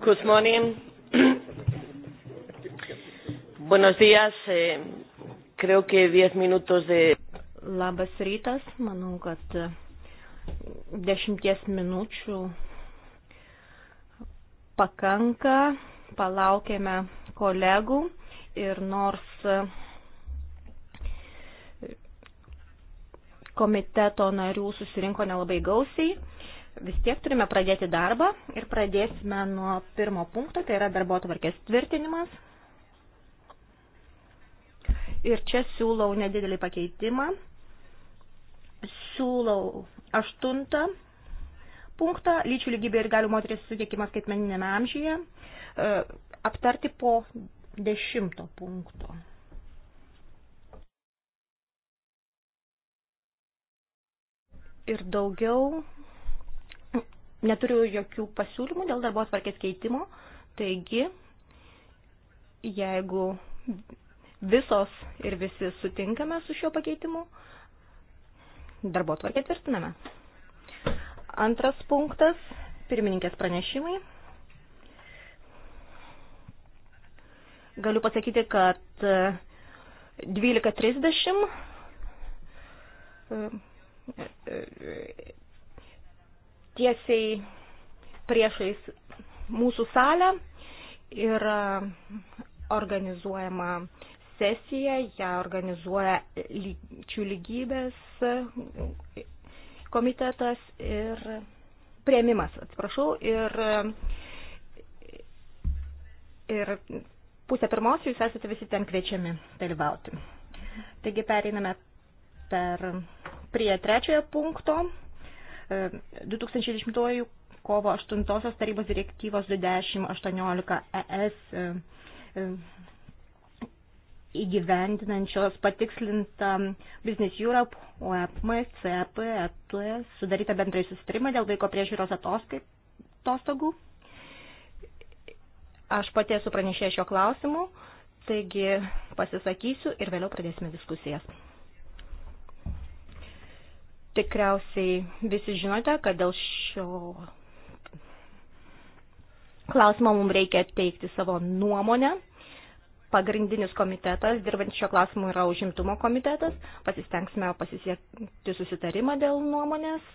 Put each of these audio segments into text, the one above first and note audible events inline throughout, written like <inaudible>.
Good morning. Buenos días. Eh, creo que diez minutos de. Labas rytas. Manau, kad dešimties minučių pakanka. Palaukėme kolegų ir nors komiteto narių susirinko nelabai gausiai. Vis tiek turime pradėti darbą ir pradėsime nuo pirmo punkto, tai yra darbo tvarkės tvirtinimas. Ir čia siūlau nedidelį pakeitimą. Siūlau aštuntą punktą lyčių lygybė ir galių moteris suteikimas skaitmeninėme amžiuje e, aptarti po dešimto punkto. ir daugiau. Neturiu jokių pasiūlymų dėl darbo atvarkės keitimo, taigi jeigu visos ir visi sutinkame su šiuo pakeitimu, darbo atvarkę tvirtiname. Antras punktas – pirmininkės pranešimai. Galiu pasakyti, kad 12.30 tiesiai priešais mūsų salę ir organizuojama sesija, ją organizuoja lyčių lygybės komitetas ir prieimimas, atsiprašau, ir, ir pusę pirmos jūs esate visi ten kviečiami dalyvauti. Taigi pereiname per prie trečiojo punkto 2010 e, kovo 8 tarybos direktyvos 2018 ES e, e, įgyvendinančios patikslintą Business Europe, OEPM, CEP, ET, sudarytą bendrai susitarimą dėl vaiko priežiūros atostogų. Aš pati esu pranešė šio klausimu, taigi pasisakysiu ir vėliau pradėsime diskusijas. Tikriausiai visi žinote, kad dėl šio klausimo mums reikia teikti savo nuomonę. Pagrindinis komitetas, dirbant šio klausimu, yra užimtumo komitetas. Pasistengsime pasisiekti susitarimą dėl nuomonės,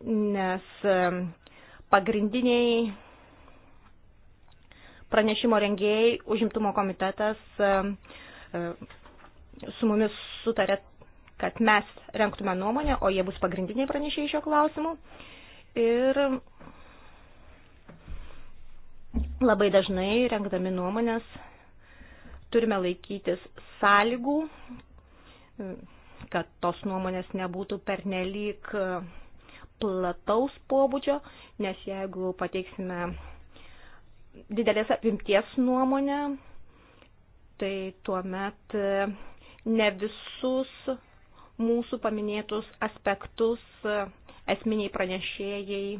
nes pagrindiniai pranešimo rengėjai, užimtumo komitetas su mumis sutarė kad mes renktume nuomonę, o jie bus pagrindiniai pranešėjai šio klausimu. Ir labai dažnai renkdami nuomonės turime laikytis sąlygų, kad tos nuomonės nebūtų pernelyg plataus pobūdžio, nes jeigu pateiksime didelės apimties nuomonę, tai tuomet ne visus mūsų paminėtus aspektus e, esminiai pranešėjai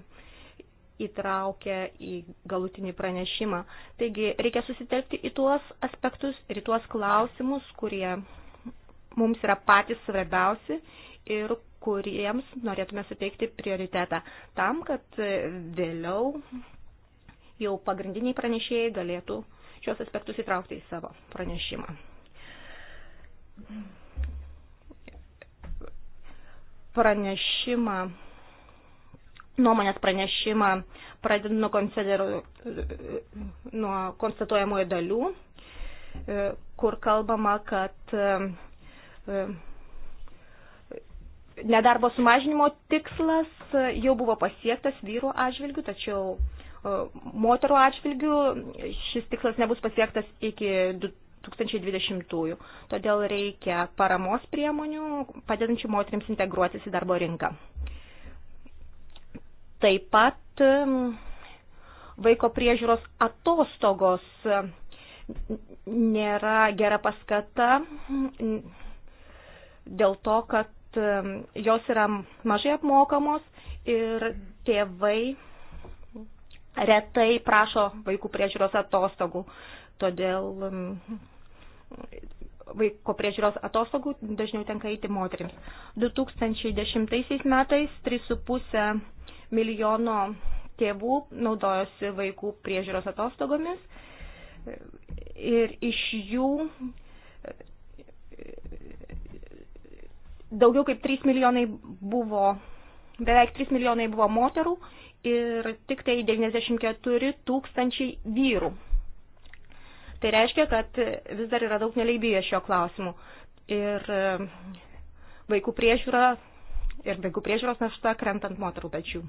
įtraukia į galutinį pranešimą. Taigi reikia susitelkti į tuos aspektus ir į tuos klausimus, kurie mums yra patys svarbiausi ir kuriems norėtume suteikti prioritetą. Tam, kad e, vėliau jau pagrindiniai pranešėjai galėtų šios aspektus įtraukti į savo pranešimą pranešimą, nuomonės pranešimą pradedu nuo, nuo konstatuojamojo dalių, e, kur kalbama, kad e, e, nedarbo sumažinimo tikslas jau buvo pasiektas vyrų atžvilgių, tačiau moterų atžvilgių šis tikslas nebus pasiektas iki 2020-ųjų. Todėl reikia paramos priemonių, padedančių moteriams integruotis į darbo rinką. Taip pat vaiko priežiūros atostogos nėra gera paskata dėl to, kad jos yra mažai apmokamos ir tėvai retai prašo vaikų priežiūros atostogų. Todėl vaiko priežiūros atostogų dažniau tenka eiti moterims. 2010 metais 3,5 milijono tėvų naudojosi vaikų priežiūros atostogomis ir iš jų daugiau kaip 3 milijonai buvo, beveik 3 milijonai buvo moterų ir tik tai 94 tūkstančiai vyrų Tai reiškia, kad vis dar yra daug neleidybės šio klausimu. Ir e, vaikų priežiūra ir vaikų priežiūros našta krentant moterų pečių.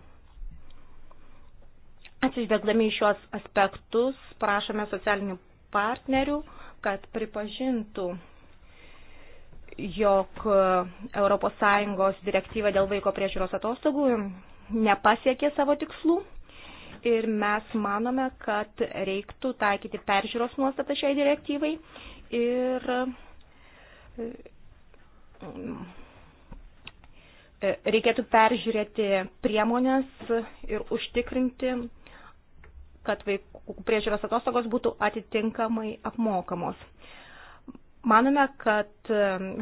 Atsižvelgdami į šios aspektus, prašome socialinių partnerių, kad pripažintų, jog ES direktyva dėl vaiko priežiūros atostogų nepasiekė savo tikslų ir mes manome, kad reiktų taikyti peržiūros nuostatą šiai direktyvai ir e, reikėtų peržiūrėti priemonės ir užtikrinti, kad vaikų priežiūros atostogos būtų atitinkamai apmokamos. Manome, kad e,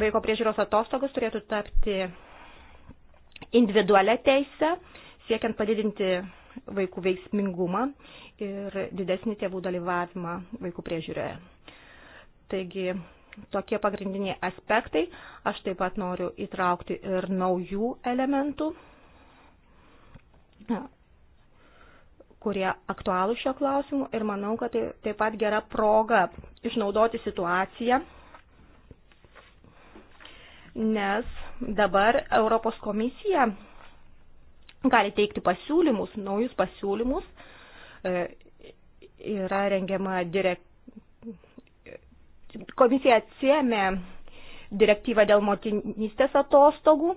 vaiko priežiūros atostogos turėtų tapti individualią teisę, siekiant padidinti vaikų veiksmingumą ir didesnį tėvų dalyvavimą vaikų priežiūroje. Taigi tokie pagrindiniai aspektai. Aš taip pat noriu įtraukti ir naujų elementų, kurie aktualų šio klausimu ir manau, kad tai taip pat gera proga išnaudoti situaciją, nes dabar Europos komisija gali teikti pasiūlymus, naujus pasiūlymus. E, yra rengiama direk... komisija atsiemė direktyvą dėl motinystės atostogų,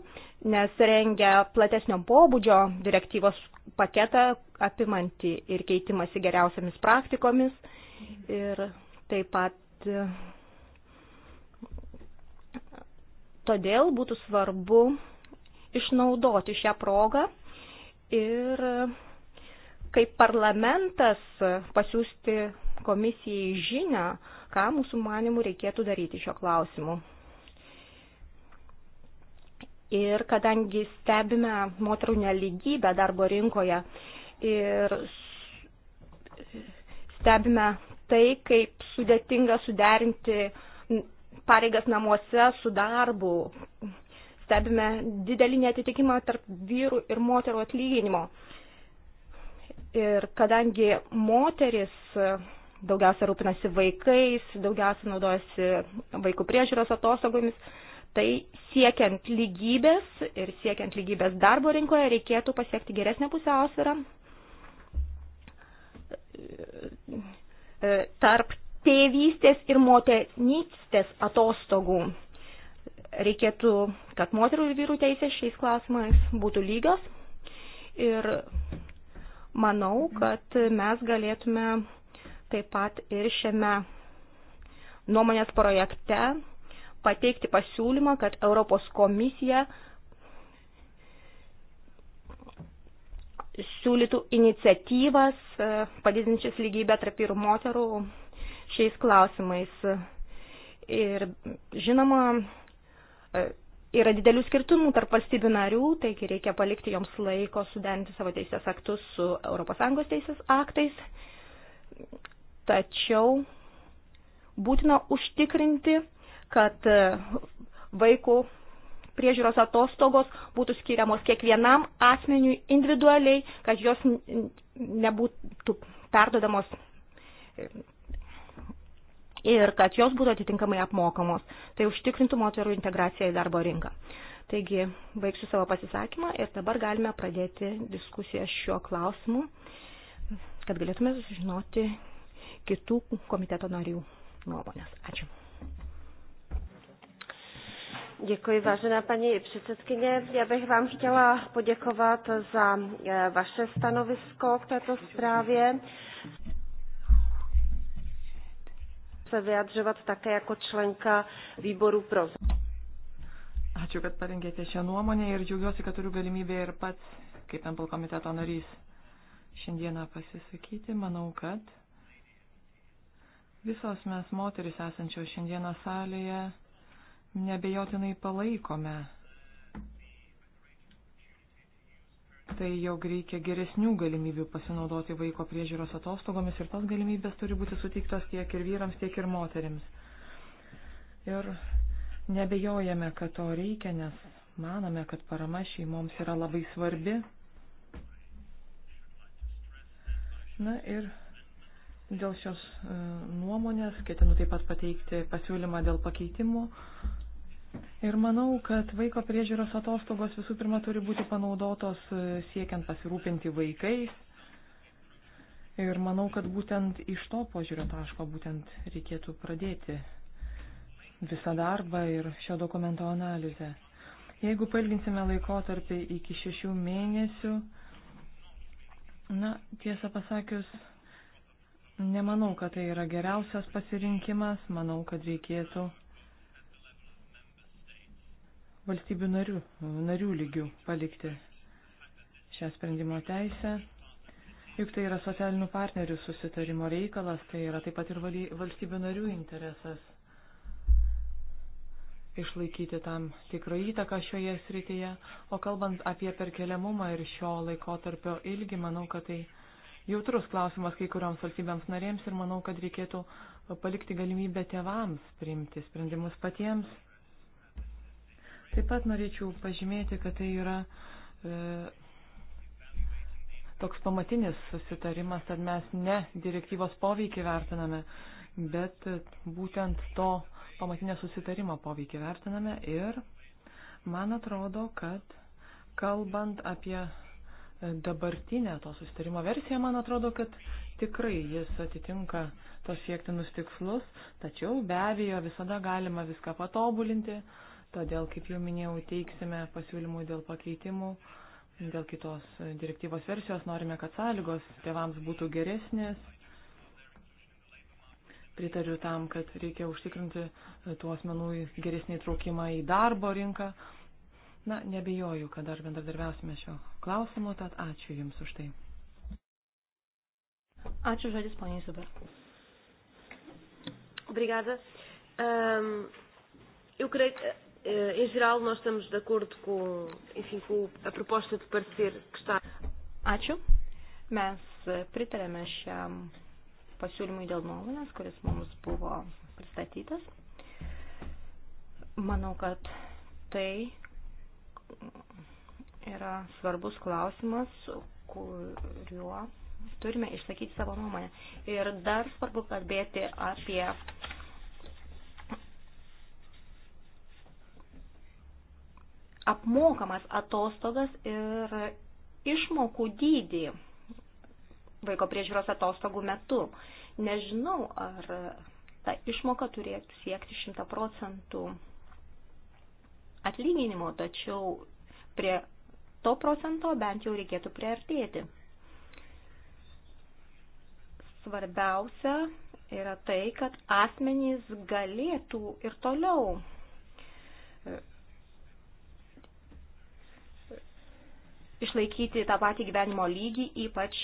nes rengia platesnio pobūdžio direktyvos paketą apimanti ir keitimasi geriausiamis praktikomis. Ir taip pat e, todėl būtų svarbu išnaudoti šią progą ir kaip parlamentas pasiūsti komisijai žinę, ką mūsų manimų reikėtų daryti šio klausimu. Ir kadangi stebime moterų neligybę darbo rinkoje ir stebime tai, kaip sudėtinga suderinti pareigas namuose su darbu, stebime didelį netitikimą tarp vyrų ir moterų atlyginimo. Ir kadangi moteris e, daugiausia rūpinasi vaikais, daugiausia naudojasi vaikų priežiūros atostogomis, tai siekiant lygybės ir siekiant lygybės darbo rinkoje reikėtų pasiekti geresnę pusiausvyrą e, e, tarp tėvystės ir motinystės atostogų reikėtų, kad moterų ir vyrų teisės šiais klausimais būtų lygios. Ir manau, kad mes galėtume taip pat ir šiame nuomonės projekte pateikti pasiūlymą, kad Europos komisija siūlytų iniciatyvas e, padidinčias lygybę tarp vyrų moterų šiais klausimais. Ir žinoma, E, yra didelių skirtumų tarp valstybių narių, taigi reikia palikti joms laiko suderinti savo teisės aktus su ES teisės aktais. Tačiau būtina užtikrinti, kad e, vaikų priežiūros atostogos būtų skiriamos kiekvienam asmeniui individualiai, kad jos nebūtų perdodamos e, ir kad jos būtų atitinkamai apmokamos. Tai užtikrintų moterų integraciją į darbo rinką. Taigi, baigsiu savo pasisakymą ir dabar galime pradėti diskusiją šiuo klausimu, kad galėtume sužinoti kitų komiteto narių nuomonės. Ačiū. Děkuji, vážená paní předsedkyně. Já bych vám chtěla poděkovat za eh, vaše stanovisko k této zprávě se vyjadřovat také jako členka výboru pro. Ačiū, kad parengėte šią nuomonę ir džiaugiuosi, kad turiu galimybę ir pats, kaip Empel komiteto narys, šiandieną pasisakyti. Manau, kad visos mes moteris esančios šiandieną salėje nebejotinai palaikome tai jog reikia geresnių galimybių pasinaudoti vaiko priežiūros atostogomis ir tos galimybės turi būti suteiktos tiek ir vyrams, tiek ir moterims. Ir nebejojame, kad to reikia, nes manome, kad parama šeimoms yra labai svarbi. Na ir dėl šios e, nuomonės ketinu taip pat pateikti pasiūlymą dėl pakeitimų, Ir manau, kad vaiko priežiūros atostogos visų pirma turi būti panaudotos e, siekiant pasirūpinti vaikais. Ir manau, kad būtent iš to požiūrio taško būtent reikėtų pradėti visą darbą ir šio dokumento analizę. Jeigu pailginsime laikotarpį iki šešių mėnesių, na, tiesą pasakius, nemanau, kad tai yra geriausias pasirinkimas, manau, kad reikėtų valstybių narių, narių lygių palikti šią sprendimo teisę. Juk tai yra socialinių partnerių susitarimo reikalas, tai yra taip pat ir valstybių narių interesas išlaikyti tam tikrą įtaką šioje srityje. O kalbant apie perkeliamumą ir šio laikotarpio ilgį, manau, kad tai jautrus klausimas kai kurioms valstybėms narėms ir manau, kad reikėtų palikti galimybę tėvams priimti sprendimus patiems Taip pat norėčiau pažymėti, kad tai yra e, toks pamatinis susitarimas, kad mes ne direktyvos poveikį vertiname, bet būtent to pamatinio susitarimo poveikį vertiname ir man atrodo, kad kalbant apie dabartinę to susitarimo versiją, man atrodo, kad tikrai jis atitinka tos siektinus tikslus, tačiau be abejo visada galima viską patobulinti, Todėl, kaip jau minėjau, teiksime pasiūlymų dėl pakeitimų, dėl kitos direktyvos versijos. Norime, kad sąlygos tėvams būtų geresnės. Pritariu tam, kad reikia užtikrinti tų asmenų geresnį įtraukimą į darbo rinką. Na, nebejoju, kad dar bendradarbiausime šio klausimu, tad ačiū Jums už tai. Ačiū žodis, poniai Zubar. Obrigada. Um, eu creio que Eh, em geral, nós estamos de acordo com, enfim, com a proposta de parecer que está. Ačiū. Mes eh, pritarėme šiam pasiūlymui dėl nuomonės, kuris mums buvo pristatytas. Manau, kad tai yra svarbus klausimas, kuriuo turime išsakyti savo nuomonę. Ir dar svarbu kalbėti apie apmokamas atostogas ir išmokų dydį vaiko priežiūros atostogų metu. Nežinau, ar ta išmoka turėtų siekti 100 procentų atlyginimo, tačiau prie to procento bent jau reikėtų priartėti. Svarbiausia yra tai, kad asmenys galėtų ir toliau išlaikyti tą patį gyvenimo lygį, ypač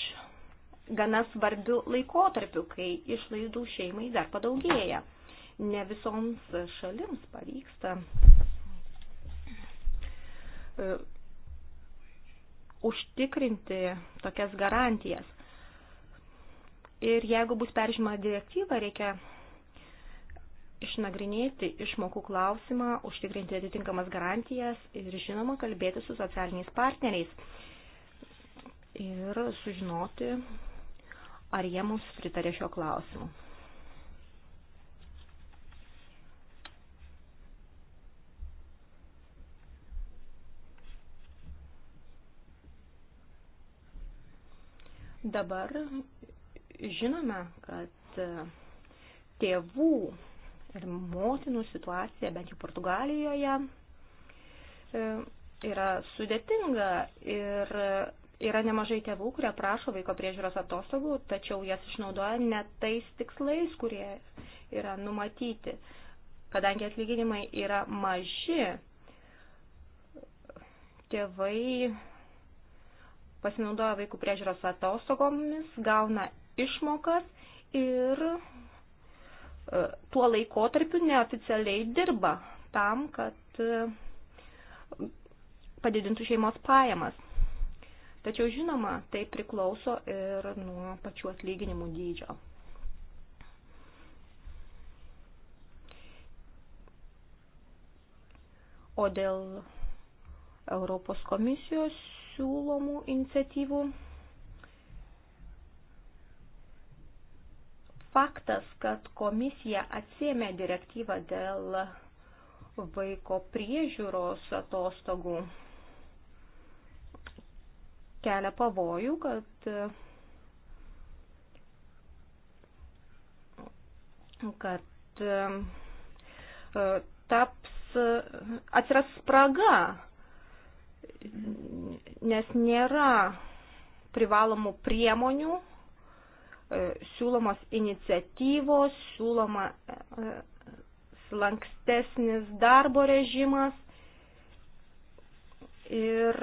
gana svarbių laikotarpių, kai išlaidų šeimai dar padaugėja. Ne visoms šalims pavyksta e, užtikrinti tokias garantijas. Ir jeigu bus peržymą direktyvą, reikia išnagrinėti išmokų klausimą, užtikrinti atitinkamas garantijas ir, žinoma, kalbėti su socialiniais partneriais ir sužinoti, ar jie mums pritarė šio klausimu. Dabar žinome, kad tėvų ir motinų situacija, bent jau Portugalijoje, e, yra sudėtinga ir yra nemažai tėvų, kurie prašo vaiko priežiūros atostogų, tačiau jas išnaudoja ne tais tikslais, kurie yra numatyti. Kadangi atlyginimai yra maži, tėvai pasinaudoja vaikų priežiūros atostogomis, gauna išmokas ir E, tuo laikotarpiu neoficialiai dirba tam, kad e, padidintų šeimos pajamas. Tačiau žinoma, tai priklauso ir nuo pačių atlyginimų dydžio. O dėl Europos komisijos siūlomų iniciatyvų faktas, kad komisija atsėmė direktyvą dėl vaiko priežiūros atostogų, kelia pavojų, kad kad e, taps, atsiras spraga, nes nėra privalomų priemonių E, siūlomos iniciatyvos, siūloma e, slankstesnis darbo režimas ir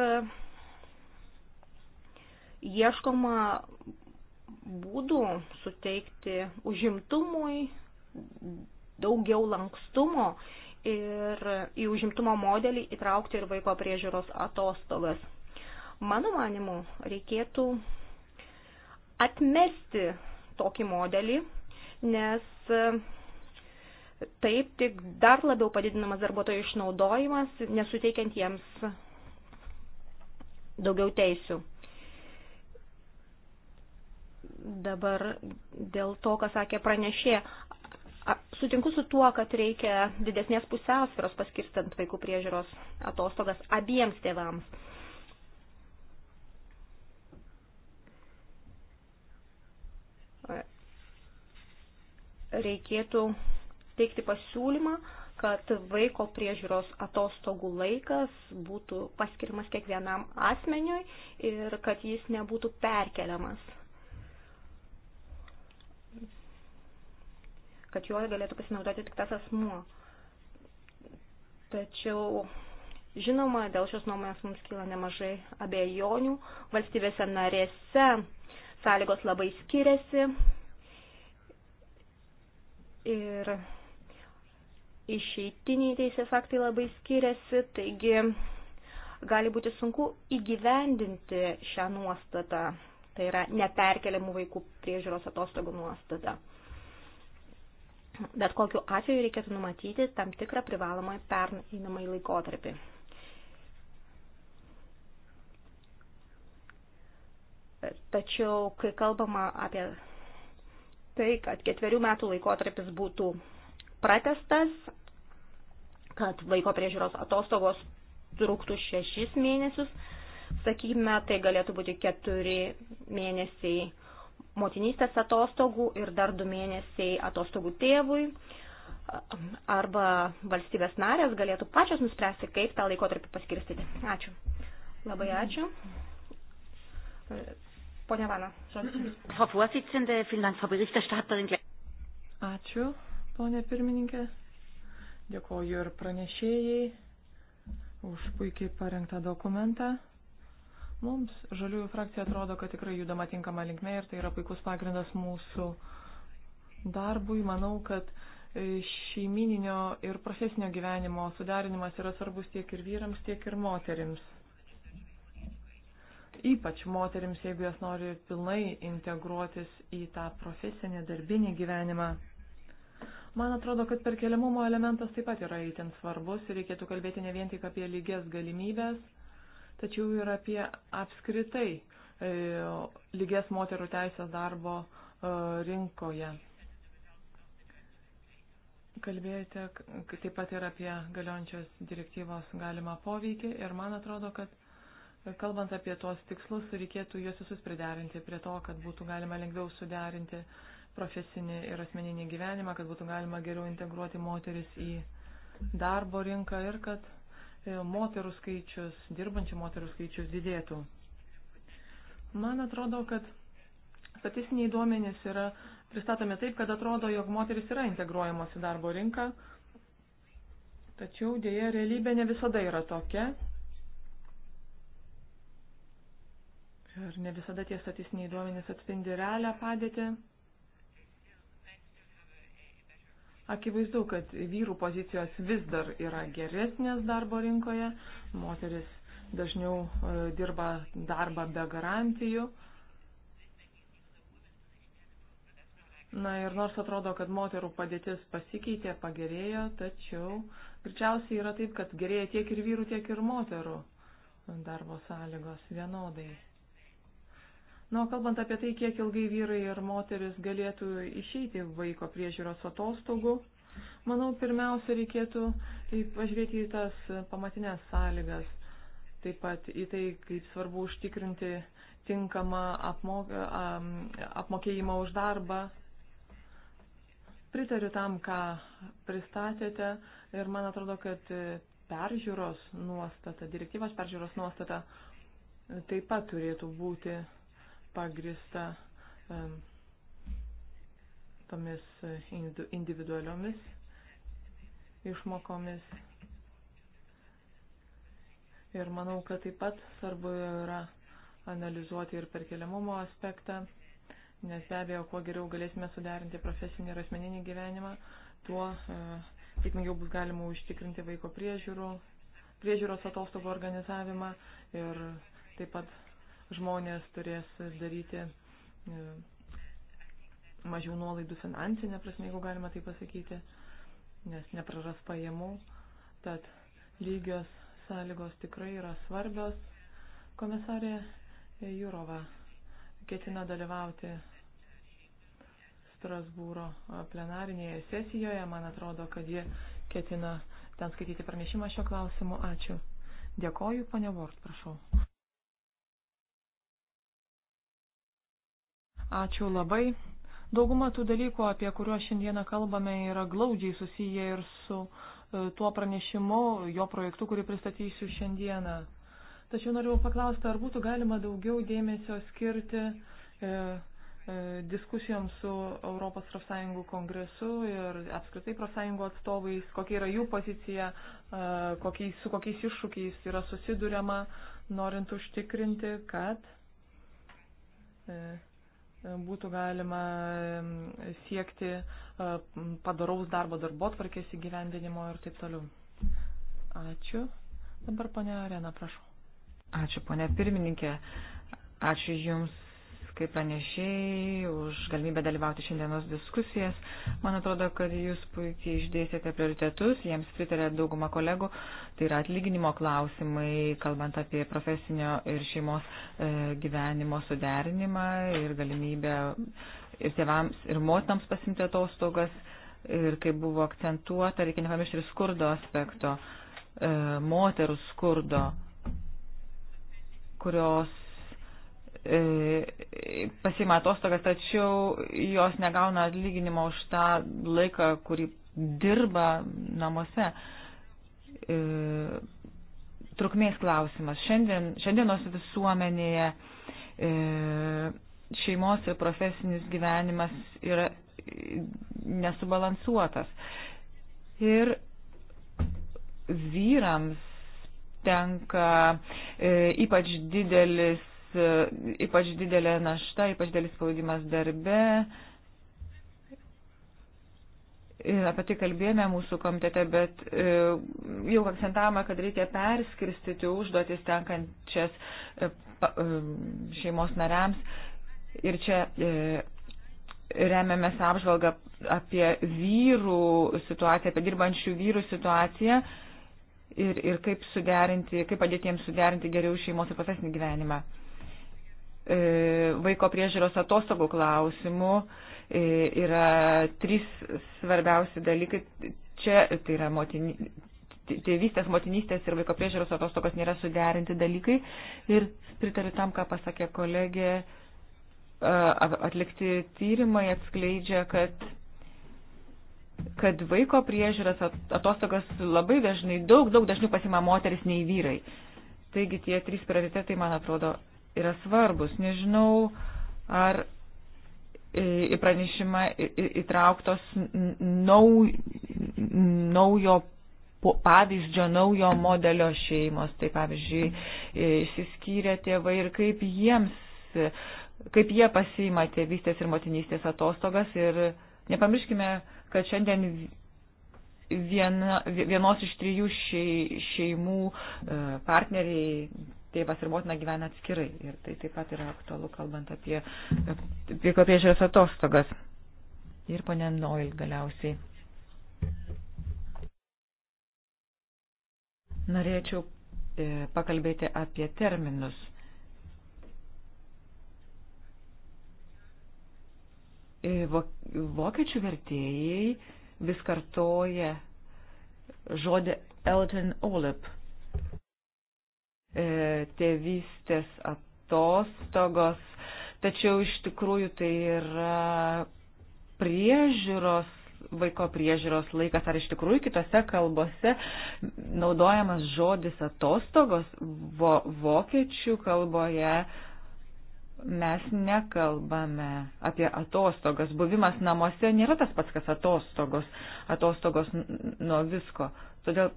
ieškoma būdų suteikti užimtumui daugiau lankstumo ir į užimtumo modelį įtraukti ir vaiko priežiūros atostogas. Mano manimu, reikėtų atmesti tokį modelį, nes e, taip tik dar labiau padidinamas darbuotojų išnaudojimas, nesuteikiant jiems daugiau teisių. Dabar dėl to, ką sakė pranešė, sutinku su tuo, kad reikia didesnės pusiausvėros paskirstant vaikų priežiūros atostogas abiems tėvams reikėtų teikti pasiūlymą, kad vaiko priežiūros atostogų laikas būtų paskirimas kiekvienam asmeniui ir kad jis nebūtų perkeliamas. Kad juo galėtų pasinaudoti tik tas asmuo. Tačiau, žinoma, dėl šios nuomonės mums kyla nemažai abejonių. Valstybėse narėse sąlygos labai skiriasi ir išeitiniai teisės aktai labai skiriasi, taigi gali būti sunku įgyvendinti šią nuostatą, tai yra neperkeliamų vaikų priežiūros atostogų nuostatą. Bet kokiu atveju reikėtų numatyti tam tikrą privalomą pereinamąjį laikotarpį. Tačiau, kai kalbama apie tai, kad ketverių metų laikotarpis būtų pratestas, kad vaiko priežiūros atostogos truktų šešis mėnesius, sakykime, tai galėtų būti keturi mėnesiai motinystės atostogų ir dar du mėnesiai atostogų tėvui. Arba valstybės narės galėtų pačios nuspręsti, kaip tą laikotarpį paskirstyti. Ačiū. Labai ačiū. Pone Vana, žodžiu. Ačiū, ponė pirmininkė. Dėkoju ir pranešėjai už puikiai parengtą dokumentą. Mums žaliųjų frakcija atrodo, kad tikrai judama tinkama linkme ir tai yra puikus pagrindas mūsų darbui. Manau, kad e, šeimininio ir profesinio gyvenimo suderinimas yra svarbus tiek ir vyrams, tiek ir moterims ypač moterims, jeigu jos nori pilnai integruotis į tą profesinį darbinį gyvenimą. Man atrodo, kad perkeliamumo elementas taip pat yra įtin svarbus ir reikėtų kalbėti ne vien tik apie lygias galimybės, tačiau ir apie apskritai e, lygias moterų teisės darbo e, rinkoje. Kalbėjote taip pat ir apie galiojančios direktyvos galimą poveikį ir man atrodo, kad Kalbant apie tuos tikslus, reikėtų juos visus priderinti prie to, kad būtų galima lengviau suderinti profesinį ir asmeninį gyvenimą, kad būtų galima geriau integruoti moteris į darbo rinką ir kad e, moterų skaičius, dirbančių moterų skaičius didėtų. Man atrodo, kad statistiniai duomenys yra pristatomi taip, kad atrodo, jog moteris yra integruojamos į darbo rinką, tačiau dėja realybė ne visada yra tokia. Ir ne visada tie statistiniai duomenys atspindi realią padėtį. Akivaizdu, kad vyrų pozicijos vis dar yra geresnės darbo rinkoje, moteris dažniau e, dirba darbą be garantijų. Na ir nors atrodo, kad moterų padėtis pasikeitė, pagerėjo, tačiau greičiausiai yra taip, kad gerėja tiek ir vyrų, tiek ir moterų darbo sąlygos vienodai. Na, o kalbant apie tai, kiek ilgai vyrai ir moteris galėtų išeiti vaiko priežiūros atostogų, manau, pirmiausia, reikėtų pažiūrėti į tas pamatinės sąlygas, taip pat į tai, kaip svarbu užtikrinti tinkamą apmok apmokėjimą už darbą. Pritariu tam, ką pristatėte ir man atrodo, kad peržiūros nuostata, direktyvos peržiūros nuostata taip pat turėtų būti pagrista tomis individualiomis išmokomis. Ir manau, kad taip pat svarbu yra analizuoti ir perkeliamumo aspektą, nes be abejo, kuo geriau galėsime suderinti profesinį ir asmeninį gyvenimą, tuo e, sėkmingiau bus galima užtikrinti vaiko priežiūrų, priežiūros atostogų organizavimą ir taip pat žmonės turės daryti e, mažiau nuolaidų finansinę prasme, jeigu galima tai pasakyti, nes nepraras pajamų. Tad lygios sąlygos tikrai yra svarbios. Komisarė Jurova ketina dalyvauti Strasbūro plenarinėje sesijoje. Man atrodo, kad ji ketina ten skaityti pranešimą šio klausimu. Ačiū. Dėkoju, ponia Vort, prašau. Ačiū labai. Dauguma tų dalykų, apie kuriuos šiandieną kalbame, yra glaudžiai susiję ir su e, tuo pranešimu, jo projektu, kurį pristatysiu šiandieną. Tačiau norėjau paklausti, ar būtų galima daugiau dėmesio skirti e, e, diskusijoms su Europos profsąjungų kongresu ir apskritai profsąjungų atstovais, kokia yra jų pozicija, e, kokiais, su kokiais iššūkiais yra susiduriama, norint užtikrinti, kad. E, būtų galima siekti padaraus darbo darbo tvarkės įgyvendinimo ir taip toliau. Ačiū. Dabar ponia Arena, prašau. Ačiū ponia pirmininkė. Ačiū Jums kaip pranešėjai, už galimybę dalyvauti šiandienos diskusijas. Man atrodo, kad jūs puikiai išdėstėte prioritetus, jiems pritarė dauguma kolegų, tai yra atlyginimo klausimai, kalbant apie profesinio ir šeimos e, gyvenimo suderinimą ir galimybę ir tėvams, ir motinams pasimti atostogas. Ir kaip buvo akcentuota, reikia nepamiršti ir skurdo aspekto, e, moterų skurdo kurios E, pasima atostogas, tačiau jos negauna atlyginimo už tą laiką, kurį dirba namuose. E, trukmės klausimas. Šiandien, šiandienos visuomenėje e, šeimos ir profesinis gyvenimas yra nesubalansuotas. Ir vyrams tenka e, ypač didelis E, ypač didelė našta, ypač didelis spaudimas darbe. Ir apie tai kalbėjome mūsų komitete, bet e, jau akcentavome, kad reikia perskirstyti užduotis tenkančias e, šeimos nariams. Ir čia remiamės apžvalgą apie vyrų situaciją, apie dirbančių vyrų situaciją ir, ir kaip, suderinti, kaip padėti jiems suderinti geriau šeimos ir profesinį gyvenimą. E, vaiko priežiūros atostogų klausimų e, yra trys svarbiausi dalykai. Čia tai yra motini, tėvystės, motinystės ir vaiko priežiūros atostogos nėra suderinti dalykai. Ir pritariu tam, ką pasakė kolegė, e, atlikti tyrimai atskleidžia, kad kad vaiko priežiūros atostogas labai dažnai, daug, daug dažniau pasima moteris nei vyrai. Taigi tie trys prioritetai, man atrodo, yra svarbus. Nežinau, ar į pranešimą įtrauktos nau, naujo pavyzdžio, naujo modelio šeimos. Tai pavyzdžiui, e, išsiskyrė tėvai ir kaip jiems, kaip jie pasiima tėvystės ir motinystės atostogas. Ir nepamirškime, kad šiandien viena, vienos iš trijų šeimų e, partneriai tėvas ir motina gyvena atskirai. Ir tai taip pat yra aktualu, kalbant apie vaiko priežiūros atostogas. Ir ponė Noil galiausiai. Norėčiau e, pakalbėti apie terminus. E, vokiečių vertėjai vis kartoja žodį Elton Olip E, tėvystės atostogos, tačiau iš tikrųjų tai yra priežiūros vaiko priežiūros laikas, ar iš tikrųjų kitose kalbose naudojamas žodis atostogos vo, vokiečių kalboje mes nekalbame apie atostogas. Buvimas namuose nėra tas pats, kas atostogos, atostogos nuo visko. Todėl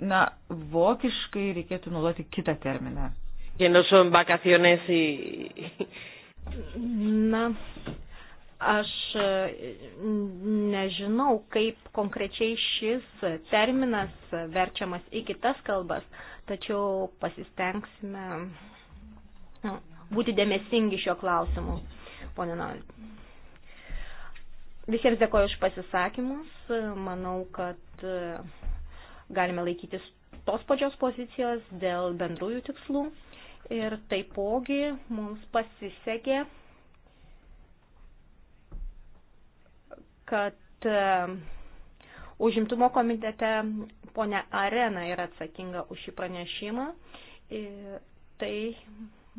na, vokiškai reikėtų naudoti kitą terminą. Na, aš e, nežinau, kaip konkrečiai šis terminas verčiamas į kitas kalbas, tačiau pasistengsime nu, būti dėmesingi šio klausimu, ponė Nol. Visiems dėkoju už pasisakymus. Manau, kad e, Galime laikytis tos pačios pozicijos dėl bendrųjų tikslų ir taipogi mums pasisekė, kad e, užimtumo komitete ponia Arena yra atsakinga už šį pranešimą. Ir e, tai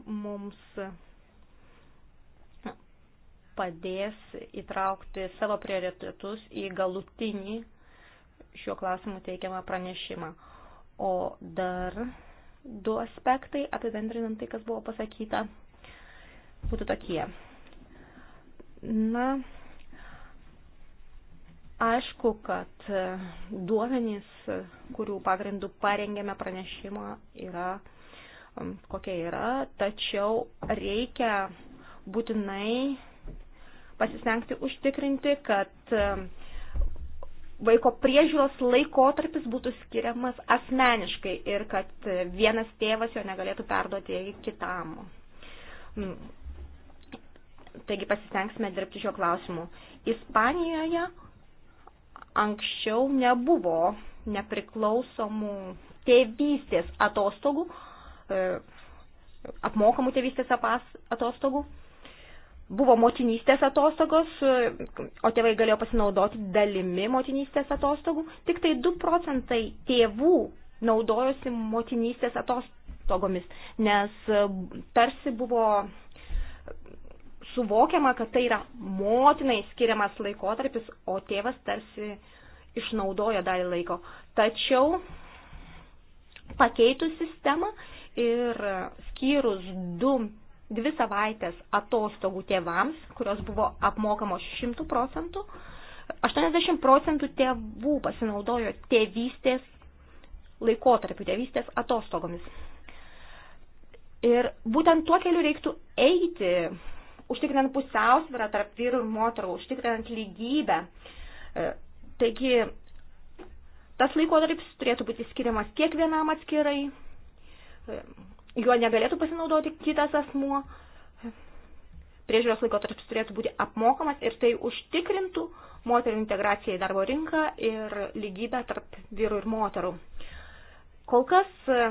mums padės įtraukti savo prioritetus į galutinį šiuo klausimu teikiamą pranešimą. O dar du aspektai, apibendrinant tai, kas buvo pasakyta, būtų tokie. Na, aišku, kad duomenys, kurių pagrindų parengėme pranešimą, yra um, kokia yra, tačiau reikia būtinai pasistengti užtikrinti, kad um, vaiko priežiūros laikotarpis būtų skiriamas asmeniškai ir kad vienas tėvas jo negalėtų perduoti kitam. Mm. Taigi pasistengsime dirbti šio klausimu. Ispanijoje anksčiau nebuvo nepriklausomų tėvystės atostogų, e, apmokamų tėvystės atostogų buvo motinystės atostogos, e, o tėvai galėjo pasinaudoti dalimi motinystės atostogų. Tik tai 2 procentai tėvų naudojosi motinystės atostogomis, nes e, tarsi buvo e, suvokiama, kad tai yra motinai skiriamas laikotarpis, o tėvas tarsi išnaudojo dalį laiko. Tačiau pakeitus sistemą ir skyrus 2 dvi savaitės atostogų tėvams, kurios buvo apmokamos 100 procentų. 80 procentų tėvų pasinaudojo tėvystės laikotarpiu, tėvystės atostogomis. Ir būtent tuo keliu reiktų eiti, užtikrinant pusiausvyrą tarp vyrų ir moterų, užtikrinant lygybę. E, taigi, tas laikotarpis turėtų būti skiriamas kiekvienam atskirai, e, juo negalėtų pasinaudoti kitas asmuo. Priežiūros laikotarpis turėtų būti apmokamas ir tai užtikrintų moterų integraciją į darbo rinką ir lygybę tarp vyrų ir moterų. Kol kas e,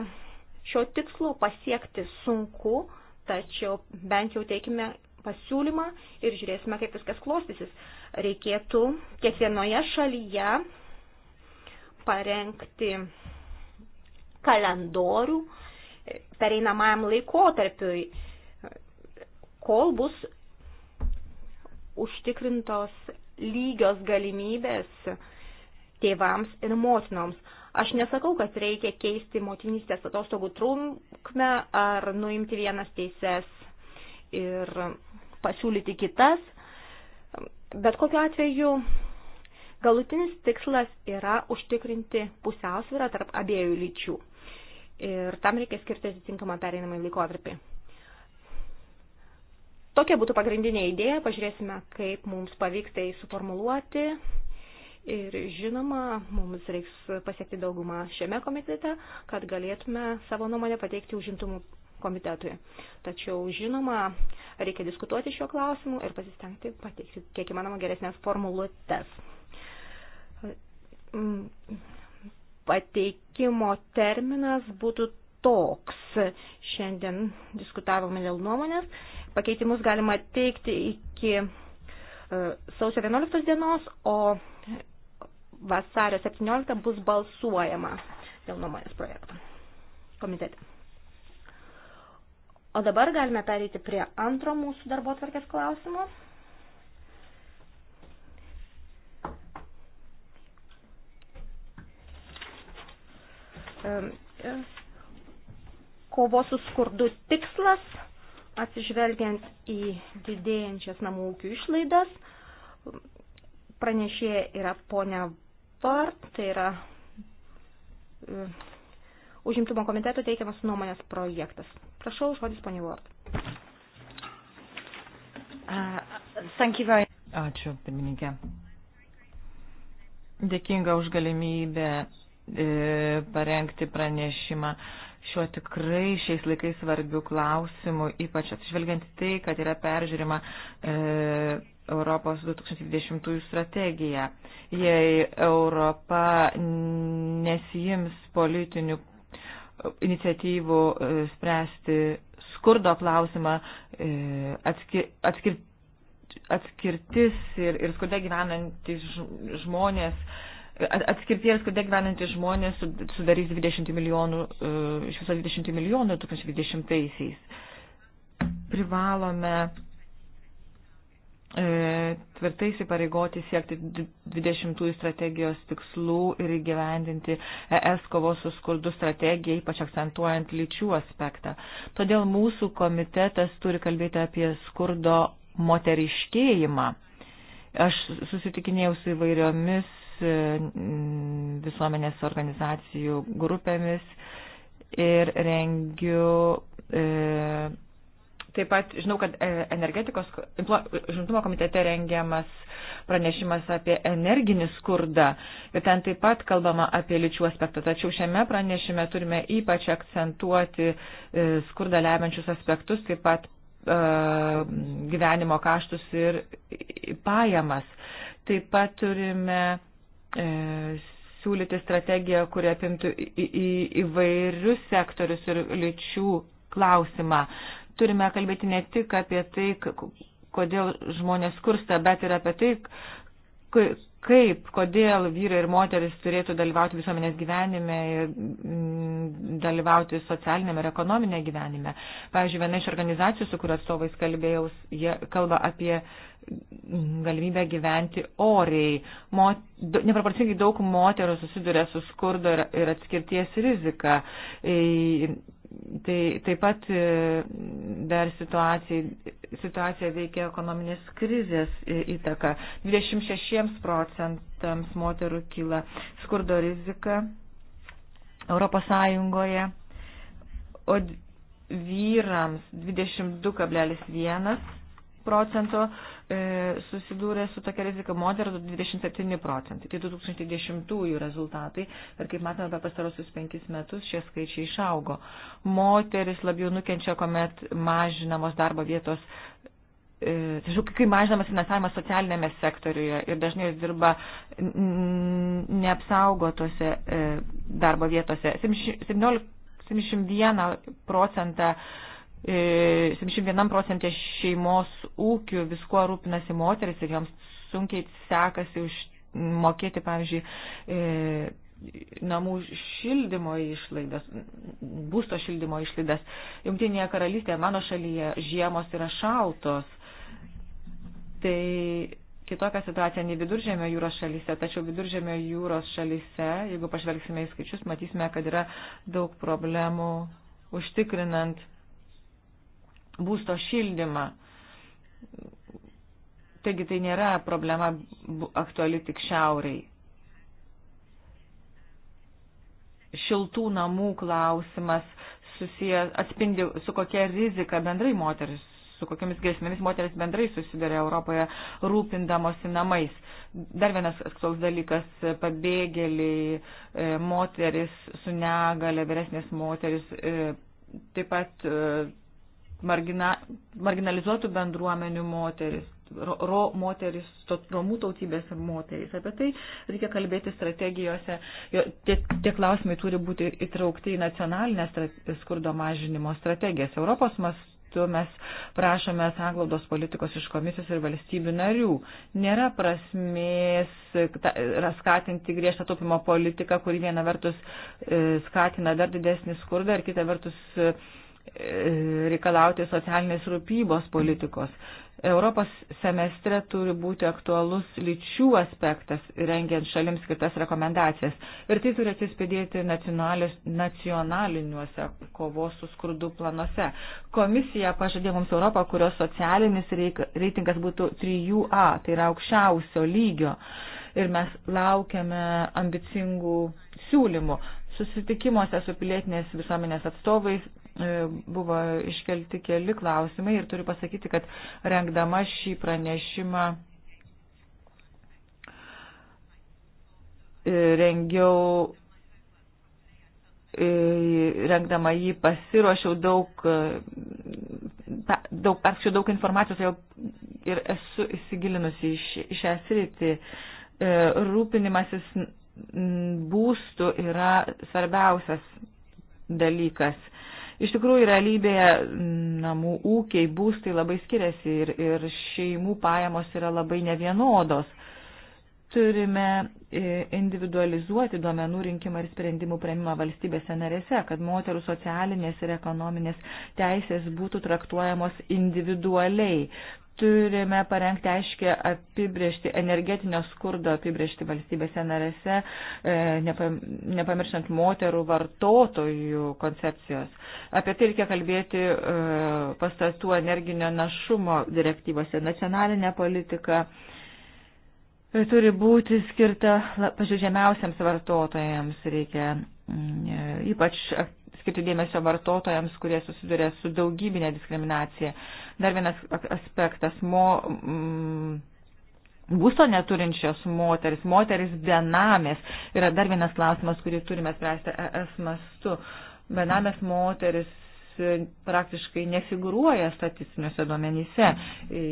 šio tikslo pasiekti sunku, tačiau bent jau teikime pasiūlymą ir žiūrėsime, kaip viskas klostysis. Reikėtų kiekvienoje šalyje parengti kalendorių, pereinamajam laikotarpiui, kol bus užtikrintos lygios galimybės tėvams ir motinoms. Aš nesakau, kad reikia keisti motinystės atostogų trunkmę ar nuimti vienas teises ir pasiūlyti kitas. Bet kokiu atveju galutinis tikslas yra užtikrinti pusiausvyrą tarp abiejų lyčių ir tam reikia skirti atitinkamą pereinamąjį laikotarpį. Tokia būtų pagrindinė idėja, pažiūrėsime, kaip mums pavyks tai suformuluoti. Ir žinoma, mums reiks pasiekti daugumą šiame komitete, kad galėtume savo nuomonę pateikti užimtumų komitetui. Tačiau, žinoma, reikia diskutuoti šiuo klausimu ir pasistengti pateikti kiek įmanoma geresnės formuluotės pateikimo terminas būtų toks. Šiandien diskutavome dėl nuomonės. Pakeitimus galima teikti iki e, sausio 11 dienos, o vasario 17 bus balsuojama dėl nuomonės projekto komitete. O dabar galime pereiti prie antro mūsų darbo tvarkės klausimo. kovos su skurdu tikslas, atsižvelgiant į didėjančias namų ūkių išlaidas. Pranešėja yra ponia Vart, tai yra e, užimtumo komiteto teikiamas nuomonės projektas. Prašau, žodis ponia Vart. Uh, Ačiū, pirmininkė. Dėkinga už galimybę E, parengti pranešimą šiuo tikrai šiais laikais svarbių klausimų, ypač atsižvelgiant tai, kad yra peržiūrima e, Europos 2020 strategija. Jei Europa nesijims politinių iniciatyvų e, spręsti skurdo klausimą, e, atskir, atskir, atskirtis ir, ir skurde gyvenantis žmonės, atskirtie ir skurde gyvenantys žmonės sudarys 20 milijonų, e, iš viso 20 milijonų 2020-aisiais. Privalome e, tvirtai įsipareigoti siekti 20-ųjų strategijos tikslų ir įgyvendinti ES kovos su skurdu strategiją, ypač akcentuojant lyčių aspektą. Todėl mūsų komitetas turi kalbėti apie skurdo moteriškėjimą. Aš susitikinėjau su įvairiomis E, visuomenės organizacijų grupėmis ir rengiu. E, Taip pat žinau, kad e, energetikos žimtumo komitete rengiamas pranešimas apie energinį skurdą ir ten taip pat kalbama apie lyčių aspektą. Tačiau šiame pranešime turime ypač akcentuoti e, skurdą lemiančius aspektus, taip pat gyvenimo kaštus ir pajamas. Taip pat turime E, siūlyti strategiją, kuri apimtų į, į, įvairius sektorius ir lyčių klausimą. Turime kalbėti ne tik apie tai, kodėl žmonės skursta, bet ir apie tai, kaip, kodėl vyrai ir moteris turėtų dalyvauti visuomenės gyvenime ir mm, dalyvauti socialinėme ir ekonominėme gyvenime. Pavyzdžiui, viena iš organizacijų, su kurio atstovais kalbėjau, jie kalba apie mm, galimybę gyventi oriai. Mot, neproporcingai daug moterų susiduria su skurdo ir, ir atskirties rizika. Tai taip pat e, dar situacijai, situacija veikia ekonominės krizės įtaka. 26 procentams moterų kyla skurdo rizika Europos Sąjungoje, o vyrams 22,1 procento e, susidūrė su tokia rizika moterų 27 tai procentai. Tai 2010 rezultatai ir kaip matome per pastarosius penkis metus šie skaičiai išaugo. Moteris labiau nukenčia, kuomet mažinamos darbo vietos e, tačiau kai mažinamas finansavimas socialinėme sektoriuje ir dažnai jis dirba neapsaugotose e, darbo vietose. 71 procentą 71 e, procentė šeimos ūkių viskuo rūpinasi moteris ir joms sunkiai sekasi užmokėti, pavyzdžiui, e, namų šildymo išlaidas, būsto šildymo išlaidas. Jungtinėje karalystėje, mano šalyje, žiemos yra šaltos. Tai kitokia situacija nei viduržėmio jūros šalyse, tačiau viduržėmio jūros šalyse, jeigu pažvelgsime į skaičius, matysime, kad yra daug problemų užtikrinant būsto šildymą. Taigi tai nėra problema aktuali tik šiauriai. Šiltų namų klausimas susijęs, atspindi su kokia rizika bendrai moteris, su kokiamis grėsmėmis moteris bendrai susiduria Europoje rūpindamosi namais. Dar vienas aktualus dalykas - pabėgėliai, e, moteris su negale, vyresnės moteris, e, taip pat e, margina, marginalizuotų bendruomenių moteris, ro, ro moteris, to, romų tautybės moteris. Apie tai reikia kalbėti strategijose. Jo, tie, tie klausimai turi būti įtraukti į nacionalinę skurdo mažinimo strategijas. Europos mastu mes prašome sanglaudos politikos iš komisijos ir valstybių narių. Nėra prasmės ta, skatinti griežtą taupimo politiką, kuri viena vertus e, skatina dar didesnį skurdą ir kita vertus e, reikalauti socialinės rūpybos politikos. Europos semestre turi būti aktualus lyčių aspektas, rengiant šalims skirtas rekomendacijas. Ir tai turi atsispėdėti nacionaliniuose kovos su skurdu planuose. Komisija pažadė mums Europą, kurios socialinis reitingas būtų 3A, tai yra aukščiausio lygio. Ir mes laukiame ambicingų siūlymų susitikimuose su pilietinės visuomenės atstovais E, buvo iškelti keli klausimai ir turiu pasakyti, kad rengdama šį pranešimą e, rengiau, e, rengdama jį pasiruošiau daug, daug perskaičiau daug informacijos ir esu įsigilinusi į šią sritį. Rūpinimasis būstų yra svarbiausias dalykas. Iš tikrųjų, realybėje mm, namų ūkiai, būstai labai skiriasi ir, ir šeimų pajamos yra labai nevienodos. Turime e, individualizuoti duomenų rinkimą ir sprendimų prieimimą valstybėse narėse, kad moterų socialinės ir ekonominės teisės būtų traktuojamos individualiai turime parengti aiškę apibriežti energetinio skurdo apibriežti valstybėse narėse, e, nepamirštant moterų vartotojų koncepcijos. Apie tai reikia kalbėti e, pastatų energinio našumo direktyvose. Nacionalinė politika e, turi būti skirta pažiūrėmiausiams vartotojams. Reikia mm, ypač skirti dėmesio vartotojams, kurie susiduria su daugybinė diskriminacija. Dar vienas aspektas. Mo, mm, Būsto neturinčios moteris, moteris benamės yra dar vienas klausimas, kurį turime spręsti ES mastu. Benamės moteris e, praktiškai nefigūruoja statistiniuose duomenyse. E,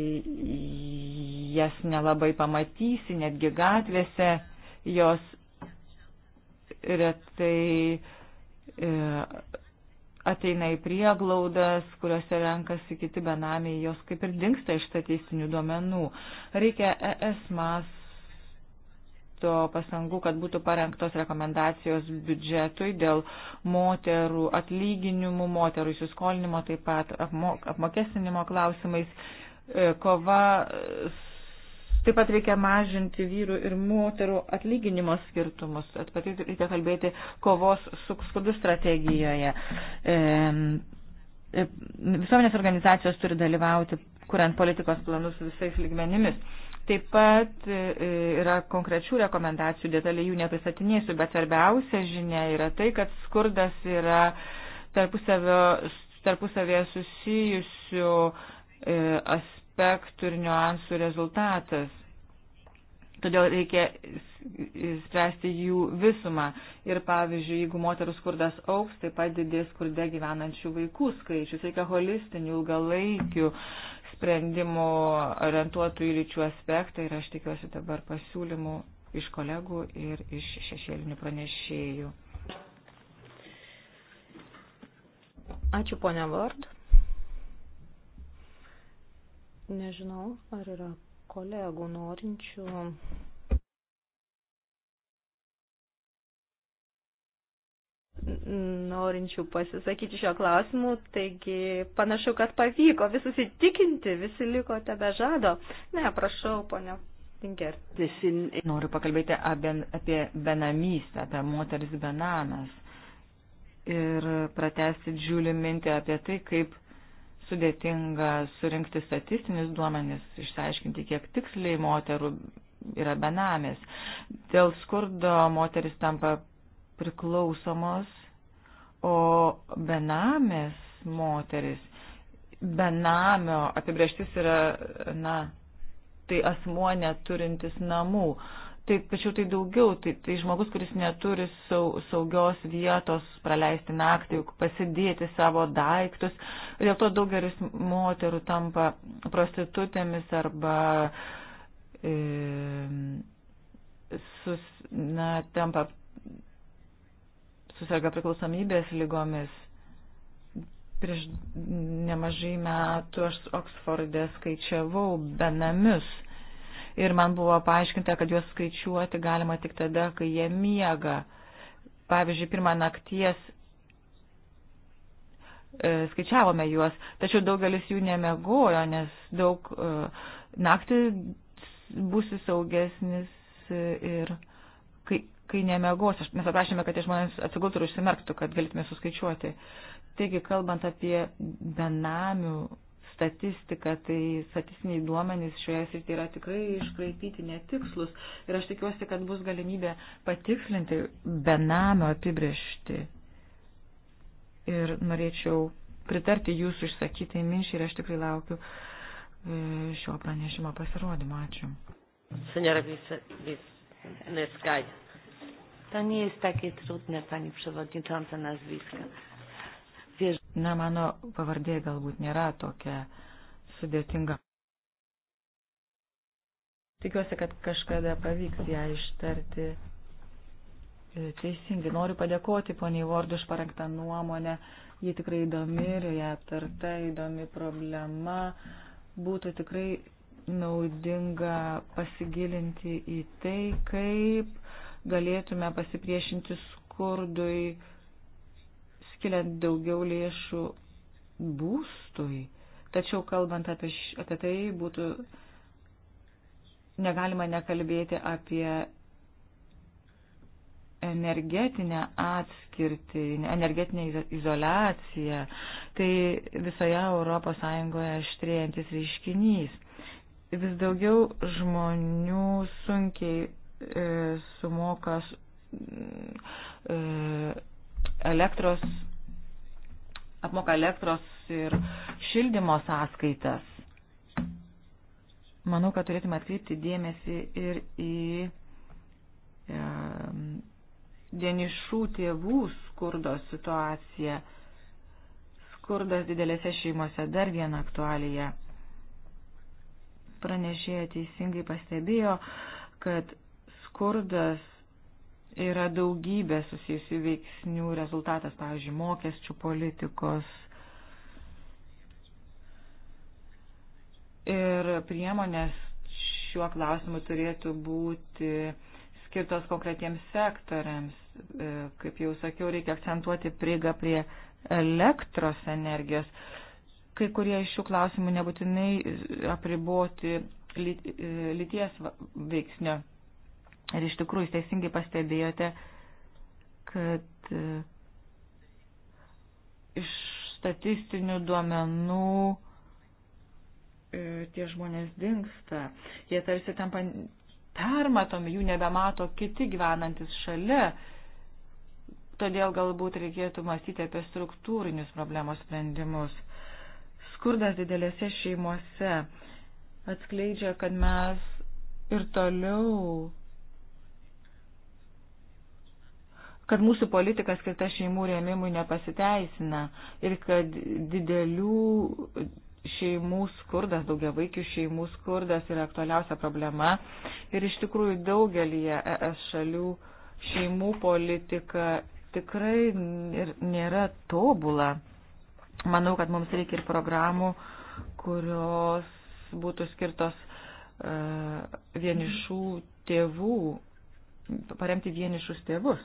jas nelabai pamatysi, netgi gatvėse jos retai e, ateina į prieglaudas, kuriuose renkasi kiti benamiai, jos kaip ir dinksta iš statistinių duomenų. Reikia ES masto pasangų, kad būtų parengtos rekomendacijos biudžetui dėl moterų atlyginimų, moterų įsiskolinimo, taip pat apmokestinimo klausimais e, kova Taip pat reikia mažinti vyrų ir moterų atlyginimo skirtumus. Apie tai reikia kalbėti kovos su skurdu strategijoje. E, visuomenės organizacijos turi dalyvauti, kuriant politikos planus visais lygmenimis. Taip pat e, e, yra konkrečių rekomendacijų, detaliai jų nepristatinėsiu, bet svarbiausia žinia yra tai, kad skurdas yra tarpusavėje susijusių e, aspektų aspektų ir niuansų rezultatas. Todėl reikia spręsti jų visumą. Ir pavyzdžiui, jeigu moterų skurdas auks, taip pat didės skurde gyvenančių vaikų skaičius. Reikia holistinių, ilgalaikių sprendimų orientuotų į lyčių aspektą ir aš tikiuosi dabar pasiūlymų iš kolegų ir iš šešėlinių pranešėjų. Ačiū, ponia Vard. Nežinau, ar yra kolegų norinčių norinčių pasisakyti šio klausimu, taigi panašu, kad pavyko visus įtikinti, visi liko tebe žado. Ne, prašau, ponia Tinker. Noriu pakalbėti apie benamystę, apie moteris benames ir pratesti džiulį mintį apie tai, kaip sudėtinga surinkti statistinius duomenis, išsiaiškinti, kiek tiksliai moterų yra benamės. Dėl skurdo moteris tampa priklausomos, o benamės moteris, benamio apibrieštis yra, na, tai asmuo neturintis namų. Uh, tai, tačiau tai daugiau, tai, tai žmogus, kuris neturi sau, saugios vietos praleisti naktį, pasidėti savo daiktus. Dėl to daugelis moterų tampa prostitutėmis arba e, sus, na, tampa susirga priklausomybės lygomis. Prieš nemažai metų aš Oksforde skaičiavau benamius ir man buvo paaiškinta, kad juos skaičiuoti galima tik tada, kai jie miega. Pavyzdžiui, pirmą nakties e, skaičiavome juos, tačiau daugelis jų nemegojo, nes daug e, naktį būsi saugesnis e, ir kai, kai nemegos, mes aprašėme, kad tie žmonės atsigultų ir užsimerktų, kad galėtume suskaičiuoti. Taigi, kalbant apie benamių statistika, tai statistiniai duomenys šioje srityje yra tikrai iškraipyti netikslus ir aš tikiuosi, kad bus galimybė patikslinti benamio apibriešti. Ir norėčiau pritarti jūsų išsakytai minčiai ir aš tikrai laukiu e, šio pranešimo pasirodymo. Ačiū. Senora Wisniewska. To nie jest takie trudne, Pani Przewodnicząca, nazwiska. Na, mano pavardė galbūt nėra tokia sudėtinga. Tikiuosi, kad kažkada pavyks ją ištarti e, teisingai. Noriu padėkoti poniai Vordu už parengtą nuomonę. Ji tikrai įdomi ir ją aptarta įdomi problema. Būtų tikrai naudinga pasigilinti į tai, kaip galėtume pasipriešinti skurdui skiria daugiau lėšų būstui. Tačiau kalbant apie, š, apie tai, būtų negalima nekalbėti apie energetinę atskirtį, energetinę izolaciją. Tai visoje Europos Sąjungoje aštrėjantis reiškinys. Vis daugiau žmonių sunkiai e, sumokas e, elektros, apmoka elektros ir šildymo sąskaitas. Manau, kad turėtume atkreipti dėmesį ir į e, dienišų tėvų skurdo situaciją. Skurdas didelėse šeimose dar viena aktualija. Pranešėja teisingai pastebėjo, kad skurdas yra daugybė susijusių veiksnių rezultatas, pavyzdžiui, mokesčių politikos ir priemonės šiuo klausimu turėtų būti skirtos konkretiems sektoriams. E, kaip jau sakiau, reikia akcentuoti prieigą prie elektros energijos. Kai kurie iš šių klausimų nebūtinai apriboti e, lyties veiksnio Ir iš tikrųjų, teisingai pastebėjote, kad e, iš statistinių duomenų e, tie žmonės dinksta. Jie tarsi tampa permatomi, jų nebemato kiti gyvenantis šalia. Todėl galbūt reikėtų mąstyti apie struktūrinius problemos sprendimus. Skurdas didelėse šeimose atskleidžia, kad mes ir toliau kad mūsų politika skirta šeimų rėmimui nepasiteisina ir kad didelių šeimų skurdas, daugiavaikių šeimų skurdas yra aktualiausia problema ir iš tikrųjų daugelį ES šalių šeimų politika tikrai nėra tobula. Manau, kad mums reikia ir programų, kurios būtų skirtos uh, vienišų tėvų, paremti vienišus tėvus.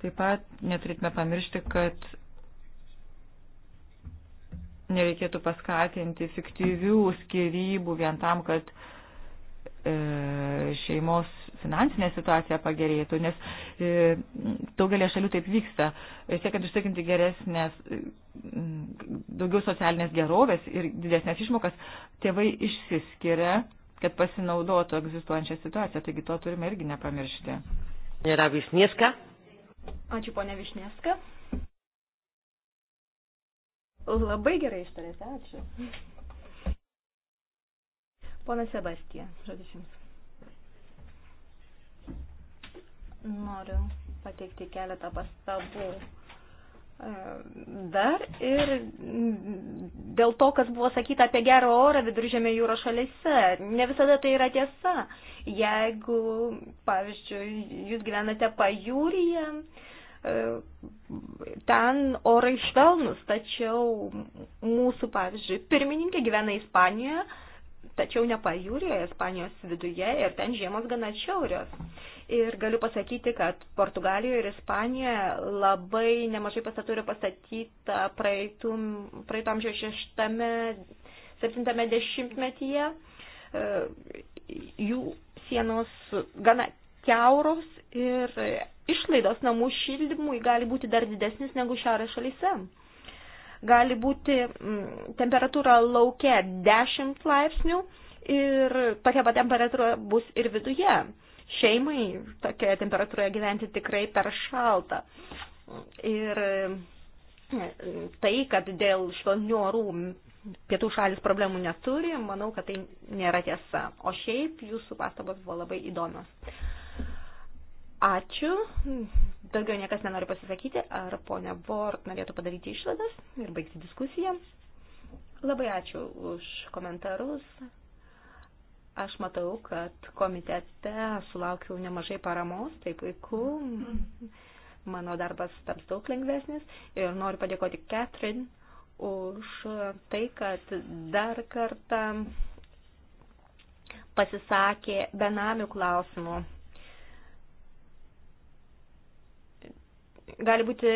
Taip pat neturėtume pamiršti, kad nereikėtų paskatinti fiktyvių skirybų vien tam, kad e, šeimos finansinė situacija pagerėtų, nes e, daugelė šalių taip vyksta. Siekiant užtikrinti geresnės, daugiau socialinės gerovės ir didesnės išmokas, tėvai išsiskiria, kad pasinaudotų egzistuojančią situaciją, taigi to turime irgi nepamiršti. Nėra Visnieska? Ačiū, ponia Višneska. Labai gerai ištarėte, ačiū. Pona Sebastija, žodis jums. Noriu pateikti keletą pastabų Dar ir dėl to, kas buvo sakyta apie gerą orą viduržėme jūros šalyse, ne visada tai yra tiesa. Jeigu, pavyzdžiui, jūs gyvenate pajūryje, e, ten orai švelnus, tačiau mūsų, pavyzdžiui, pirmininkė gyvena Ispanijoje, tačiau ne pajūryje, Ispanijos viduje ir ten žiemos gana šiaurios. Ir galiu pasakyti, kad Portugalijoje ir Ispanijoje labai nemažai pastatų yra pastatyta praeitų, praeito amžiaus šeštame, septintame dešimtmetyje. Jų sienos gana keuros ir išlaidos namų šildymui gali būti dar didesnis negu šiaurės šalyse. Gali būti mm, temperatūra laukia 10 laipsnių ir tokia pat temperatūra bus ir viduje šeimai tokioje temperatūroje gyventi tikrai per šalta. Ir e, tai, kad dėl švelnių orų pietų šalis problemų neturi, manau, kad tai nėra tiesa. O šiaip jūsų pastabos buvo labai įdomios. Ačiū. Daugiau niekas nenori pasisakyti, ar ponia Bort norėtų padaryti išvadas ir baigti diskusiją. Labai ačiū už komentarus, Aš matau, kad komitete sulaukiau nemažai paramos, tai puiku. Mano darbas taps daug lengvesnis ir noriu padėkoti Catherine už tai, kad dar kartą pasisakė benamių klausimų. Gali būti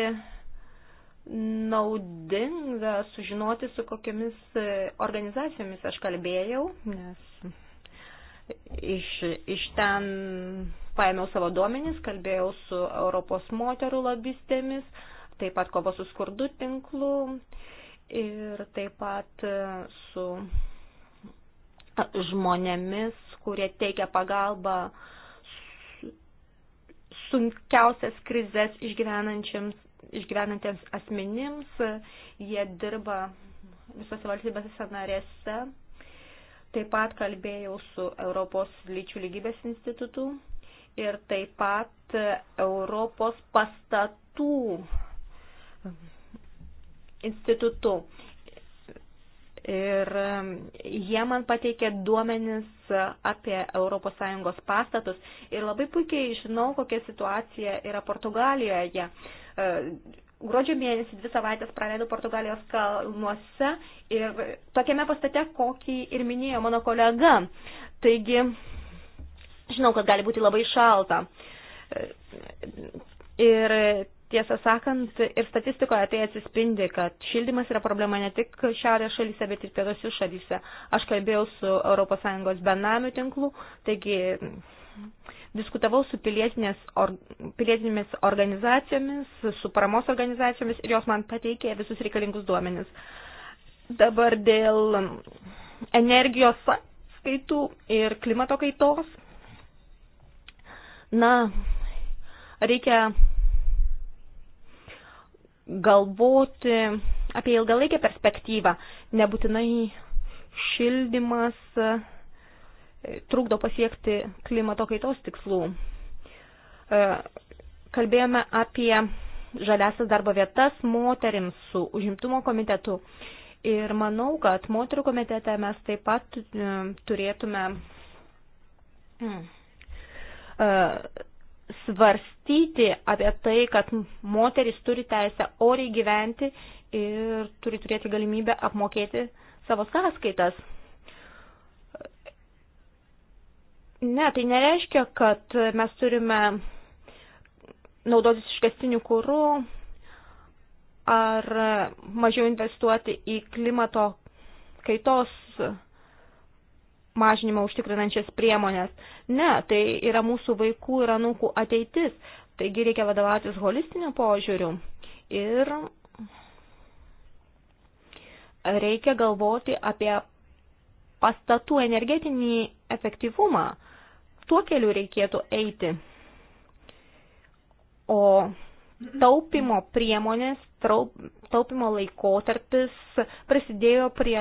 naudinga sužinoti, su kokiamis organizacijomis aš kalbėjau, nes Iš, iš ten paėmiau savo duomenis, kalbėjau su Europos moterų lobistėmis, taip pat kovo su skurdu tinklu ir taip pat e, su e, žmonėmis, kurie teikia pagalbą sunkiausias krizės išgyvenantiems asmenims. Jie dirba visose valstybėse narėse Taip pat kalbėjau su Europos lyčių lygybės institutu ir taip pat Europos pastatų institutu. Ir um, jie man pateikė duomenis apie ES pastatus ir labai puikiai žinau, kokia situacija yra Portugalijoje. Uh, Gruodžio mėnesį dvi savaitės praleidau Portugalijos kalnuose ir tokiame pastate, kokį ir minėjo mano kolega. Taigi, žinau, kad gali būti labai šalta. Ir tiesą sakant, ir statistikoje tai atsispindi, kad šildymas yra problema ne tik šiaurės šalyse, bet ir pietose šalyse. Aš kalbėjau su ES benamių tinklų, taigi Diskutavau su pilietinės, or, pilietinėmis organizacijomis, su paramos organizacijomis ir jos man pateikė visus reikalingus duomenis. Dabar dėl energijos skaitų ir klimato kaitos. Na, reikia galvoti apie ilgalaikę perspektyvą, nebūtinai šildymas trukdo pasiekti klimato kaitos tikslų. E, kalbėjome apie žaliasias darbo vietas moterims su užimtumo komitetu. Ir manau, kad moterų komitete mes taip pat e, turėtume e, svarstyti apie tai, kad moteris turi teisę oriai gyventi ir turi turėti galimybę apmokėti savo sąskaitas. Ne, tai nereiškia, kad mes turime naudotis iškastinių kūrų ar mažiau investuoti į klimato kaitos mažinimą užtikrinančias priemonės. Ne, tai yra mūsų vaikų ir anūkų ateitis. Taigi reikia vadovautis holistiniu požiūriu ir reikia galvoti apie pastatų energetinį efektyvumą tuo keliu reikėtų eiti. O taupimo priemonės, taupimo laikotarpis prasidėjo prie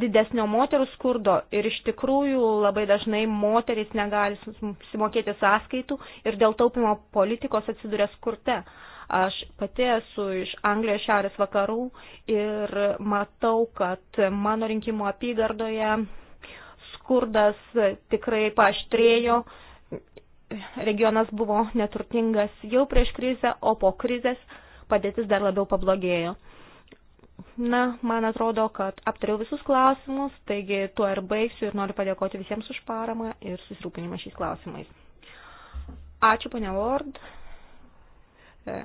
didesnio moterų skurdo ir iš tikrųjų labai dažnai moteris negali sumokėti sąskaitų ir dėl taupimo politikos atsiduria skurte. Aš pati esu iš Anglijos šiaurės vakarų ir matau, kad mano rinkimo apygardoje skurdas tikrai paštrėjo, regionas buvo neturtingas jau prieš krizę, o po krizės padėtis dar labiau pablogėjo. Na, man atrodo, kad aptariau visus klausimus, taigi tuo ir baigsiu ir noriu padėkoti visiems už paramą ir susirūpinimą šiais klausimais. Ačiū, ponia Ward. E,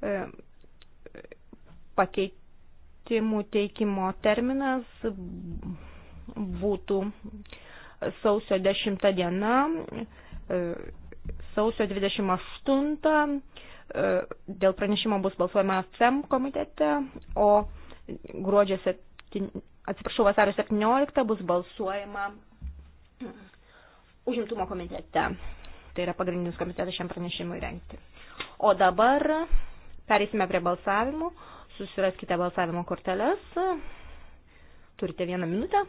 e, pakeitimų teikimo terminas būtų sausio 10 diena, e, sausio 28 e, dėl pranešimo bus balsuojama FEM komitete, o gruodžio 7, atsiprašau, vasario 17 bus balsuojama užimtumo komitete. Tai yra pagrindinis komitetas šiam pranešimui rengti. O dabar perėsime prie balsavimų. Susiraskite balsavimo korteles. Turite vieną minutę.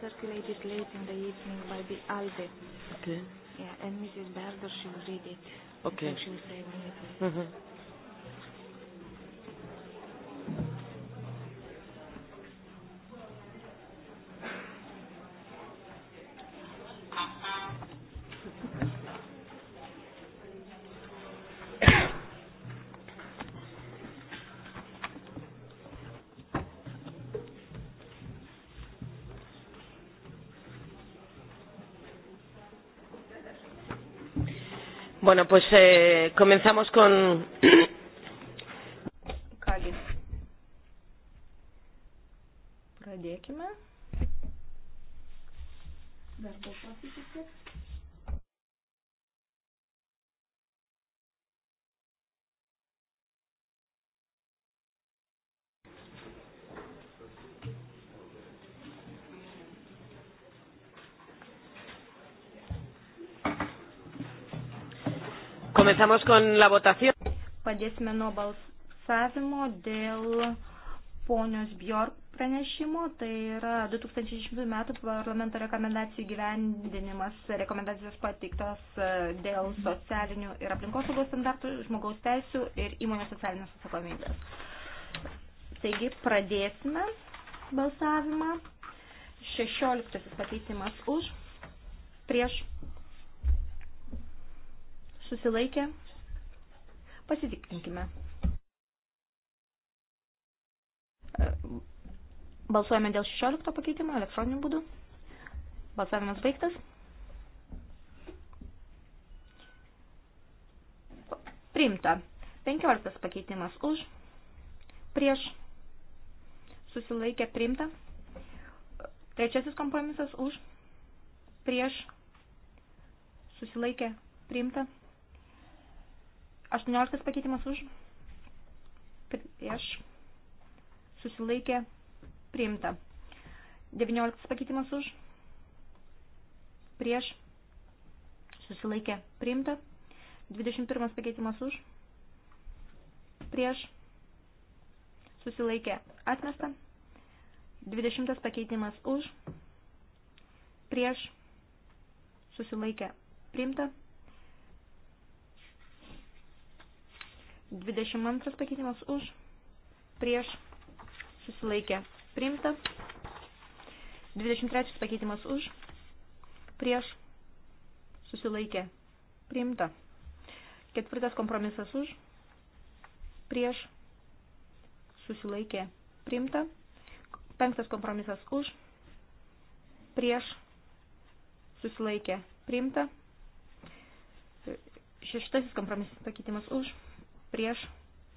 circulated late in the evening by the ALDE. Okay. Yeah, and Mrs. Berger, she will read it. Okay. So she will say when it is. Mm-hmm. Bueno, pues eh, comenzamos con. <coughs> Kągi. Pradėkime. Darbo pasitikimas. Empezamos con la votación. Padėsime nuo balsavimo dėl ponios Bjork pranešimo, tai yra 2010 metų parlamento rekomendacijų gyvendinimas, rekomendacijos pateiktos e, dėl socialinių ir aplinkosaugos standartų, žmogaus teisų ir įmonės socialinės atsakomybės. Taigi pradėsime balsavimą. 16 pakeitimas už, prieš susilaikė, pasitikrinkime. E, balsuojame dėl 16 pakeitimo elektroniniu būdu. Balsavimas baigtas. Priimta. 15 pakeitimas už, prieš, susilaikė, priimta. Trečiasis kompromisas už, prieš, susilaikė, priimta. 18 pakeitimas už, prieš, susilaikė, priimta. 19 pakeitimas už, prieš, susilaikė, priimta. 21 pakeitimas už, prieš, susilaikė, atmesta. 20 pakeitimas už, prieš, susilaikė, priimta. 22 pakeitimas už, prieš, susilaikė, priimta. 23 pakeitimas už, prieš, susilaikė, priimta. Ketvirtas kompromisas už, prieš, susilaikė, priimta. Penktas kompromisas už, prieš, susilaikė, priimta. Šeštasis kompromisas pakeitimas už, prieš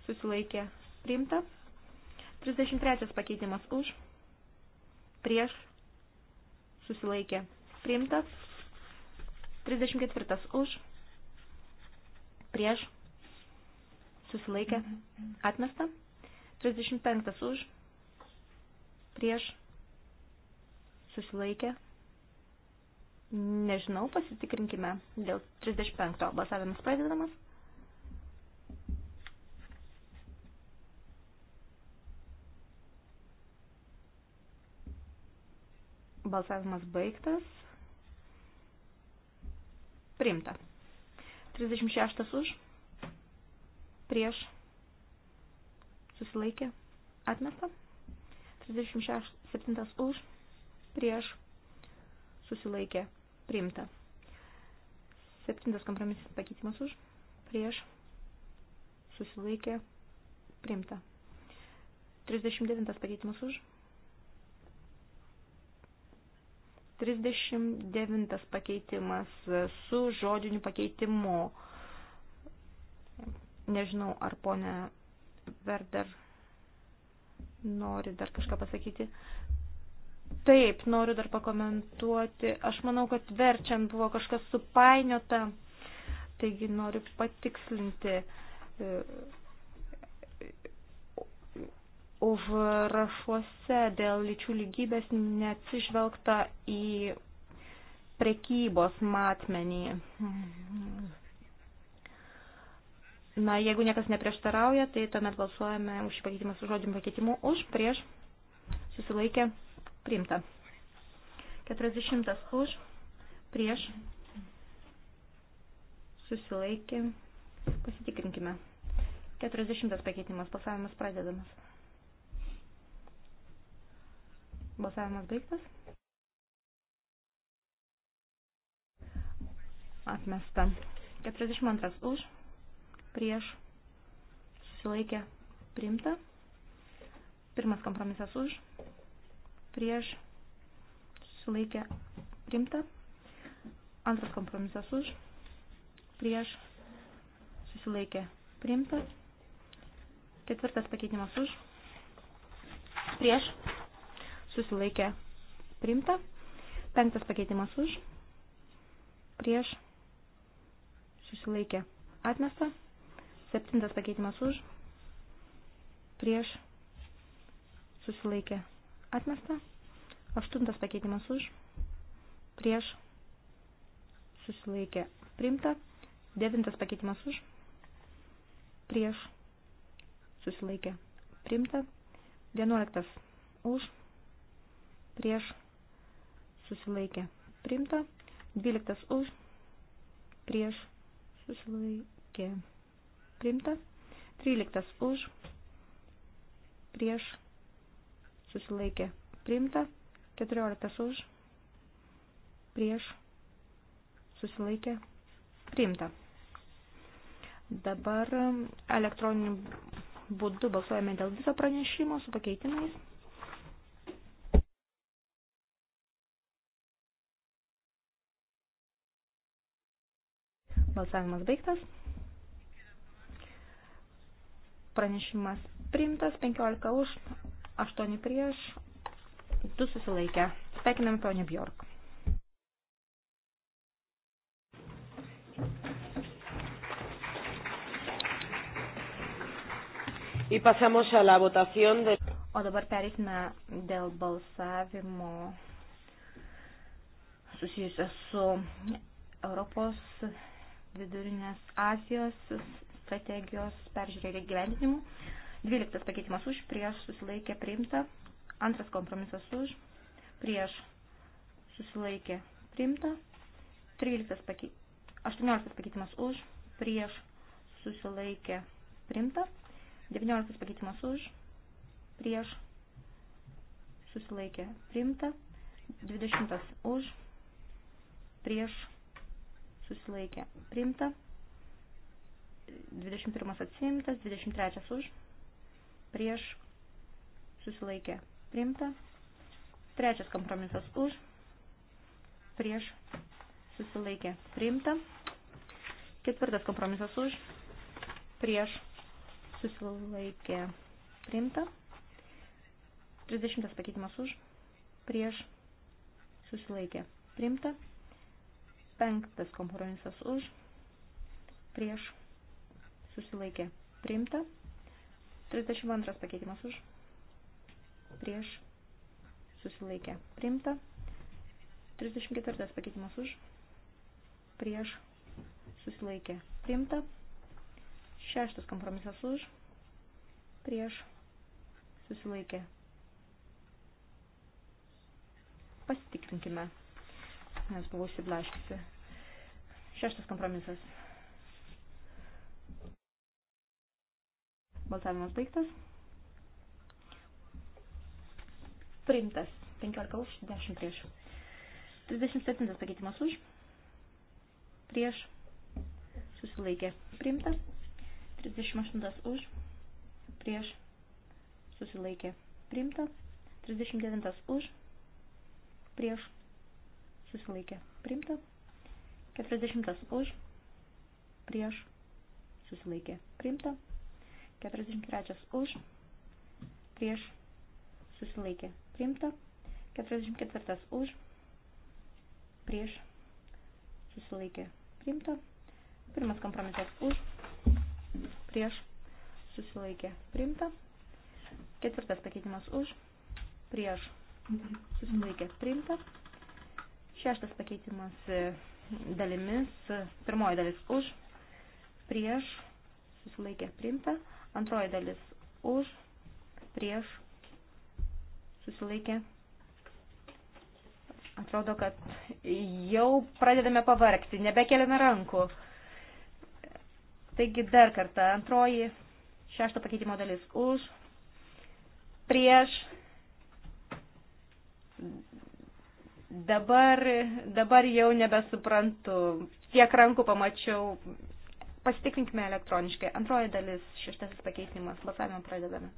susilaikė priimta. 33 pakeitimas už prieš susilaikė priimta. 34 už prieš susilaikė atmesta. 35 už prieš susilaikė Nežinau, pasitikrinkime dėl 35 balsavimas pradedamas. Balsavimas baigtas. Priimta. 36 už. Prieš. Susilaikė. Atmesta. 37 už. Prieš. Susilaikė. Priimta. 7 kompromisas pakeitimas už. Prieš. Susilaikė. Priimta. 39 pakeitimas už. 39 pakeitimas su žodiniu pakeitimu. Nežinau, ar ponė Verder nori dar kažką pasakyti. Taip, noriu dar pakomentuoti. Aš manau, kad verčiant buvo kažkas supainiota, taigi noriu patikslinti užrašuose dėl lyčių lygybės neatsižvelgta į prekybos matmenį. Na, jeigu niekas neprieštarauja, tai tuomet balsuojame už šį pakeitimą su žodžiu pakeitimu už, prieš, susilaikė, priimta. 40 už, prieš, susilaikė, pasitikrinkime. 40 pakeitimas, pasavimas pradedamas. Balsavimas baigtas. Atmesta. 42 už, prieš, susilaikė, priimta. Pirmas kompromisas už, prieš, susilaikė, priimta. Antras kompromisas už, prieš, susilaikė, priimta. Ketvirtas pakeitimas už, prieš, susilaikė priimta. Penktas pakeitimas už, prieš, susilaikė atmesta. Septintas pakeitimas už, prieš, susilaikė atmesta. Aštuntas pakeitimas už, prieš, susilaikė priimta. Devintas pakeitimas už, prieš, susilaikė priimta. Vienuoliktas už, prieš prieš susilaikė priimta, 12 už prieš susilaikė priimta, 13 už prieš susilaikė priimta, 14 už prieš susilaikė priimta. Dabar elektroniniu būdu balsuojame dėl viso pranešimo su pakeitimais. Balsavimas baigtas. Pranešimas priimtas 15 už, 8 prieš, 2 susilaikę. Sveikiname ponę Bjork. Y pasamos a la votación de... O dabar pereisime dėl balsavimo susijusio su Europos vidurinės Azijos strategijos peržiūrė ir gyvendinimu. 12 pakeitimas už, prieš susilaikė priimta. Antras kompromisas už, prieš susilaikė priimta. 13 pakeitimas. 18 pakeitimas už, prieš susilaikė priimta. 19 pakeitimas už, prieš susilaikė priimta. 20 už, prieš susilaikė priimta, 21 atsiimtas, 23 už, prieš susilaikė priimta, trečias kompromisas už, prieš susilaikė priimta, ketvirtas kompromisas už, prieš susilaikė priimta, 30 pakeitimas už, prieš susilaikė priimta. Penktas kompromisas už, prieš, susilaikė, priimta. 32 pakeitimas už, prieš, susilaikė, priimta. 34 pakeitimas už, prieš, susilaikė, priimta. Šeštas kompromisas už, prieš, susilaikė, pasitikrinkime, nes buvau išsiblaškiusi. Šeštas kompromisas. Balsavimas baigtas. Priimtas. 15 už, 10 prieš. 37 pakeitimas už. Prieš. Susilaikė. Priimtas. 38 už. Prieš. Susilaikė. Priimta. 39 už. Prieš. Susilaikė. Priimta. 40 už, prieš, susilaikė, priimta. 43 už, prieš, susilaikė, priimta. 44 už, prieš, susilaikė, priimta. Pirmas kompromisas už, prieš, susilaikė, priimta. Ketvirtas pakeitimas už, prieš, susilaikė, priimta. Šeštas pakeitimas e, dalimis. Pirmoji dalis už, prieš, susilaikė priimta. Antroji dalis už, prieš, susilaikė. Atrodo, kad jau pradedame pavargti, nebekeliame rankų. Taigi dar kartą antroji šešto pakeitimo dalis už, prieš, Dabar, dabar jau nebesuprantu, kiek rankų pamačiau. Pasitikrinkime elektroniškai. Antroji dalis, šeštasis pakeitimas. Balsavimą pradedame.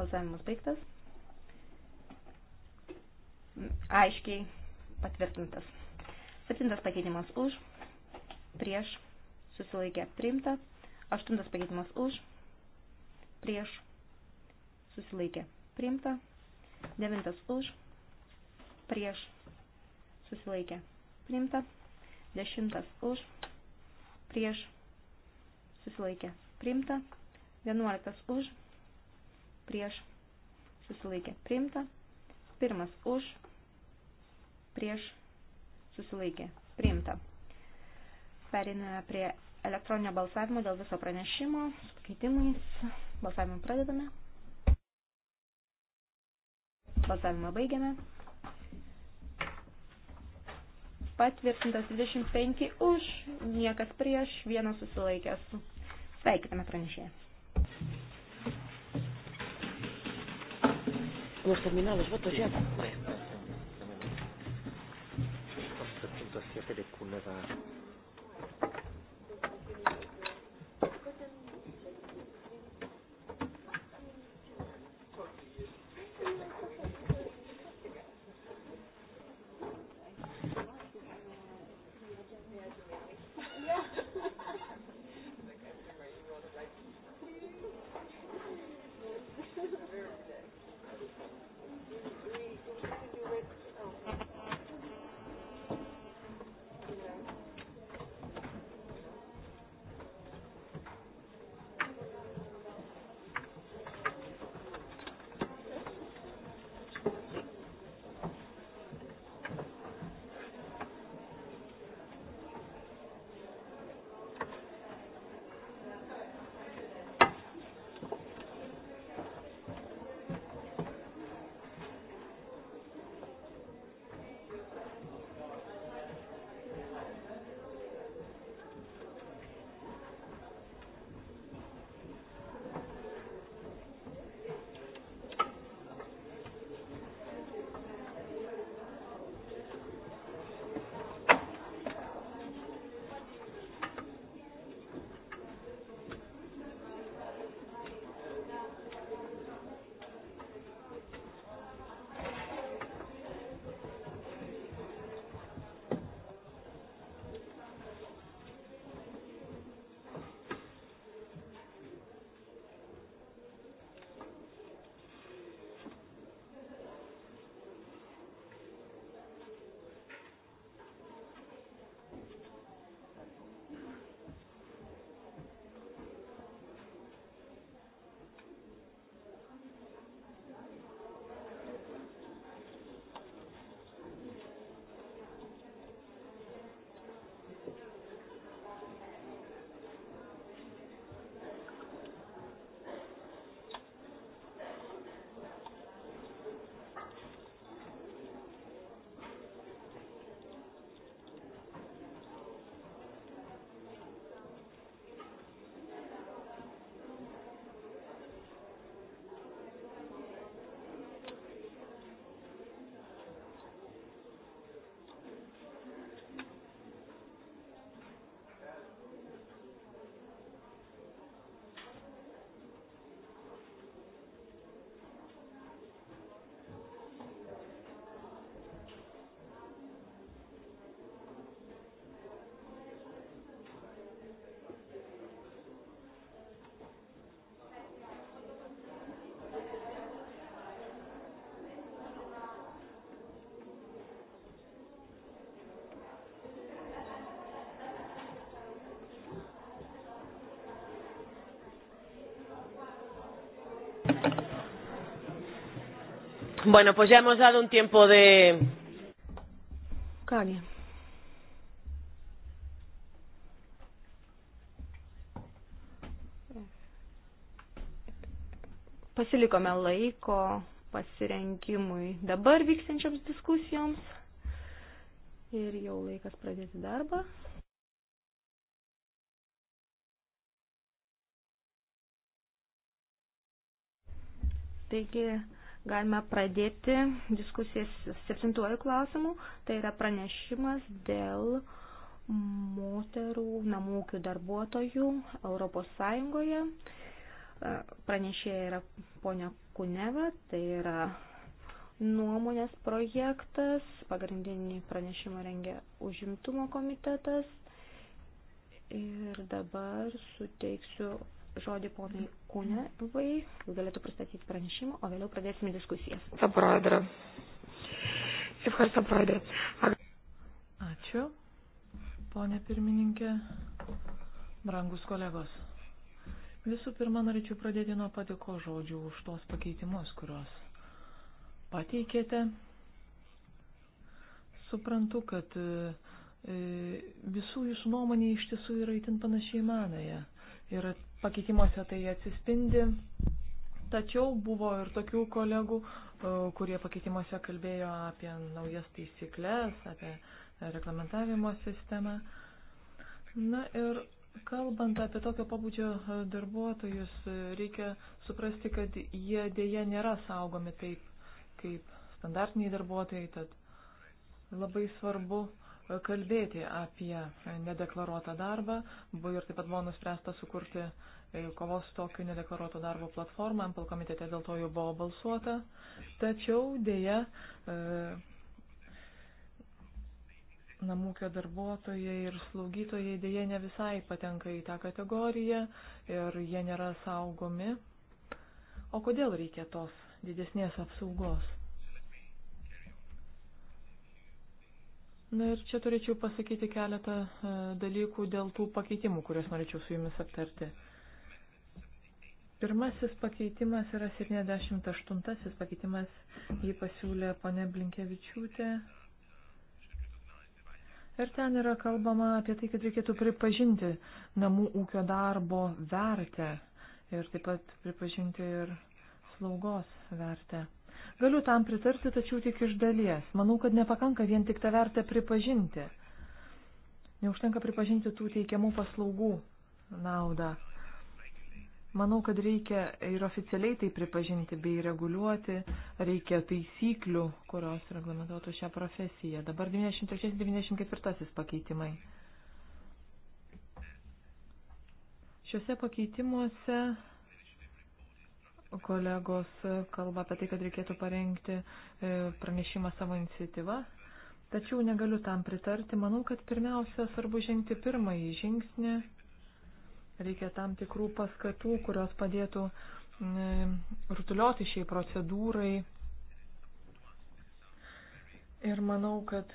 Balsavimas baigtas. Aiškiai patvirtintas. Septintas pakeitimas už, prieš, susilaikė priimta. Aštuntas pakeitimas už, prieš, susilaikė priimta, devintas už, prieš susilaikė priimta, dešimtas už, prieš susilaikė priimta, vienuoliktas už, prieš susilaikė priimta, pirmas už, prieš susilaikė priimta. Periname prie elektroninio balsavimo dėl viso pranešimo su pakeitimais. Balsavimą pradedame. Balsavimą baigiame. Patvirtintas 25 už, niekas prieš, vienas susilaikęs. Sveikiname pranešėją. Hemos terminado los votos ya. Vale. Punto 7 de Cuneva. Bueno, pues ya hemos dado un tiempo de. Ką gi. pasilikome laiko pasirengimui dabar vyksiančioms diskusijoms ir jau laikas pradėti darbą. Taigi, Galime pradėti diskusijas septintuoju klausimu. Tai yra pranešimas dėl moterų namų ūkių darbuotojų Europos Sąjungoje. E, pranešėja yra ponia Kuneva, tai yra nuomonės projektas, pagrindinį pranešimą rengia užimtumo komitetas. Ir dabar suteiksiu žodį ponai Kūnevai, jis galėtų pristatyti pranešimą, o vėliau pradėsime diskusijas. Saprodra. Sifkar Saprodra. Ačiū, ponė pirmininkė, brangus kolegos. Visų pirma, norėčiau pradėti nuo patiko žodžių už tos pakeitimus, kuriuos pateikėte. Suprantu, kad e, visų jūsų nuomonė iš tiesų yra itin panašiai manoje ir pakeitimuose tai atsispindi. Tačiau buvo ir tokių kolegų, e, kurie pakeitimuose kalbėjo apie naujas taisyklės, apie reglamentavimo sistemą. Na ir kalbant apie tokio pabudžio darbuotojus, reikia suprasti, kad jie dėje nėra saugomi taip, kaip standartiniai darbuotojai, tad labai svarbu uh, kalbėti apie nedeklaruotą darbą buvo ir taip pat buvo nuspręsta sukurti e, kovos tokiu nedeklaruotu darbo platformą, MPL komitete dėl to jau buvo balsuota, tačiau dėja e, namūkio darbuotojai ir slaugytojai dėja ne visai patenka į tą kategoriją ir jie nėra saugomi. O kodėl reikia tos didesnės apsaugos? Na ir čia turėčiau pasakyti keletą e, dalykų dėl tų pakeitimų, kuriuos norėčiau su jumis aptarti. Pirmasis pakeitimas yra 78 pakeitimas, jį pasiūlė ponė Blinkevičiūtė. Ir ten yra kalbama apie tai, kad reikėtų pripažinti namų ūkio darbo vertę ir taip pat pripažinti ir slaugos vertę. Galiu tam pritarti, tačiau tik iš dalies. Manau, kad nepakanka vien tik tą vertę pripažinti. Neužtenka pripažinti tų teikiamų paslaugų naudą. Manau, kad reikia ir oficialiai tai pripažinti bei reguliuoti, reikia taisyklių, kurios reglamentuotų šią profesiją. Dabar 93-94 pakeitimai. Šiuose pakeitimuose Kolegos kalba apie tai, kad reikėtų parengti e, pranešimą savo iniciatyvą, tačiau negaliu tam pritarti. Manau, kad pirmiausia svarbu žengti pirmąjį žingsnį. Reikia tam tikrų paskatų, kurios padėtų rutulioti šiai procedūrai. Ir manau, kad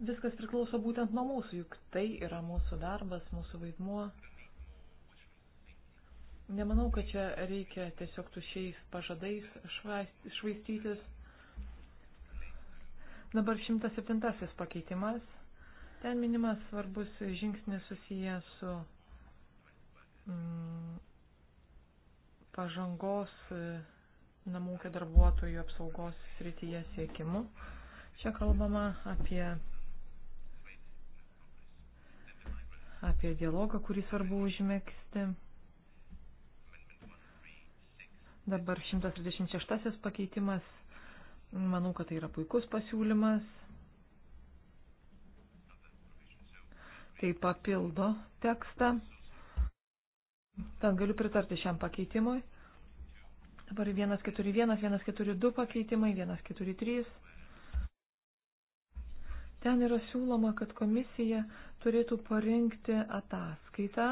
viskas priklauso būtent nuo mūsų, juk tai yra mūsų darbas, mūsų vaidmuo. Nemanau, kad čia reikia tiesiog tušiais pažadais švaistytis. Dabar 107 pakeitimas. Ten minimas svarbus žingsnis susijęs su mm, pažangos e, namūkio darbuotojų apsaugos srityje siekimu. Čia kalbama apie, apie dialogą, kurį svarbu užmėgsti. Dabar 136 pakeitimas. Manau, kad tai yra puikus pasiūlymas. Tai papildo tekstą. Ten galiu pritarti šiam pakeitimui. Dabar 141, 142 pakeitimai, 143. Ten yra siūloma, kad komisija turėtų parinkti ataskaitą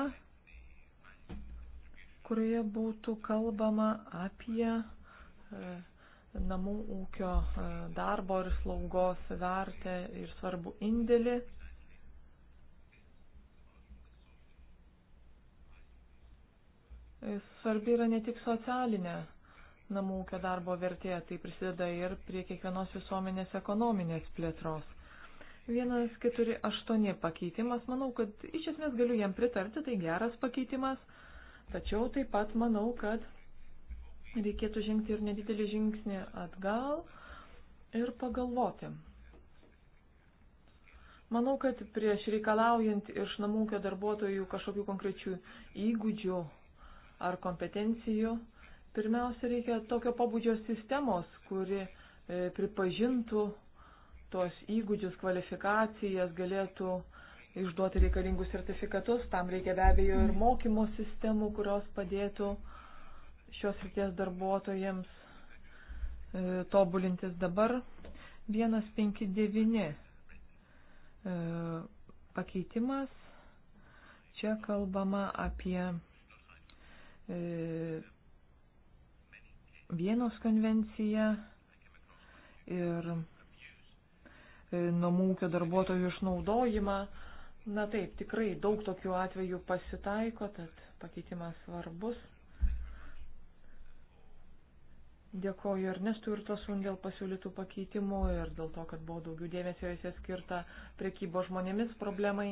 kurioje būtų kalbama apie e, namų ūkio e, darbo ir slaugos vertę ir svarbu indėlį. E, svarbi yra ne tik socialinė namų ūkio darbo vertė, tai prisideda ir prie kiekvienos visuomenės ekonominės plėtros. 148 pakeitimas, manau, kad iš esmės galiu jam pritarti, tai geras pakeitimas. Tačiau taip pat manau, kad reikėtų žengti ir nedidelį žingsnį atgal ir pagalvoti. Manau, kad prieš reikalaujant iš namų ūkio darbuotojų kažkokių konkrečių įgūdžių ar kompetencijų, pirmiausia, reikia tokio pabudžio sistemos, kuri e, pripažintų tuos įgūdžius, kvalifikacijas, galėtų išduoti reikalingus sertifikatus, tam reikia be abejo ir mokymo sistemų, kurios padėtų šios ryties darbuotojams e, tobulintis dabar. 159 e, pakeitimas. Čia kalbama apie e, Vienos konvenciją ir e, namų ūkio darbuotojų išnaudojimą. E, Na taip, tikrai daug tokių atvejų pasitaiko, tad pakeitimas svarbus. Dėkoju Ernestui ir Tosun dėl pasiūlytų pakeitimų ir dėl to, kad buvo daugiau dėmesio jose skirta priekybo žmonėmis problemai.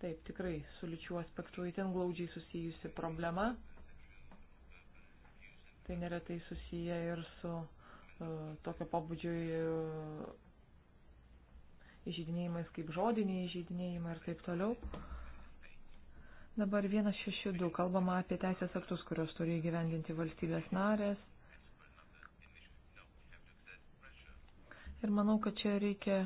Taip, tikrai su lyčių aspektu įtin glaudžiai susijusi problema. Tai neretai susiję ir su uh, tokio pabudžio uh, įžeidinėjimais kaip žodiniai įžeidinėjimai ir taip toliau. Dabar 162 kalbama apie teisės aktus, kurios turi įgyvendinti valstybės narės. Ir manau, kad čia reikia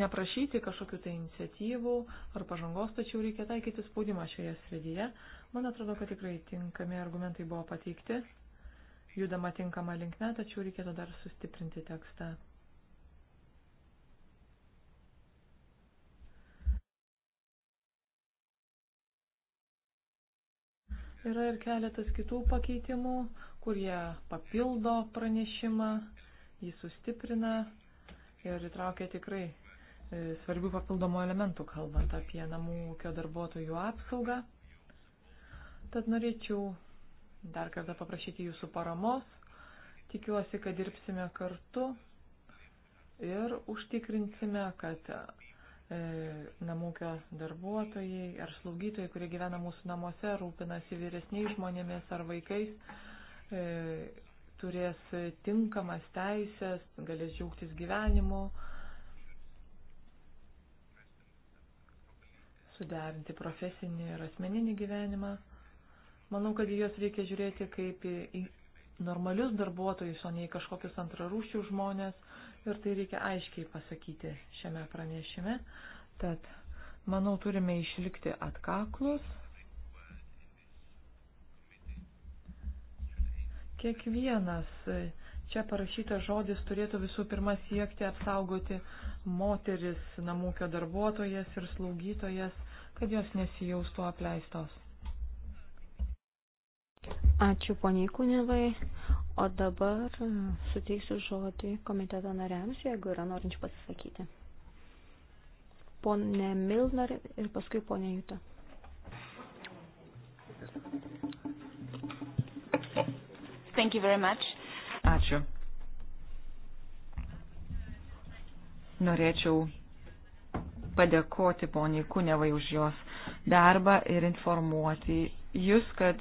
neprašyti kažkokių tai iniciatyvų ar pažangos, tačiau reikia taikyti spaudimą šioje srityje. Man atrodo, kad tikrai tinkami argumentai buvo pateikti. Judama tinkama linkme, tačiau reikėtų dar sustiprinti tekstą. Yra ir keletas kitų pakeitimų, kurie papildo pranešimą, jį sustiprina ir įtraukia tikrai e, svarbių papildomų elementų, kalbant apie namų ūkio darbuotojų apsaugą. Tad norėčiau dar kartą paprašyti jūsų paramos. Tikiuosi, kad dirbsime kartu ir užtikrinsime, kad E, namūkio darbuotojai ar slaugytojai, kurie gyvena mūsų namuose, rūpinasi vyresniais žmonėmis ar vaikais, e, turės tinkamas teisės, galės džiaugtis gyvenimu, suderinti profesinį ir asmeninį gyvenimą. Manau, kad į juos reikia žiūrėti kaip į normalius darbuotojus, o ne į kažkokius antrarūšius žmonės ir tai reikia aiškiai pasakyti šiame pranešime. Tad, manau, turime išlikti atkaklus. Kiekvienas čia parašytas žodis turėtų visų pirma siekti apsaugoti moteris, namūkio darbuotojas ir slaugytojas, kad jos nesijaustų apleistos. Ačiū poniai Kunevai. O dabar e, suteiksiu žodį komiteto nariams, jeigu yra norinčių pasisakyti. Pone Milner ir paskui ponė Juta. Thank you very much. Ačiū. Norėčiau padėkoti poniai Kunevai už jos darbą ir informuoti jūs, kad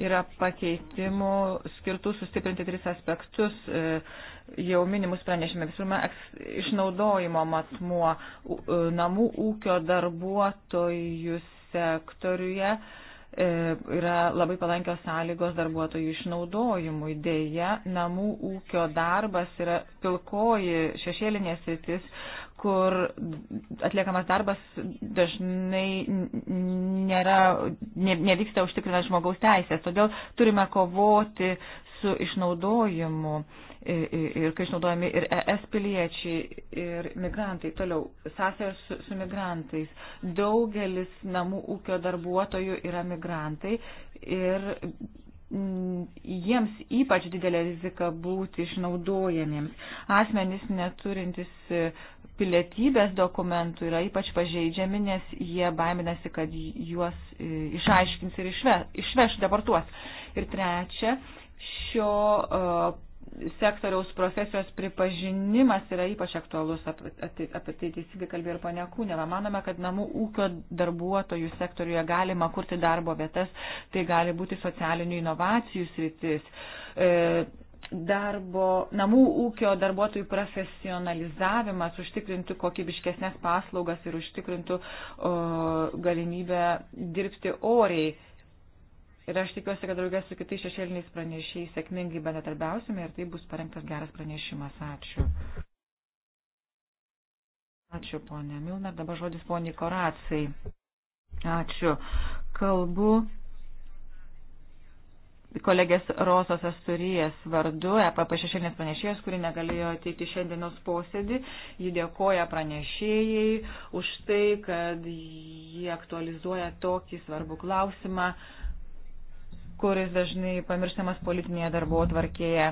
yra pakeitimų skirtų sustiprinti tris aspektus e, jau minimus pranešime. Visų pirma, išnaudojimo matmuo e, namų ūkio darbuotojų sektoriuje e, yra labai palankios sąlygos darbuotojų išnaudojimui. Deja, namų ūkio darbas yra pilkoji šešėlinės sritis kur atliekamas darbas dažnai nėra, ne, nevyksta užtikrinant žmogaus teisės. Todėl turime kovoti su išnaudojimu ir, ir kai išnaudojami ir ES piliečiai, ir migrantai. Toliau, sąsajos su, su migrantais. Daugelis namų ūkio darbuotojų yra migrantai ir jiems ypač didelė rizika būti išnaudojamiems. Asmenys neturintis pilietybės dokumentų yra ypač pažeidžiami, nes jie baiminasi, kad juos e, išaiškins ir išve, išveš, deportuos. Ir trečia, šio uh, sektoriaus profesijos pripažinimas yra ypač aktualus, apie, apie tai teisingai kalbėjo ir ponia Kūneva. Manome, kad namų ūkio darbuotojų sektoriuje galima kurti darbo vietas, tai gali būti socialinių inovacijų sritis. E, darbo, namų ūkio darbuotojų profesionalizavimas užtikrintų kokybiškesnės paslaugas ir užtikrintų o, galimybę dirbti oriai. Ir aš tikiuosi, kad draugės su kitais šešėliniais pranešiais sėkmingai bendradarbiausime ir tai bus parengtas geras pranešimas. Ačiū. Ačiū, ponė Milner. Dabar žodis poniai Koracijai. Ačiū. Kalbu kolegės Rosos Asturijas vardu, EPP šešėlinės pranešėjas, kuri negalėjo ateiti šiandienos posėdį. Ji dėkoja pranešėjai už tai, kad jie aktualizuoja tokį svarbų klausimą, kuris dažnai pamirštamas politinėje darbo tvarkėje.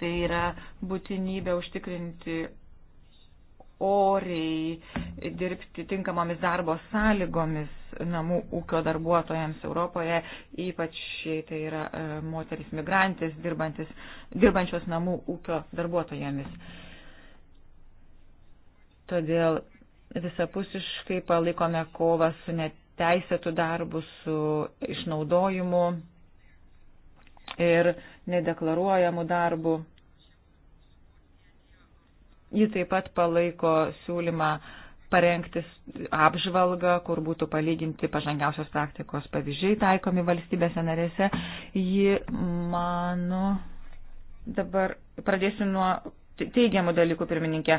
Tai yra būtinybė užtikrinti oriai dirbti tinkamomis darbo sąlygomis namų ūkio darbuotojams Europoje, ypač tai yra e, moteris migrantės dirbančios namų ūkio darbuotojomis. Todėl visapusiškai palaikome kovą su neteisėtų darbų, su išnaudojimu ir nedeklaruojamų darbų Ji taip pat palaiko siūlymą parengti apžvalgą, kur būtų palyginti pažangiausios praktikos pavyzdžiai taikomi valstybėse narėse. Ji mano, dabar pradėsiu nuo teigiamų dalykų, pirmininkė.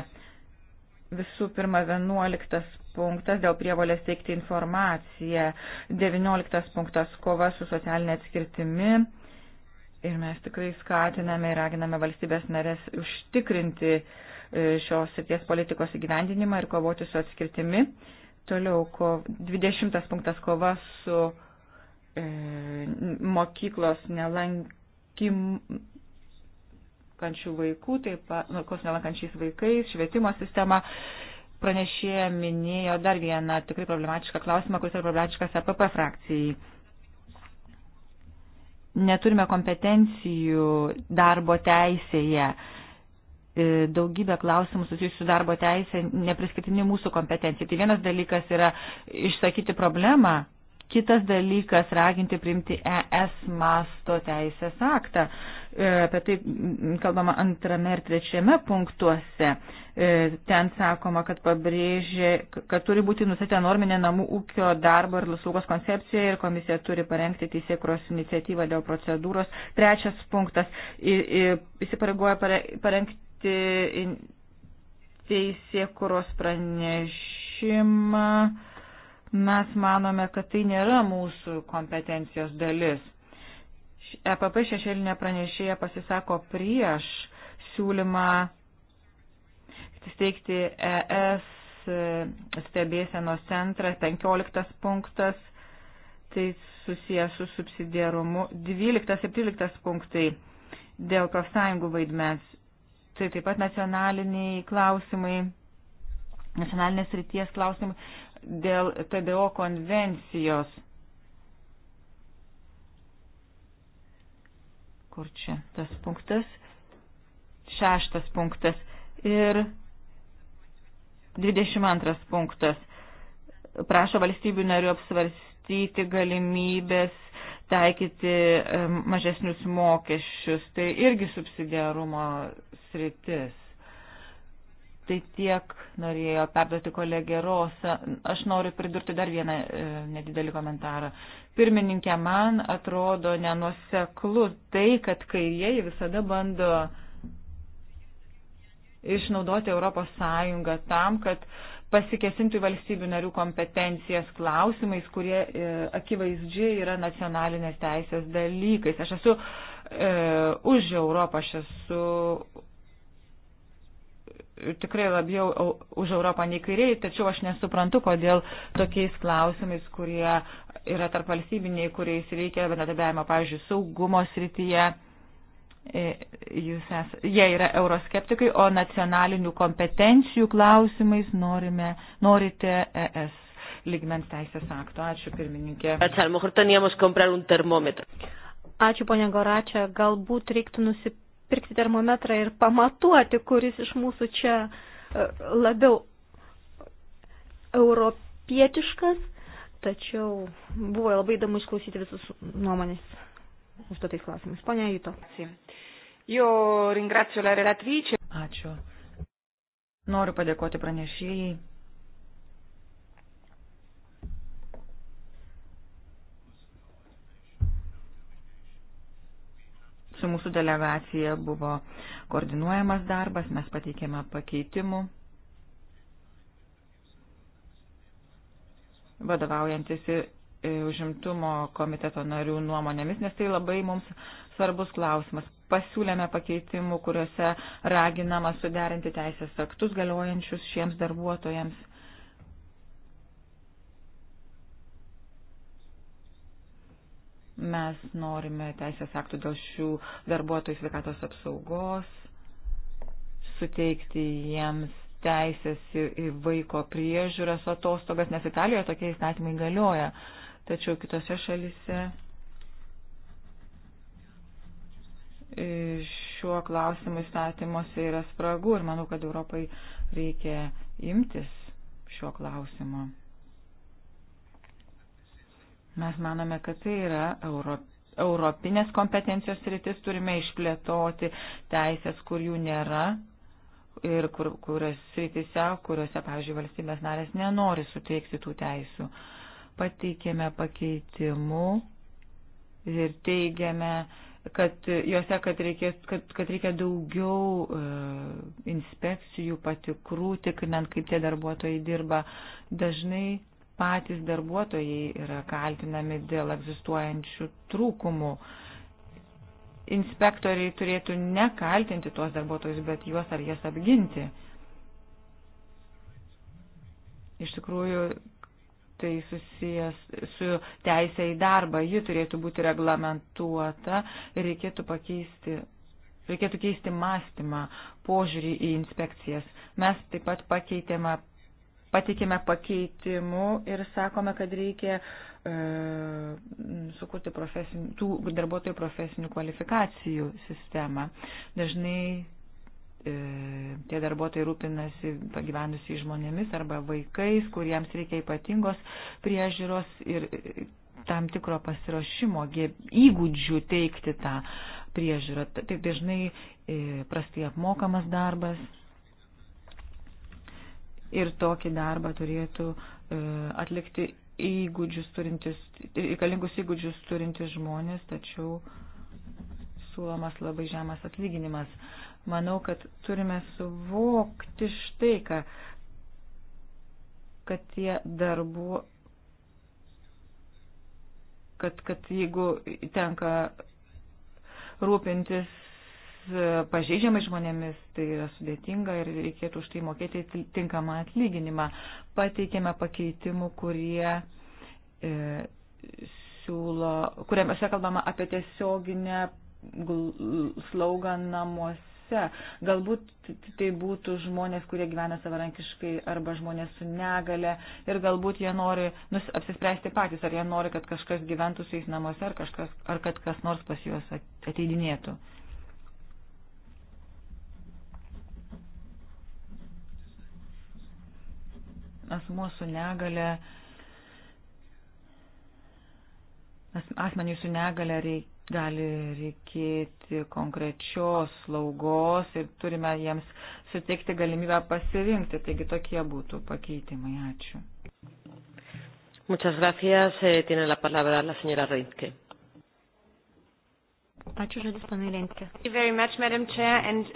Visų pirma, 11 punktas dėl prievolės teikti informaciją, 19 punktas kova su socialinė atskirtimi. Ir mes tikrai skatiname ir raginame valstybės narės užtikrinti uh, E, šios srities politikos įgyvendinimą ir kovoti su atskirtimi. Toliau ko, 20 punktas kova su e, mokyklos nelankančių vaikų, taip pat mokyklos nu, nelankančiais vaikais, švietimo sistema. Pranešėja minėjo dar vieną tikrai problematišką klausimą, kuris yra problematiškas APP frakcijai neturime kompetencijų darbo teisėje E, daugybė klausimų susijusių su darbo teisė nepriskirtini mūsų kompetencijai. Tai vienas dalykas yra išsakyti problemą, kitas dalykas raginti priimti ES masto teisės aktą. E, apie tai kalbama antrame ir trečiame punktuose. E, ten sakoma, kad pabrėžė, kad turi būti nusatyta norminė namų ūkio darbo ir saugos koncepcija ir komisija turi parengti teisėkros iniciatyvą dėl procedūros. Trečias punktas įsipareigoja parengti aptarti teisėkuros pranešimą. Mes manome, kad tai nėra mūsų kompetencijos dalis. EPP šešėlinė pranešėja pasisako prieš siūlymą steigti ES stebėsenos centrą, 15 punktas, tai susijęs su subsidiarumu, 12 ir 13 punktai dėl profsąjungų vaidmens tai taip pat nacionaliniai klausimai, nacionalinės ryties klausimai dėl TDO konvencijos. Kur čia tas punktas? Šeštas punktas. Ir 22 punktas. Prašo valstybių narių apsvarstyti galimybės taikyti mažesnius mokesčius. Tai irgi subsidiarumo sritis. Tai tiek norėjo perduoti kolegė Rosa. Aš noriu pridurti dar vieną e, nedidelį komentarą. Pirmininkė, man atrodo nenuseklu tai, kad kairieji visada bando išnaudoti Europos Sąjungą tam, kad pasikesintų į valstybių narių kompetencijas klausimais, kurie e, akivaizdžiai yra nacionalinės teisės dalykais. Aš esu e, už Europą, aš esu tikrai labiau už Europą nei kairiai, tačiau aš nesuprantu, kodėl tokiais klausimais, kurie yra tarp valstybiniai, kuriais reikia bendradarbiavimo, pavyzdžiui, saugumo srityje, e, jūs es, jie yra euroskeptikai, o nacionalinių kompetencijų klausimais norime, norite ES lygmens teisės akto. Ačiū, pirmininkė. Ačiū, ponia Goračia, galbūt reiktų nusipirkti pirkti termometrą ir pamatuoti, kuris iš mūsų čia e, labiau europietiškas, tačiau buvo labai įdomu išklausyti visus nuomonės užduotais klausimais. Pone Juto. Ačiū. Noriu padėkoti pranešėjai su mūsų delegacija buvo koordinuojamas darbas, mes pateikėme pakeitimų. vadovaujantis užimtumo komiteto narių nuomonėmis, nes tai labai mums svarbus klausimas. Pasiūlėme pakeitimų, kuriuose raginama suderinti teisės aktus galiojančius šiems darbuotojams Mes norime teisės aktų dėl šių darbuotojų sveikatos apsaugos, suteikti jiems teisės į, į vaiko priežiūros atostogas, nes Italijoje tokie įstatymai galioja, tačiau kitose šalise e, šiuo klausimu įstatymuose yra spragų ir manau, kad Europai reikia imtis šiuo klausimu. Mes manome, kad tai yra Europė europinės kompetencijos rytis turime išplėtoti teisės, kur jų nėra ir kur, kurios rytise, kuriuose, pavyzdžiui, valstybės narės nenori suteikti tų teisų. Pateikėme pakeitimų ir teigiame, kad juose, kad, reikės, kad, kad reikia daugiau e, inspekcijų, patikrų, tikrinant, kaip tie darbuotojai dirba. Dažnai patys darbuotojai yra kaltinami dėl egzistuojančių trūkumų. Inspektoriai turėtų ne kaltinti tuos darbuotojus, bet juos ar jas apginti. Iš tikrųjų, tai susijęs su teisė į darbą. Ji turėtų būti reglamentuota ir reikėtų pakeisti. Reikėtų keisti mąstymą, požiūrį į inspekcijas. Mes taip pat pakeitėme patikime pakeitimų ir sakome, kad reikia e, sukurti tų darbuotojų profesinių kvalifikacijų sistemą. Dažnai e, tie darbuotojai rūpinasi pagyvenusiai žmonėmis arba vaikais, kuriems reikia ypatingos priežiūros ir e, tam tikro pasiruošimo, įgūdžių teikti tą priežiūrą. Tai dažnai e, prastai apmokamas darbas, ir tokį darbą turėtų e, atlikti įgūdžius turintis, reikalingus įgūdžius turintis žmonės, tačiau siūlomas labai žemas atlyginimas. Manau, kad turime suvokti štai, ką, kad tie darbų, kad, kad jeigu tenka rūpintis pažeidžiamais žmonėmis, tai yra sudėtinga ir reikėtų už tai mokėti tinkamą atlyginimą. Pateikėme pakeitimų, kurie e, siūlo, kuriuose kalbama apie tiesioginę slaugą namuose namuose. Galbūt tai būtų žmonės, kurie gyvena savarankiškai arba žmonės su negale ir galbūt jie nori nus, apsispręsti patys, ar jie nori, kad kažkas gyventų su jais namuose, ar, kažkas, ar kad kas nors pas juos ateidinėtų. asmuo su negale, asmeniui su negale reik, gali reikėti konkrečios slaugos ir turime jiems suteikti galimybę pasirinkti. Taigi tokie būtų pakeitimai. Ačiū. Muchas gracias. Eh, tiene la palabra la señora Reinke. Ačiū žodis, panai Lenkė. Uh,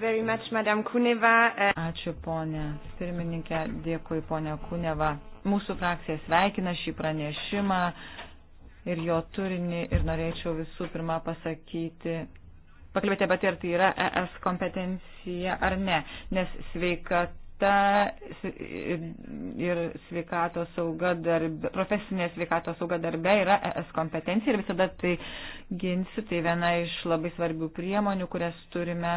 uh. Ačiū, ponė pirmininkė, dėkui, ponė Kuneva. Mūsų frakcija sveikina šį pranešimą ir jo turinį ir norėčiau visų pirma pasakyti, pakalbėti apie tai, ar tai yra ES kompetencija ar ne, nes sveikata sveikata ir sveikatos sauga darbe, profesinė sveikatos sauga darbe yra ES kompetencija ir visada tai ginsiu, tai viena iš labai svarbių priemonių, kurias turime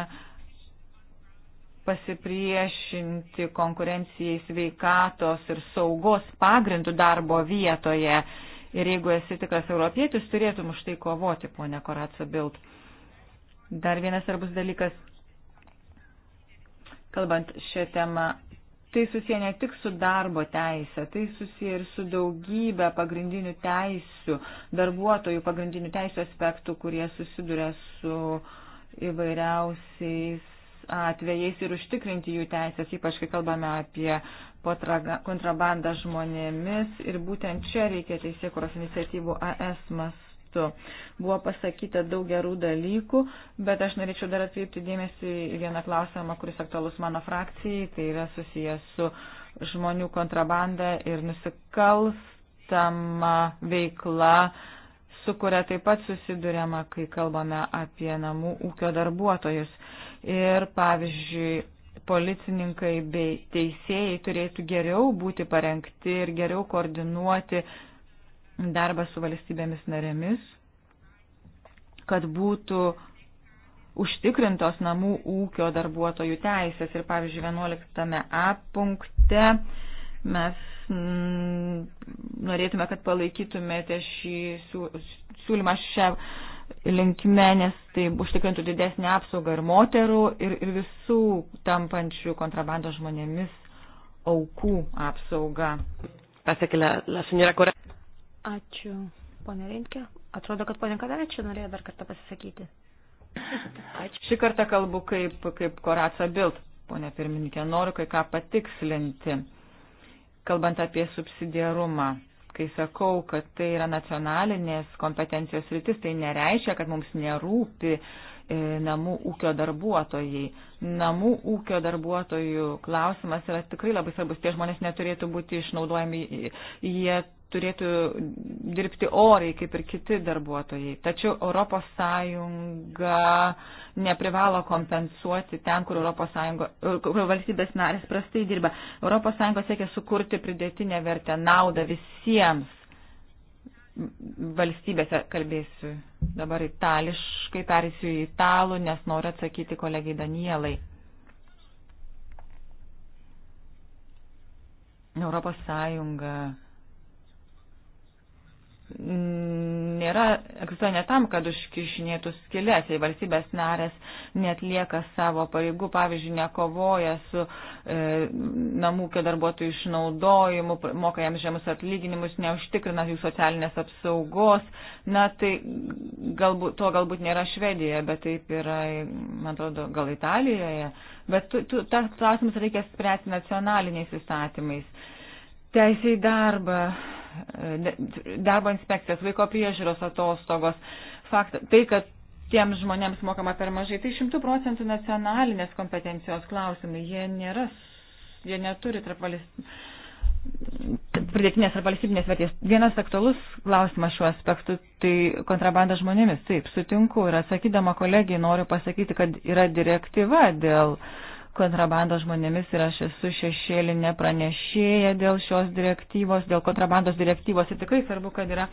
pasipriešinti konkurencijai sveikatos ir saugos pagrindų darbo vietoje. Ir jeigu esi tikras europietis, turėtum už tai kovoti, ponė Koratsa Bild. Dar vienas svarbus dalykas kalbant šią temą. Tai susiję ne tik su darbo teisė, tai susiję ir su daugybė pagrindinių teisių, darbuotojų pagrindinių teisų aspektų, kurie susiduria su įvairiausiais atvejais ir užtikrinti jų teisės, ypač kai kalbame apie kontrabandą žmonėmis. Ir būtent čia reikia teisėkuros iniciatyvų AS mas mastu. Buvo pasakyta daug gerų dalykų, bet aš norėčiau dar atkreipti dėmesį į vieną klausimą, kuris aktualus mano frakcijai, tai yra susijęs su žmonių kontrabanda ir nusikalstama veikla su kuria taip pat susidurėma, kai kalbame apie namų ūkio darbuotojus. Ir, pavyzdžiui, policininkai bei teisėjai turėtų geriau būti parengti ir geriau koordinuoti darbas su valstybėmis narėmis, kad būtų užtikrintos namų ūkio darbuotojų teisės. Ir pavyzdžiui, 11 A punkte mes mm, norėtume, kad palaikytumėte šį siūlymą šią linkme, nes tai užtikrintų didesnį apsaugą ir moterų, ir, ir visų tampančių kontrabandos žmonėmis aukų apsaugą. Pasakė la, la señora Correa. Ačiū, ponė Rinkė. Atrodo, kad ponė Kadavičia norėjo dar kartą pasisakyti. Ačiū. Šį kartą kalbu kaip, kaip Koraca Bild, ponė pirmininkė. Noriu kai ką patikslinti, kalbant apie subsidiarumą. Kai sakau, kad tai yra nacionalinės kompetencijos rytis, tai nereiškia, kad mums nerūpi e, namų ūkio darbuotojai. Namų ūkio darbuotojų klausimas yra tikrai labai svarbus. Tie žmonės neturėtų būti išnaudojami, jie turėtų dirbti oriai, kaip ir kiti darbuotojai. Tačiau ES neprivalo kompensuoti ten, kur, ES, kur valstybės narės prastai dirba. ES siekia sukurti pridėtinę vertę naudą visiems valstybėse. Kalbėsiu dabar itališkai, perėsiu į italų, nes noriu atsakyti kolegai Danielai. Europos Sąjunga nėra, egzistuoja ne tam, kad užkišinėtų skilės, jei valstybės narės netlieka savo pareigų, pavyzdžiui, nekovoja su e, namūkio darbuotojų išnaudojimu, moka jam žemus atlyginimus, neužtikrina jų socialinės apsaugos. Na, tai galbūt, to galbūt nėra Švedijoje, bet taip yra, man atrodo, gal Italijoje. Bet tu, tu, tas klausimas reikia spręsti nacionaliniais įstatymais. Teisė į darbą, darbo inspekcijas, vaiko priežiūros atostogos. Fakt, tai, kad tiems žmonėms mokama per mažai, tai šimtų procentų nacionalinės kompetencijos klausimai. Jie nėra, jie neturi tarpvalis, pridėtinės ar valstybinės vertės. Vienas aktualus klausimas šiuo aspektu - tai kontrabanda žmonėmis. Taip, sutinku ir atsakydama kolegijai noriu pasakyti, kad yra direktyva dėl uh, kontrabandos žmonėmis ir aš esu šešėlinė pranešėja dėl šios direktyvos, dėl kontrabandos direktyvos ir tikrai svarbu, kad yra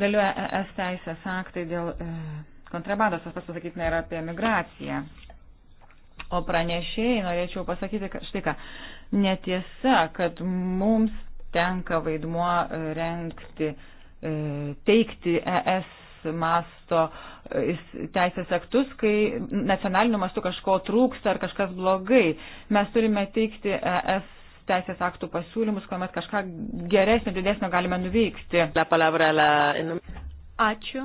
dalyvę ES teisės aktai dėl e, kontrabandos, tas pats pasakytina yra apie migraciją. O pranešėjai norėčiau pasakyti, kad štai ką, netiesa, kad mums tenka vaidmuo renkti, e, teikti ES masto e, teisės aktus, kai nacionaliniu mastu kažko trūksta ar kažkas blogai. Mes turime teikti e, ES teisės aktų pasiūlymus, kuomet kažką geresnio, didesnio galime nuveikti. La palabra, la... Ačiū.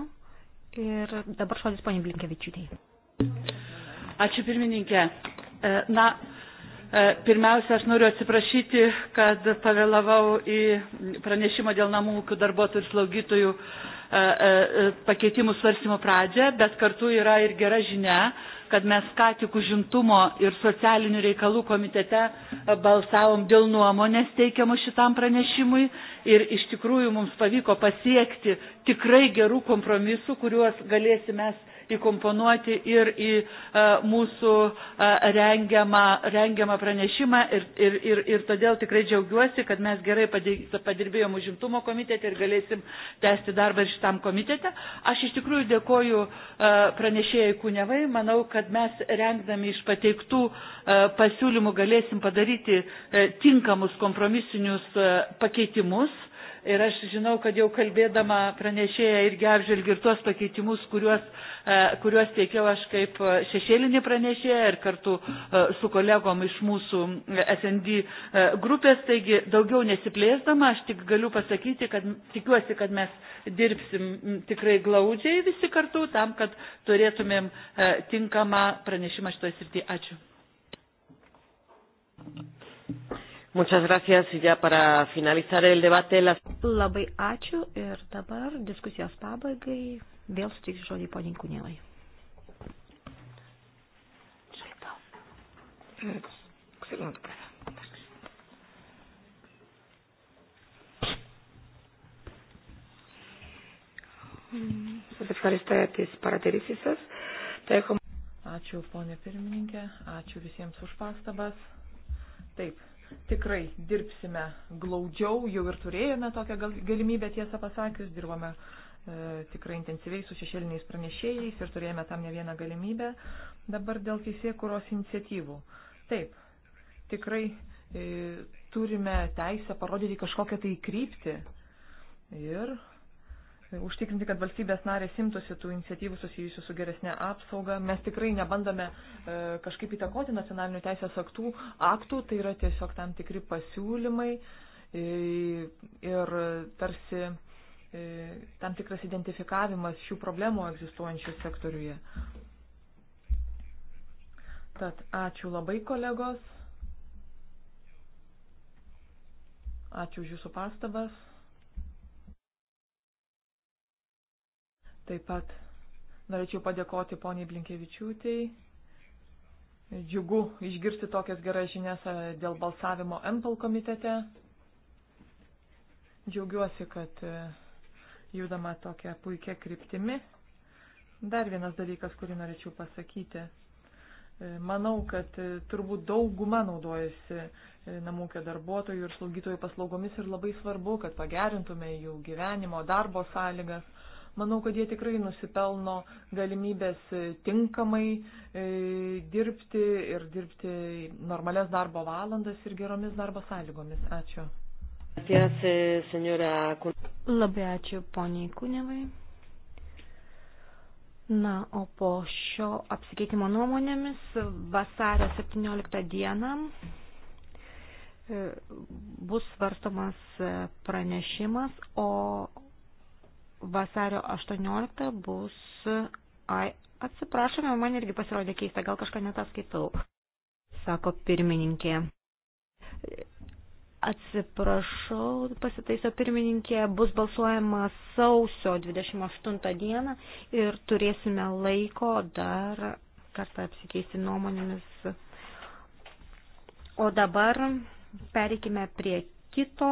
Ir dabar šodis ponė Blinkevičiūtė. Ačiū pirmininkė. E, na, Pirmiausia, aš noriu atsiprašyti, kad pavėlavau į pranešimą dėl namų ūkių darbuotojų ir slaugytojų E, e, pakeitimų svarstymo pradžią, bet kartu yra ir gera žinia, kad mes ką tik užimtumo ir socialinių reikalų komitete e, balsavom dėl nuomonės teikiamų šitam pranešimui ir iš tikrųjų mums pavyko pasiekti tikrai gerų kompromisų, kuriuos galėsime mes įkomponuoti ir į e, mūsų e, rengiamą, rengiamą pranešimą ir, ir, ir, ir todėl tikrai džiaugiuosi, kad mes gerai padirbėjom užimtumo komitete ir galėsim tęsti darbą ir šitam komitete. Aš iš tikrųjų dėkoju e, pranešėjai Kunevai, manau, kad mes rengdami iš pateiktų pasiūlymų galėsim padaryti tinkamus kompromisinius pakeitimus ir aš žinau, kad jau kalbėdama pranešėja irgi apžvelgiu ir tuos pakeitimus, kuriuos, e, kuriuos teikiau aš kaip e, šešėlinį pranešėją ir kartu e, su kolegom iš mūsų SND grupės. Taigi daugiau nesiplėsdama, aš tik galiu pasakyti, kad tikiuosi, kad mes dirbsim tikrai glaudžiai visi kartu tam, kad turėtumėm tinkamą pranešimą šitoje srityje. Ačiū. Muchas gracias y ya para finalizar el debate. Las... Labai ačiū ir dabar diskusijos pabaigai vėl sutiksiu žodį poniai Kunėlai. Σας ευχαριστώ για τις παρατηρήσεις σας. Τα έχω... Ačiū, ponė pirmininkė, ačiū visiems už pastabas. Taip, tikrai dirbsime glaudžiau, jau ir turėjome tokią galimybę, tiesą pasakius, dirbome e, tikrai intensyviai su šešėliniais pranešėjais ir turėjome tam ne vieną galimybę. Dabar dėl teisėkuros iniciatyvų. Taip, tikrai e, turime teisę parodyti kažkokią tai kryptį ir užtikrinti, kad valstybės narės imtųsi tų iniciatyvų susijusių su geresnė apsauga. Mes tikrai nebandome e, kažkaip įtakoti nacionalinių teisės aktų, aktų, tai yra tiesiog tam tikri pasiūlymai e, ir tarsi e, tam tikras identifikavimas šių problemų egzistuojančių sektoriuje. Tad ačiū labai kolegos. Ačiū už jūsų pastabas. Taip pat norėčiau padėkoti poniai Blinkevičiūtei. Džiugu išgirsti tokias geras žinias e, dėl balsavimo MPL komitete. Džiaugiuosi, kad e, judama tokia puikia kryptimi. Dar vienas dalykas, kurį norėčiau pasakyti. E, manau, kad turbūt dauguma naudojasi namūkio darbuotojų ir slaugytojų paslaugomis ir labai svarbu, kad pagerintume jų gyvenimo, darbo sąlygas. Manau, kad jie tikrai nusipelno galimybės e, tinkamai e, dirbti ir dirbti normales darbo valandas ir geromis darbo sąlygomis. Ačiū. Eh, Labai ačiū poniai Kunevai. Na, o po šio apsikeitimo nuomonėmis vasario 17 dieną e, bus svarstomas pranešimas, o vasario 18 bus. Ai, atsiprašome, man irgi pasirodė keista, gal kažką netaskaitau, sako pirmininkė. Atsiprašau, pasitaiso pirmininkė, bus balsuojama sausio 28 dieną ir turėsime laiko dar kartą apsikeisti nuomonėmis. O dabar pereikime prie kito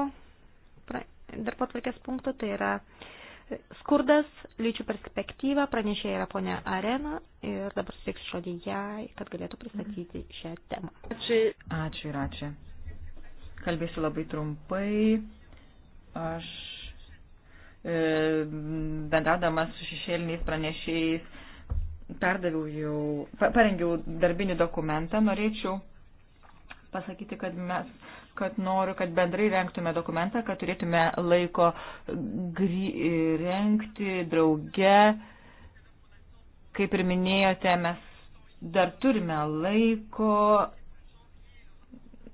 darbo tvarkės punkto, tai yra uh, Skurdas, lyčių perspektyva, pranešėja yra ponė Arena ir dabar suteiksiu žodį jai, kad galėtų pristatyti šią temą. Ačiū. Ačiū ir ačiū. Kalbėsiu labai trumpai. Aš e, bendradamas su šešėliniais pranešėjais perdaviau jau, parengiau darbinį dokumentą. Norėčiau pasakyti, kad mes kad noriu, kad bendrai renktume dokumentą, kad turėtume laiko renkti drauge. Kaip ir minėjote, mes dar turime laiko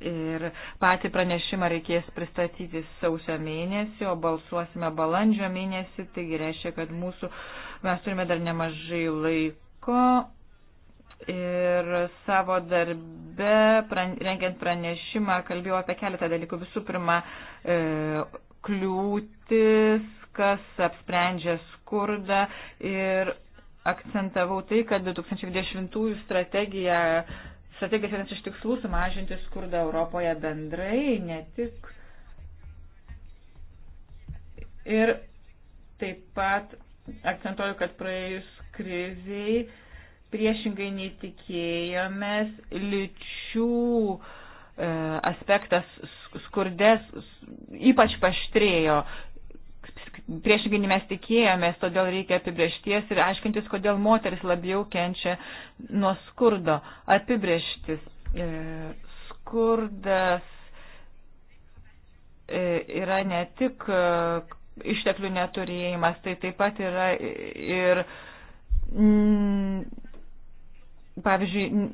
ir patį pranešimą reikės pristatyti sausio mėnesį, o balsuosime balandžio mėnesį, taigi reiškia, kad mūsų, mes turime dar nemažai laiko ir savo darbe, pran, rengiant pranešimą, kalbėjau apie keletą dalykų. Visų pirma, e, kliūtis, kas apsprendžia skurdą ir akcentavau tai, kad 2020 strategija, strategija vienas iš tikslų sumažinti skurdą Europoje bendrai, ne tik. Ir taip pat akcentuoju, kad praėjus kriziai priešingai nei tikėjomės, lyčių e, aspektas skurdės ypač paštrėjo. Priešingai nei mes tikėjomės, todėl reikia apibriešties ir aiškintis, kodėl moteris labiau kenčia nuo skurdo. Apibrieštis. E, skurdas e, yra ne tik e, išteklių neturėjimas, tai taip pat yra ir pavyzdžiui,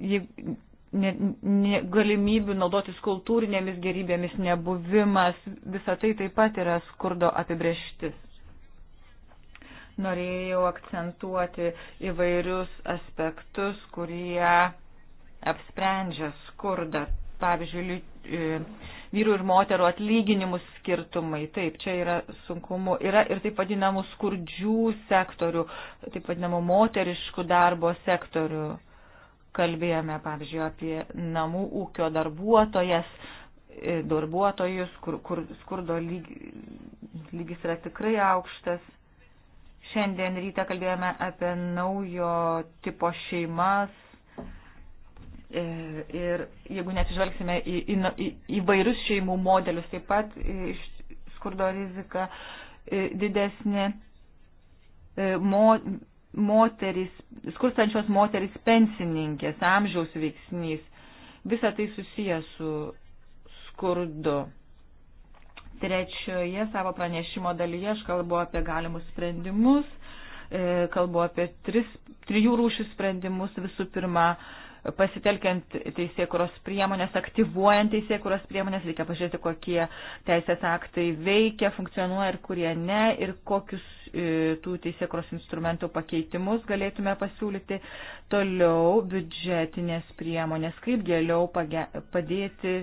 jeigu ne, ne, galimybių naudotis kultūrinėmis gerybėmis nebuvimas, visa tai taip pat yra skurdo apibrieštis. Norėjau akcentuoti įvairius aspektus, kurie apsprendžia skurdą pavyzdžiui, e, vyrų ir moterų atlyginimų skirtumai. Taip, čia yra sunkumų. Yra ir taip vadinamų skurdžių sektorių, taip vadinamų moteriškų darbo sektorių. Kalbėjome, pavyzdžiui, apie namų ūkio darbuotojas, e, darbuotojus, kur, kur skurdo lyg, lygis yra tikrai aukštas. Šiandien ryte kalbėjome apie naujo tipo šeimas, E, ir jeigu nesižvelgsime į, į, į įvairius šeimų modelius, taip pat iš skurdo rizika didesnė, e, mo, moteris, skurstančios moteris pensininkės, amžiaus veiksnys, visa tai susiję su skurdu. Trečioje savo pranešimo dalyje aš kalbu apie galimus sprendimus, e, kalbu apie tris, trijų rūšių sprendimus. Visų pirma, pasitelkiant teisėkuros priemonės, aktyvuojant teisėkuros priemonės, reikia pažiūrėti, kokie teisės aktai veikia, funkcionuoja ir kurie ne, ir kokius e, tų teisėkuros instrumentų pakeitimus galėtume pasiūlyti. Toliau biudžetinės priemonės, kaip geriau padėti,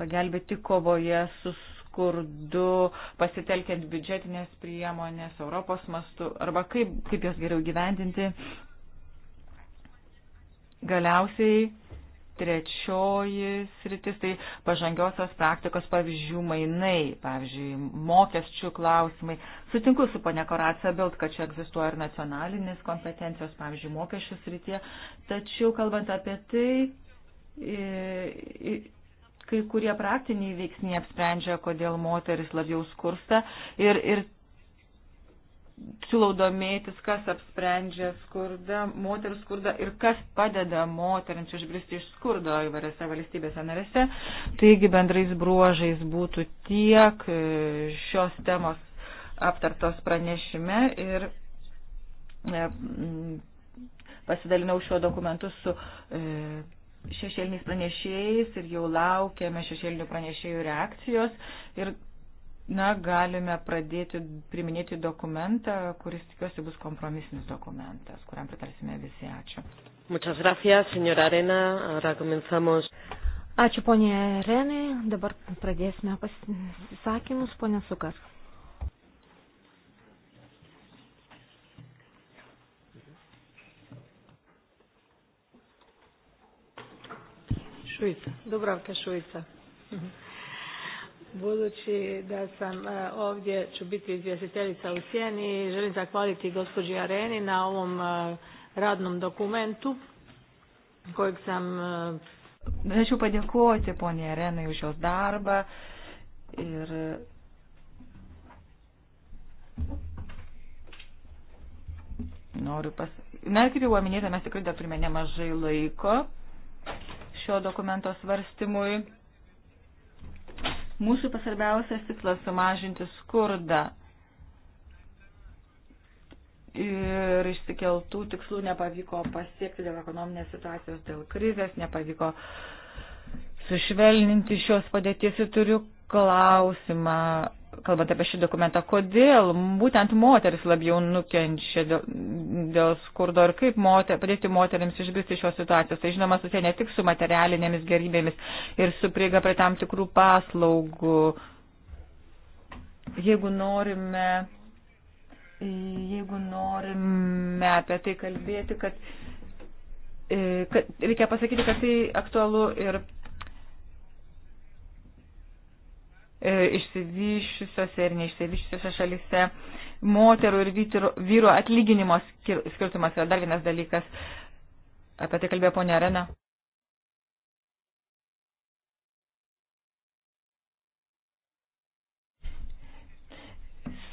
pagelbėti kovoje su skurdu, pasitelkiant biudžetinės priemonės Europos mastu, arba kaip, kaip jas geriau gyvendinti Galiausiai trečioji sritis tai pažangiosios praktikos pavyzdžių mainai, pavyzdžiui, mokesčių klausimai. Sutinku su ponia Koracija Bild, kad čia egzistuoja ir nacionalinės kompetencijos, pavyzdžiui, mokesčių srityje. Tačiau kalbant apie tai, kai kurie praktiniai veiksniai apsprendžia, kodėl moteris labiau skursta ir, ir siūlau domėtis, kas apsprendžia skurdą, moterų skurdą ir kas padeda moteriams išbristi iš skurdo įvairiose valstybėse narėse. Taigi bendrais bruožais būtų tiek e, šios temos aptartos pranešime ir e, pasidalinau šiuo dokumentu su e, šešėliniais pranešėjais ir jau laukiame šešėlinių pranešėjų reakcijos. Ir na, galime pradėti priminėti dokumentą, kuris tikiuosi bus kompromisinis dokumentas, kuriam pritarsime visi. Ačiū. Muchas gracias, señora Arena. Ahora comenzamos. Ačiū, ponė Arenai. Dabar pradėsime pasisakymus, ponė Sukas. Šuica, Dubravka Šuica. Mhm. Budući da sam e, ovdje, ću biti izvjestiteljica u Sjeni i želim zahvaliti gospođi Areni na ovom e, radnom dokumentu kojeg sam. E, Norėčiau padėkoti poniai Arenai už jos darbą ir noriu pas... Na, kaip jau minėta, mes tikrai dar turime nemažai laiko šio dokumento svarstymui. Mūsų pasarbiausias tikslas sumažinti skurdą ir išsikeltų tikslų nepavyko pasiekti dėl ekonominės situacijos, dėl krizės, nepavyko sušvelninti šios padėties ir turiu klausimą kalbant apie šį dokumentą, kodėl būtent moteris labiau nukenčia dėl, dėl skurdo ir kaip moter, padėti moteriams išbristi šios situacijos. Tai žinoma susiję ne tik su materialinėmis gerybėmis ir su prieiga prie tam tikrų paslaugų. Jeigu norime, jeigu norime apie tai kalbėti, kad, e, kad reikia pasakyti, kad tai aktualu ir E, išsivyščiusiose ir neišsivyščiusiose šalise moterų ir vyrų atlyginimo skirtumas yra dar vienas dalykas. Apie tai kalbėjo ponia Arena.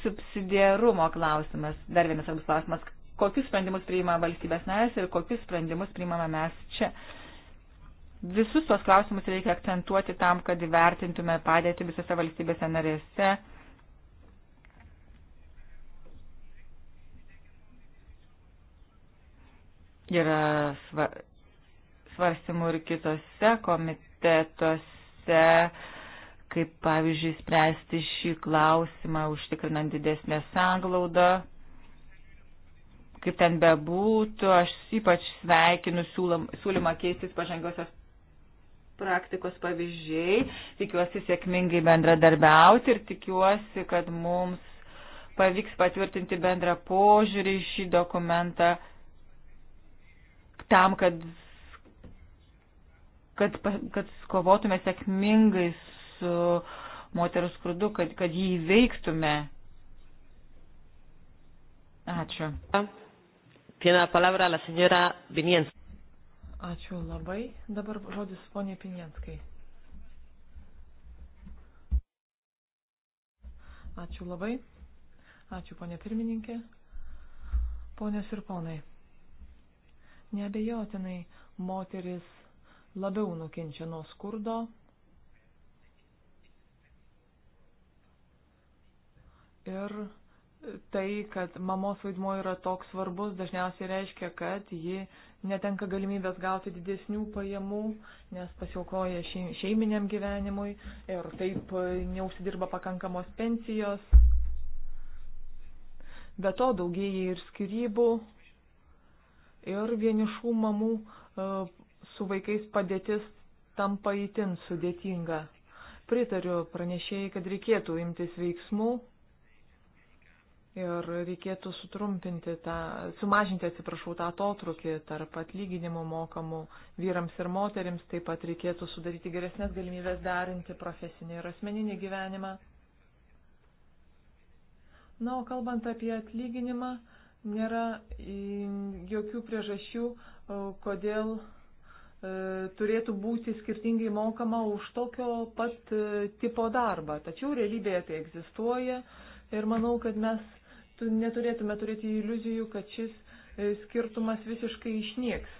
Subsidiarumo klausimas, dar vienas svarbus klausimas. Kokius sprendimus priima valstybės narės ir kokius sprendimus priimame mes čia? Uh, Visus tos klausimus reikia akcentuoti tam, kad įvertintume padėti visose valstybėse narėse. Yra svarstymų ir kitose komitetuose, kaip pavyzdžiui spręsti šį klausimą, užtikrinant didesnę sanglaudą kaip ten bebūtų, aš ypač sveikinu siūlymą keistis pažangiosios praktikos pavyzdžiai. Tikiuosi sėkmingai bendradarbiauti ir tikiuosi, kad mums pavyks patvirtinti bendrą požiūrį į šį dokumentą tam, kad, kad, kad kovotume sėkmingai su moterų skrudu, kad, kad jį įveiktume. Ačiū. Tiene la palabra la señora Vinienza. Ačiū labai. Dabar žodis ponė Pinienskai. Ačiū labai. Ačiū ponė pirmininkė. Ponės ir ponai. Neabejotinai moteris labiau nukenčia nuo skurdo. Ir tai, kad mamos vaidmuo yra toks svarbus, dažniausiai reiškia, kad ji netenka galimybės gauti didesnių pajamų, nes pasiaukoja šeiminiam gyvenimui ir taip e, neusidirba pakankamos pensijos. Be to daugėja ir skirybų, ir vienišų mamų e, su vaikais padėtis tampa įtin sudėtinga. Pritariu pranešėjai, kad reikėtų imtis veiksmų Ir reikėtų sutrumpinti tą, sumažinti, atsiprašau, tą atotrukį tarp atlyginimų mokamų vyrams ir moterims, taip pat reikėtų sudaryti geresnės galimybės derinti profesinį ir asmeninį gyvenimą. Na, o kalbant apie atlyginimą, nėra jokių priežasčių, kodėl e, turėtų būti skirtingai mokama už tokio pat e, tipo darbą. Tačiau realybėje tai egzistuoja ir manau, kad mes neturėtume turėti iliuzijų, kad šis e, skirtumas visiškai išnieks.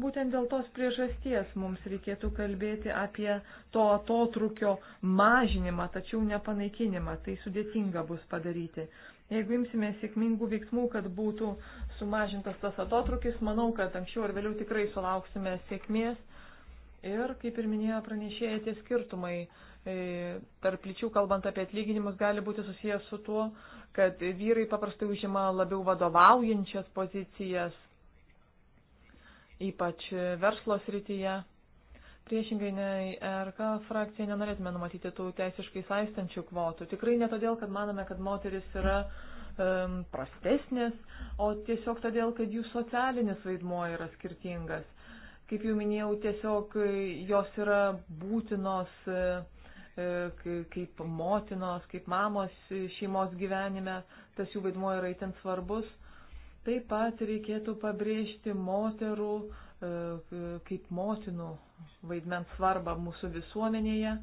Būtent dėl tos priežasties mums reikėtų kalbėti apie to atotrukio mažinimą, tačiau nepanaikinimą. Tai sudėtinga bus padaryti. Jeigu imsime sėkmingų veiksmų, kad būtų sumažintas tas atotrukis, manau, kad anksčiau ar vėliau tikrai sulauksime sėkmės. Ir, kaip ir minėjo pranešėjai, tie skirtumai E, tarp lyčių kalbant apie atlyginimus gali būti susijęs su tuo, kad vyrai paprastai užima labiau vadovaujančias pozicijas, ypač verslo srityje. Priešingai, nei RK frakcija nenorėtume numatyti tų teisiškai saistančių kvotų. Tikrai ne todėl, kad manome, kad moteris yra um, prastesnės, o tiesiog todėl, kad jų socialinis vaidmuo yra skirtingas. Kaip jau minėjau, tiesiog jos yra būtinos uh, E, kaip motinos, kaip mamos šeimos gyvenime, tas jų vaidmuo yra itin svarbus. Taip pat reikėtų pabrėžti moterų e, kaip motinų vaidmens svarbą mūsų visuomenėje.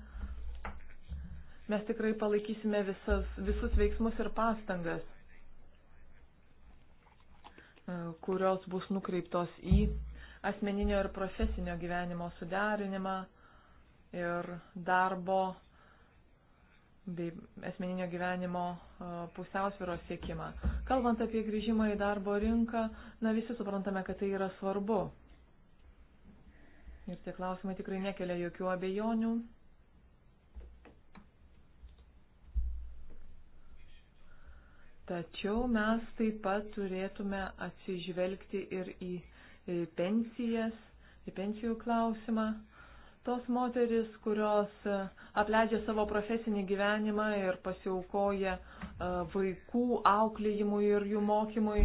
Mes tikrai palaikysime visas, visus veiksmus ir pastangas, e, kurios bus nukreiptos į asmeninio ir profesinio gyvenimo suderinimą, ir darbo bei asmeninio gyvenimo pusiausviros siekimą. Kalbant apie grįžimą į darbo rinką, na visi suprantame, kad tai yra svarbu. Ir tie klausimai tikrai nekelia jokių abejonių. Tačiau mes taip pat turėtume atsižvelgti ir į pensijas, į pensijų klausimą. Tos moteris, kurios e, apleidžia savo profesinį gyvenimą ir pasiaukoja e, vaikų auklėjimui ir jų mokymui,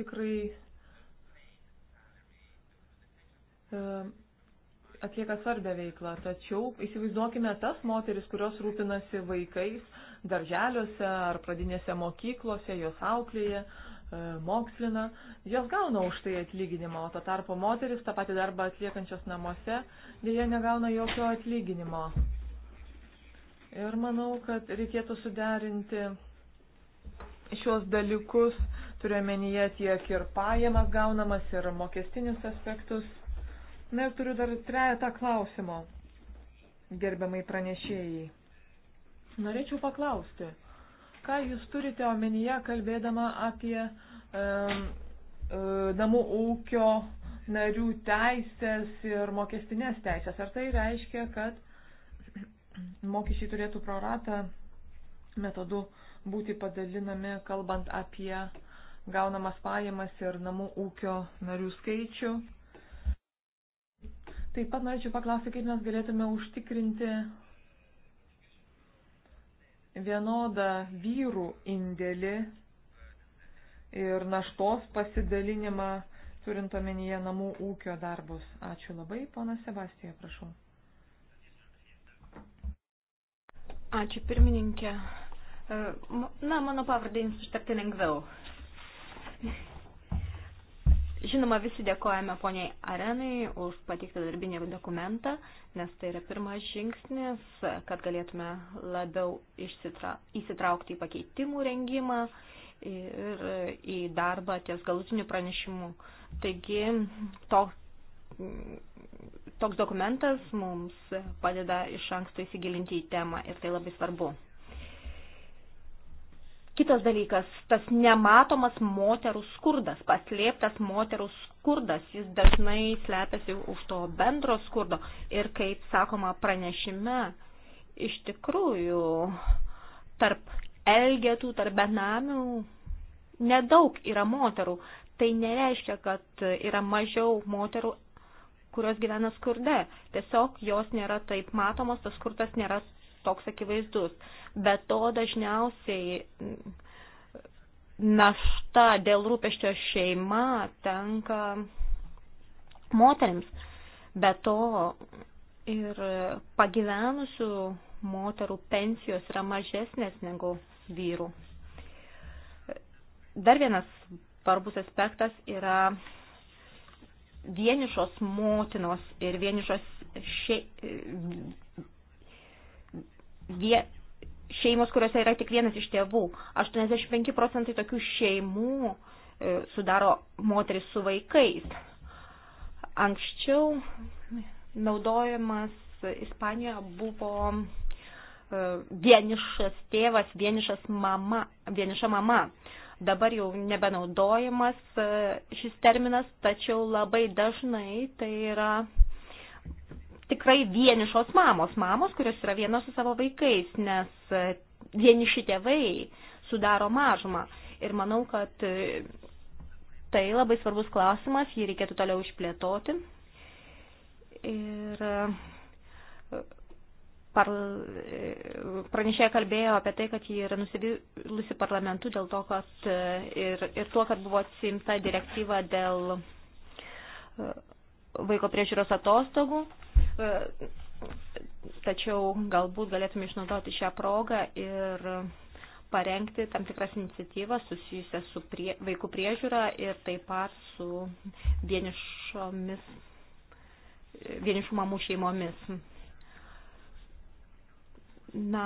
tikrai e, atlieka svarbę veiklą. Tačiau įsivaizduokime tas moteris, kurios rūpinasi vaikais darželiuose ar pradinėse mokyklose, jos auklėje. E, mokslina, jos gauna už tai atlyginimą, o to tarpo moteris tą patį darbą atliekančios namuose dėja negauna jokio atlyginimo. Ir manau, kad reikėtų suderinti šios dalykus, turiuomenyje tiek ir pajamas gaunamas, ir mokestinius aspektus. Na ir turiu dar trejata klausimo, gerbiamai pranešėjai. Norėčiau paklausti, ką jūs turite omenyje, kalbėdama apie e, e, namų ūkio narių teisės ir mokestinės teisės? Ar tai reiškia, kad mokesčiai turėtų proratą metodu būti padalinami, kalbant apie gaunamas pajamas ir namų ūkio narių skaičių? Taip pat norėčiau paklausti, kaip mes galėtume užtikrinti vienodą vyrų indėlį ir naštos pasidalinimą, turint omenyje namų ūkio darbus. Ačiū labai, pana Sebastija, prašau. Ačiū pirmininkė. E, na, mano pavardė jums užtekti lengviau. Žinoma, visi dėkojame poniai Arenai už pateiktą darbinį dokumentą, nes tai yra pirmas žingsnis, kad galėtume labiau išsitra, įsitraukti į pakeitimų rengimą ir į darbą ties galutiniu pranešimu. Taigi, to, toks dokumentas mums padeda iš anksto įsigilinti į temą ir tai labai svarbu. Kitas dalykas, tas nematomas moterų skurdas, paslėptas moterų skurdas, jis dažnai slepiasi už to bendro skurdo. Ir kaip sakoma pranešime, iš tikrųjų tarp elgetų, tarp benamių nedaug yra moterų. Tai nereiškia, kad yra mažiau moterų, kurios gyvena skurde. Tiesiog jos nėra taip matomos, tas skurdas nėra toks akivaizdus. Be to dažniausiai našta dėl rūpeščio šeima tenka moteriams. Be to ir pagyvenusių moterų pensijos yra mažesnės negu vyrų. Dar vienas svarbus aspektas yra vienišos motinos ir vienišos še vie, šeimos, kuriuose yra tik vienas iš tėvų. 85 procentai tokių šeimų e, sudaro moteris su vaikais. Anksčiau naudojamas Ispanijoje buvo e, vienišas tėvas, vienišas mama, vieniša mama. Dabar jau nebenaudojamas e, šis terminas, tačiau labai dažnai tai yra tikrai vienišos mamos, mamos, kurios yra vienos su savo vaikais, nes e, vieniši tėvai sudaro mažumą. Ir manau, kad e, tai labai svarbus klausimas, jį reikėtų toliau išplėtoti. Ir e, par, pranešėja kalbėjo apie tai, kad ji yra nusivylusi parlamentu dėl to, kad ir, ir tuo, kad buvo atsimta direktyva dėl vaiko priežiūros atostogų. E, tačiau galbūt galėtume išnaudoti šią progą ir parengti tam tikras iniciatyvas susijusias su prie, vaikų priežiūra ir taip pat su vienišomis, vienišų mamų šeimomis. Na,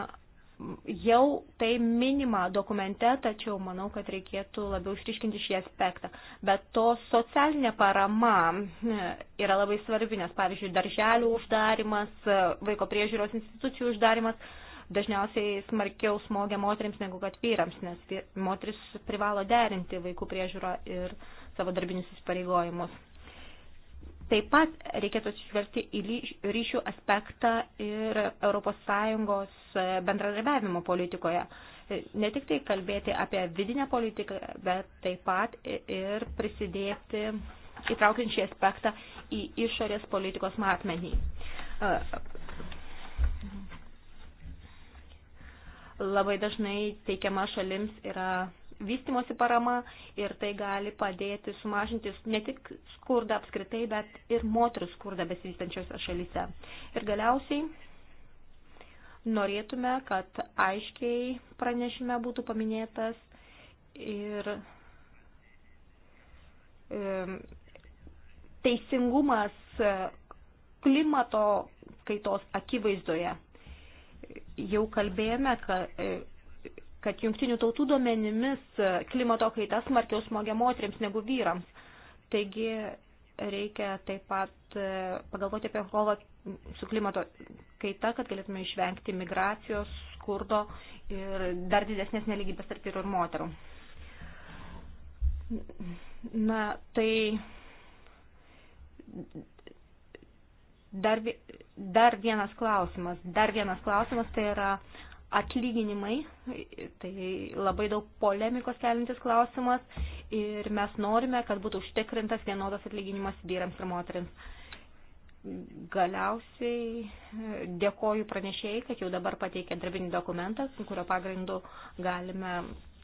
jau tai minima dokumente, tačiau manau, kad reikėtų labiau išriškinti šį aspektą. Bet to socialinė parama e, yra labai svarbi, nes pavyzdžiui, darželių uždarimas, e, vaiko priežiūros institucijų uždarimas dažniausiai smarkiau smogia moteriams negu kad vyrams, nes moteris privalo derinti vaikų priežiūrą ir savo darbinius įsipareigojimus. Taip pat reikėtų atsižvelgti į ryšių aspektą ir ES e, bendradarbiavimo politikoje. E, ne tik tai kalbėti apie vidinę politiką, bet taip pat ir prisidėti įtraukiant šį aspektą į išorės politikos matmenį. E, labai dažnai teikiama šalims yra vystimosi parama ir tai gali padėti sumažinti ne tik skurdą apskritai, bet ir moterų skurdą besivystančiose šalyse. Ir galiausiai norėtume, kad aiškiai pranešime būtų paminėtas ir teisingumas e, klimato kaitos akivaizdoje. Jau kalbėjome, kad e, kad jungtinių tautų duomenimis e, klimato kaita smarkiau smogia moteriams negu vyrams. Taigi reikia taip pat e, pagalvoti apie kovą su klimato kaita, kad galėtume išvengti migracijos, skurdo ir dar didesnės neligybės tarp vyrų ir moterų. Na, tai dar, dar vienas klausimas. Dar vienas klausimas tai yra atlyginimai, tai labai daug polemikos kelintis klausimas ir mes norime, kad būtų užtikrintas vienodas atlyginimas vyrams ir moteriams. Galiausiai dėkoju pranešėjai, kad jau dabar pateikė darbinį dokumentą, kurio pagrindu galime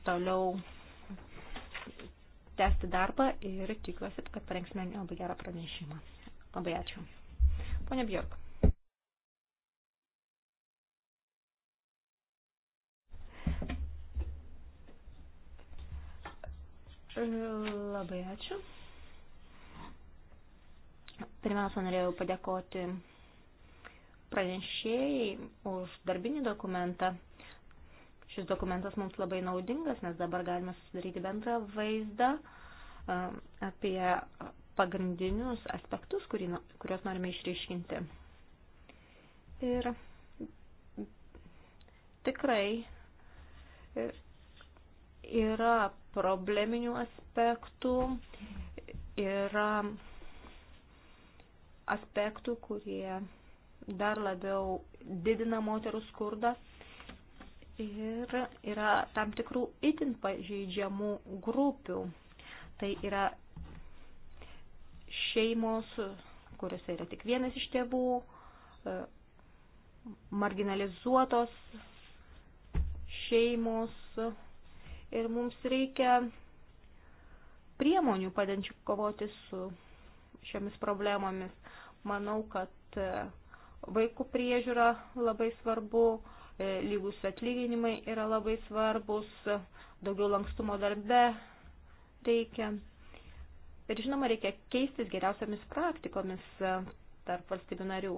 toliau tęsti darbą ir tikiuosi, kad parengsime labai gerą pranešimą. Labai ačiū. Pone Bjork. Labai ačiū. Pirmiausia, norėjau padėkoti pranešėjai už darbinį dokumentą. Šis dokumentas mums labai naudingas, nes dabar galime susidaryti bendrą vaizdą apie pagrindinius aspektus, kuriuos norime išryškinti. Ir tikrai Yra probleminių aspektų, yra aspektų, kurie dar labiau didina moterų skurdą ir yra tam tikrų itin pažeidžiamų grupių. Tai yra šeimos, kuriuose yra tik vienas iš tėvų, e, marginalizuotos šeimos, ir mums reikia priemonių padančių kovoti su šiomis problemomis. Manau, kad e, vaikų priežiūra labai svarbu, e, lygus atlyginimai yra labai svarbus, daugiau lankstumo darbe reikia. Ir žinoma, reikia keistis geriausiamis praktikomis e, tarp valstybių narių.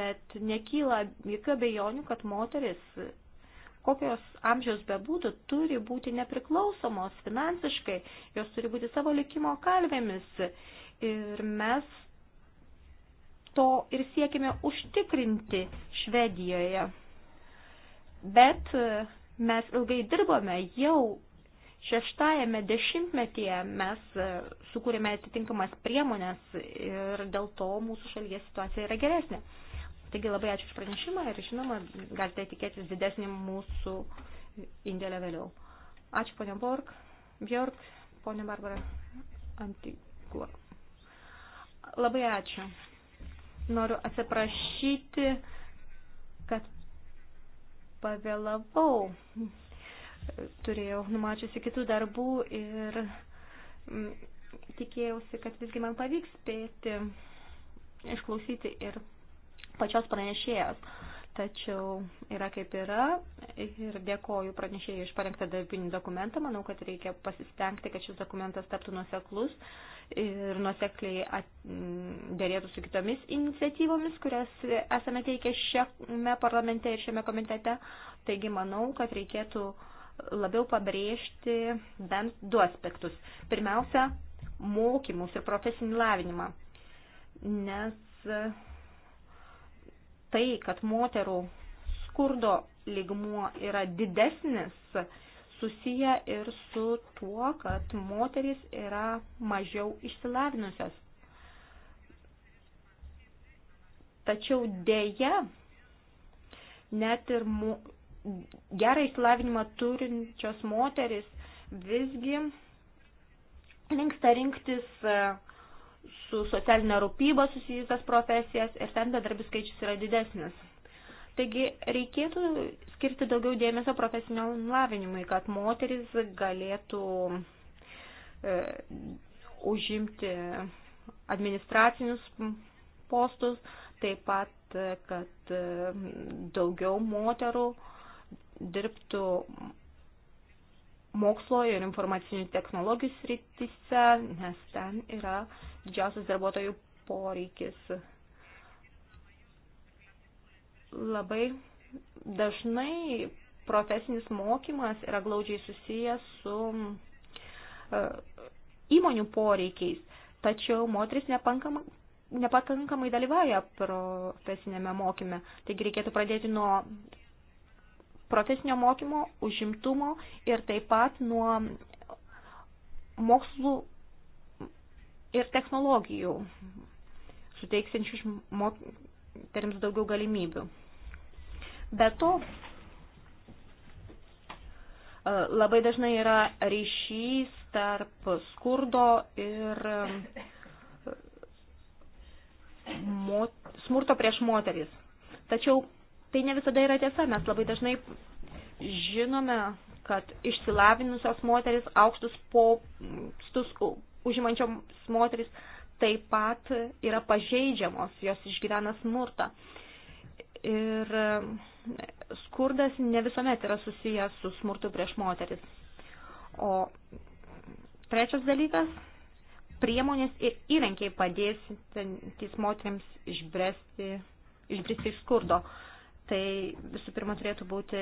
Bet nekyla jokių abejonių, kad moteris kokios amžiaus bebūtų, turi būti nepriklausomos finansiškai, jos turi būti savo likimo kalvėmis. Ir mes to ir siekime užtikrinti Švedijoje. Bet e, mes ilgai dirbome, jau šeštajame dešimtmetyje mes e, sukūrėme atitinkamas priemonės ir dėl to mūsų šalies situacija yra geresnė. Taigi labai ačiū už pranešimą ir žinoma, galite tikėtis didesnį mūsų indėlę vėliau. Ačiū ponia Borg, Bjork, ponia Barbara Antigua. Labai ačiū. Noriu atsiprašyti, kad pavėlavau. Turėjau numačiusi kitų darbų ir mm, tikėjausi, kad visgi man pavyks spėti išklausyti ir pačios pranešėjos. Tačiau yra kaip yra ir dėkoju pranešėjai iš parengtą darbinį dokumentą. Manau, kad reikia pasistengti, kad šis dokumentas taptų nuseklus ir nusekliai at, dėrėtų su kitomis iniciatyvomis, kurias esame teikę šiame parlamente ir šiame komitete. Taigi manau, kad reikėtų labiau pabrėžti bent du aspektus. Pirmiausia, mokymus ir profesinį lavinimą. Nes tai, kad moterų skurdo ligmuo yra didesnis, susiję ir su tuo, kad moteris yra mažiau išsilavinusios. Tačiau dėja, net ir mo, gerą išsilavinimą turinčios moteris visgi linksta rinktis uh, su socialinė rūpyba susijusias profesijas ir ten bedarbių skaičius yra didesnis. Taigi reikėtų skirti daugiau dėmesio profesiniam lavinimui, kad moteris galėtų e, užimti administracinius postus, taip pat, kad e, daugiau moterų dirbtų mokslo ir informacinių technologijų srityse, nes ten yra e, didžiausias darbuotojų poreikis. Labai dažnai profesinis mokymas yra glaudžiai susijęs su e, įmonių poreikiais, tačiau moteris nepankama nepakankamai dalyvauja profesinėme mokyme. Taigi reikėtų pradėti nuo profesinio mokymo, užimtumo ir taip pat nuo mokslų ir technologijų, suteiksinčių moteriams daugiau galimybių. Be to, e, labai dažnai yra ryšys tarp skurdo ir smurto prieš moteris. Tačiau tai ne visada yra tiesa, mes labai dažnai žinome, kad išsilavinusios moteris aukštus postus užimančioms moteris taip pat yra pažeidžiamos, jos išgyvena smurtą. Ir e, skurdas ne visuomet yra susijęs su smurtu prieš moteris. O trečias dalykas - priemonės ir įrankiai padėsintys moteriams išbresti, išbristi iš skurdo. Tai visų pirma turėtų būti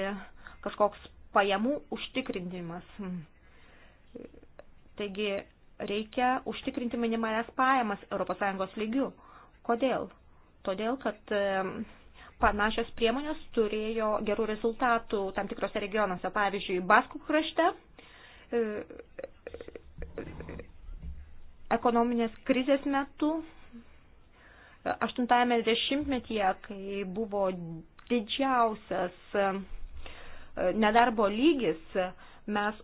kažkoks pajamų užtikrinimas. Taigi reikia užtikrinti minimalias pajamas ES lygių. Kodėl? Todėl, kad panašios priemonės turėjo gerų rezultatų tam tikrose regionuose, pavyzdžiui, Baskų krašte e, ekonominės krizės metu, 80-metyje, kai buvo didžiausias e, nedarbo lygis, Mes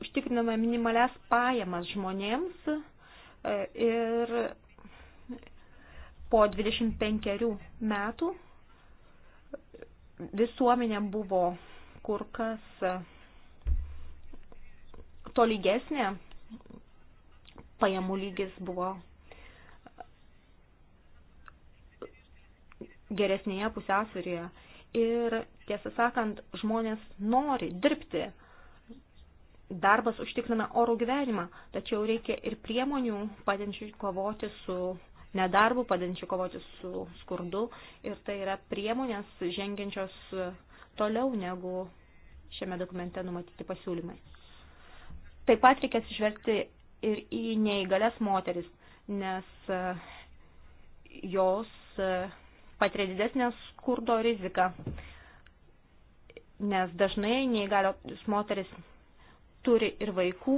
užtikriname minimales pajamas žmonėms e, ir po 25 metų visuomenė buvo kur kas e, tolygesnė, pajamų lygis buvo geresnėje pusiausvyrėje. Ir tiesą sakant, žmonės nori dirbti, darbas užtikrina orų gyvenimą, tačiau reikia ir priemonių padenčių kovoti su nedarbu, padenčių kovoti su skurdu ir tai yra priemonės žengiančios toliau negu šiame dokumente numatyti pasiūlymai. Taip pat reikia atsižvelgti ir į neįgalias moteris, nes e, jos e, patiria didesnę skurdo riziką, nes dažnai neįgalios moteris turi ir vaikų.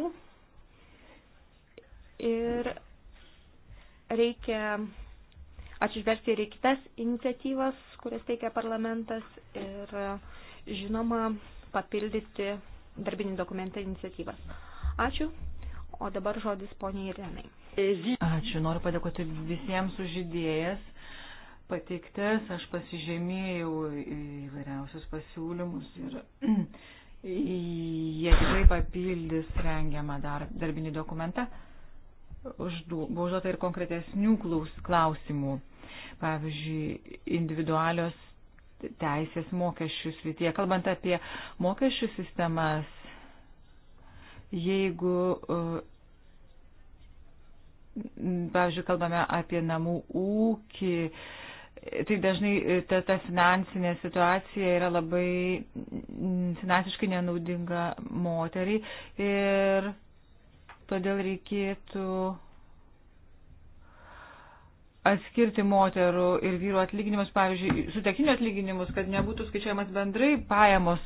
Ir reikia atsižvelgti ir į kitas iniciatyvas, kurias teikia parlamentas ir žinoma papildyti darbinį dokumentą iniciatyvas. Ačiū. O dabar žodis poniai Irenai. Ačiū. Noriu padėkoti visiems už idėjas pateiktas. Aš pasižymėjau įvairiausius pasiūlymus ir jie tikrai papildys rengiamą dar, darbinį dokumentą. Uždu, buvo užduota ir konkretesnių klaus, klausimų. Pavyzdžiui, individualios teisės mokesčių srityje. Kalbant apie mokesčių sistemas, jeigu, e, pavyzdžiui, kalbame apie namų ūkį, tai dažnai e, ta, ta finansinė situacija yra labai finansiškai nenaudinga moteriai ir todėl reikėtų atskirti moterų ir vyrų atlyginimus, pavyzdžiui, sutekinių atlyginimus, kad nebūtų skaičiuojamas bendrai pajamos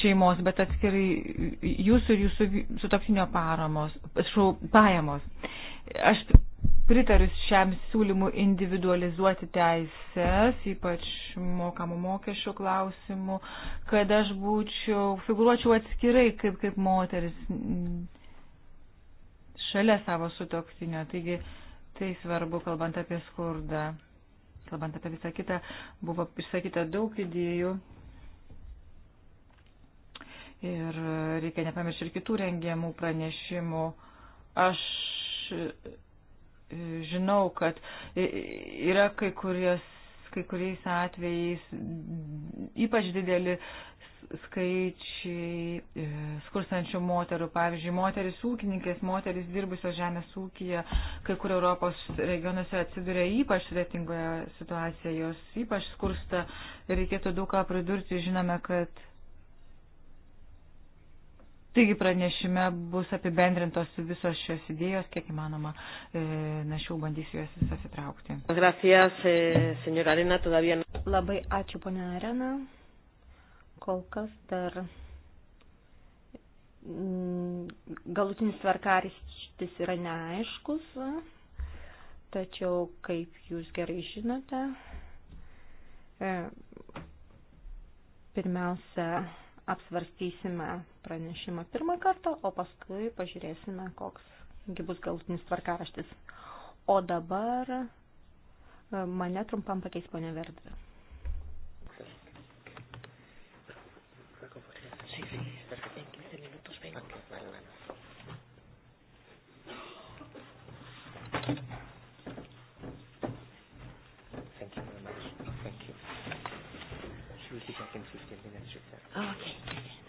šeimos, bet atskirai jūsų ir jūsų sutoktinio paramos, šau, pajamos. Aš pritarius šiam siūlymu individualizuoti teisės, ypač mokamų mokesčių klausimų, kad aš būčiau, figuruočiau atskirai kaip, kaip moteris šalia savo sutoktinio. Taigi tai svarbu, kalbant apie skurdą, kalbant apie visą kitą, buvo išsakyta daug idėjų. Ir reikia nepamiršti ir kitų rengiamų pranešimų. Aš žinau, kad yra kai, kurios, kai kuriais atvejais ypač dideli skaičiai e, skurstančių moterų. Pavyzdžiui, moteris ūkininkės, moteris dirbusios žemės ūkija, kai kur Europos regionuose atsiduria ypač svetingoje situacijoje, jos ypač skursta. Reikėtų daug ką pridurti, žinome, kad Taigi pranešime bus apibendrintos visos šios idėjos, kiek įmanoma, e, našiau bandysiu jas visas įtraukti. Gracias, e, senjora Arena, todavía. Labai ačiū, ponia Arena. Kol kas dar mm, galutinis tvarkarištis yra neaiškus, tačiau, kaip jūs gerai žinote, e, pirmiausia, apsvarstysime pranešimą pirmą kartą, o paskui pažiūrėsime, koks bus galutinis tvarkaraštis. O dabar mane trumpam pakeis ponė Verdė. Sí, sí, perfecto. 15 minutos 20. Okay, vale, vale. I can 15 minutes return. Okay.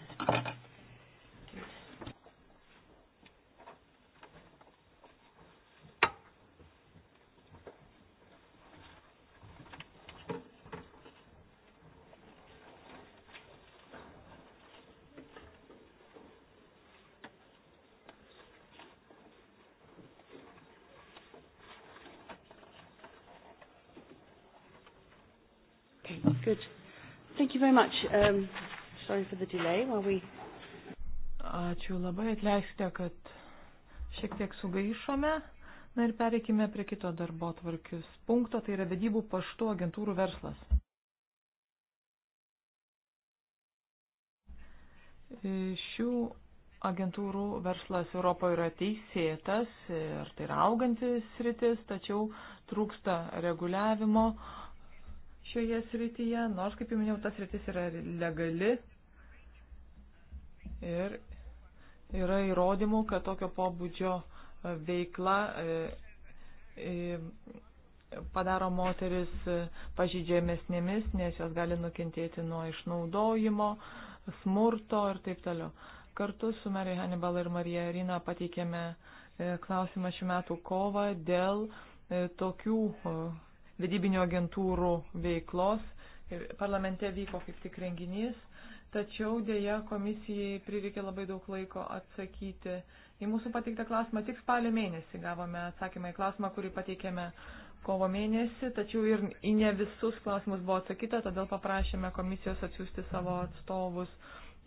much. Um, sorry for the delay while we... Ačiū labai, atleiskite, kad šiek tiek sugaišome. Na ir pereikime prie kito darbo tvarkius punkto, tai yra vedybų paštų agentūrų verslas. Šių agentūrų verslas Europoje yra teisėtas ir tai yra augantis rytis, tačiau trūksta reguliavimo, šioje srityje, nors, kaip jau minėjau, tas sritis yra legali ir yra įrodymų, kad tokio pobūdžio veikla e, e, padaro moteris pažydžiamesnėmis, nes jos gali nukentėti nuo išnaudojimo, smurto ir taip toliau. Kartu su Marija Hannibal ir Marija Rina pateikėme e, klausimą šių metų kovą dėl tokių vedybinio agentūrų veiklos. Ir parlamente vyko kaip tik renginys, tačiau dėja komisijai prireikė labai daug laiko atsakyti į mūsų pateiktą klausimą. Tik spalio mėnesį gavome atsakymą į klausimą, kurį pateikėme kovo mėnesį, tačiau ir į ne visus klausimus buvo atsakyta, todėl paprašėme komisijos atsiųsti savo atstovus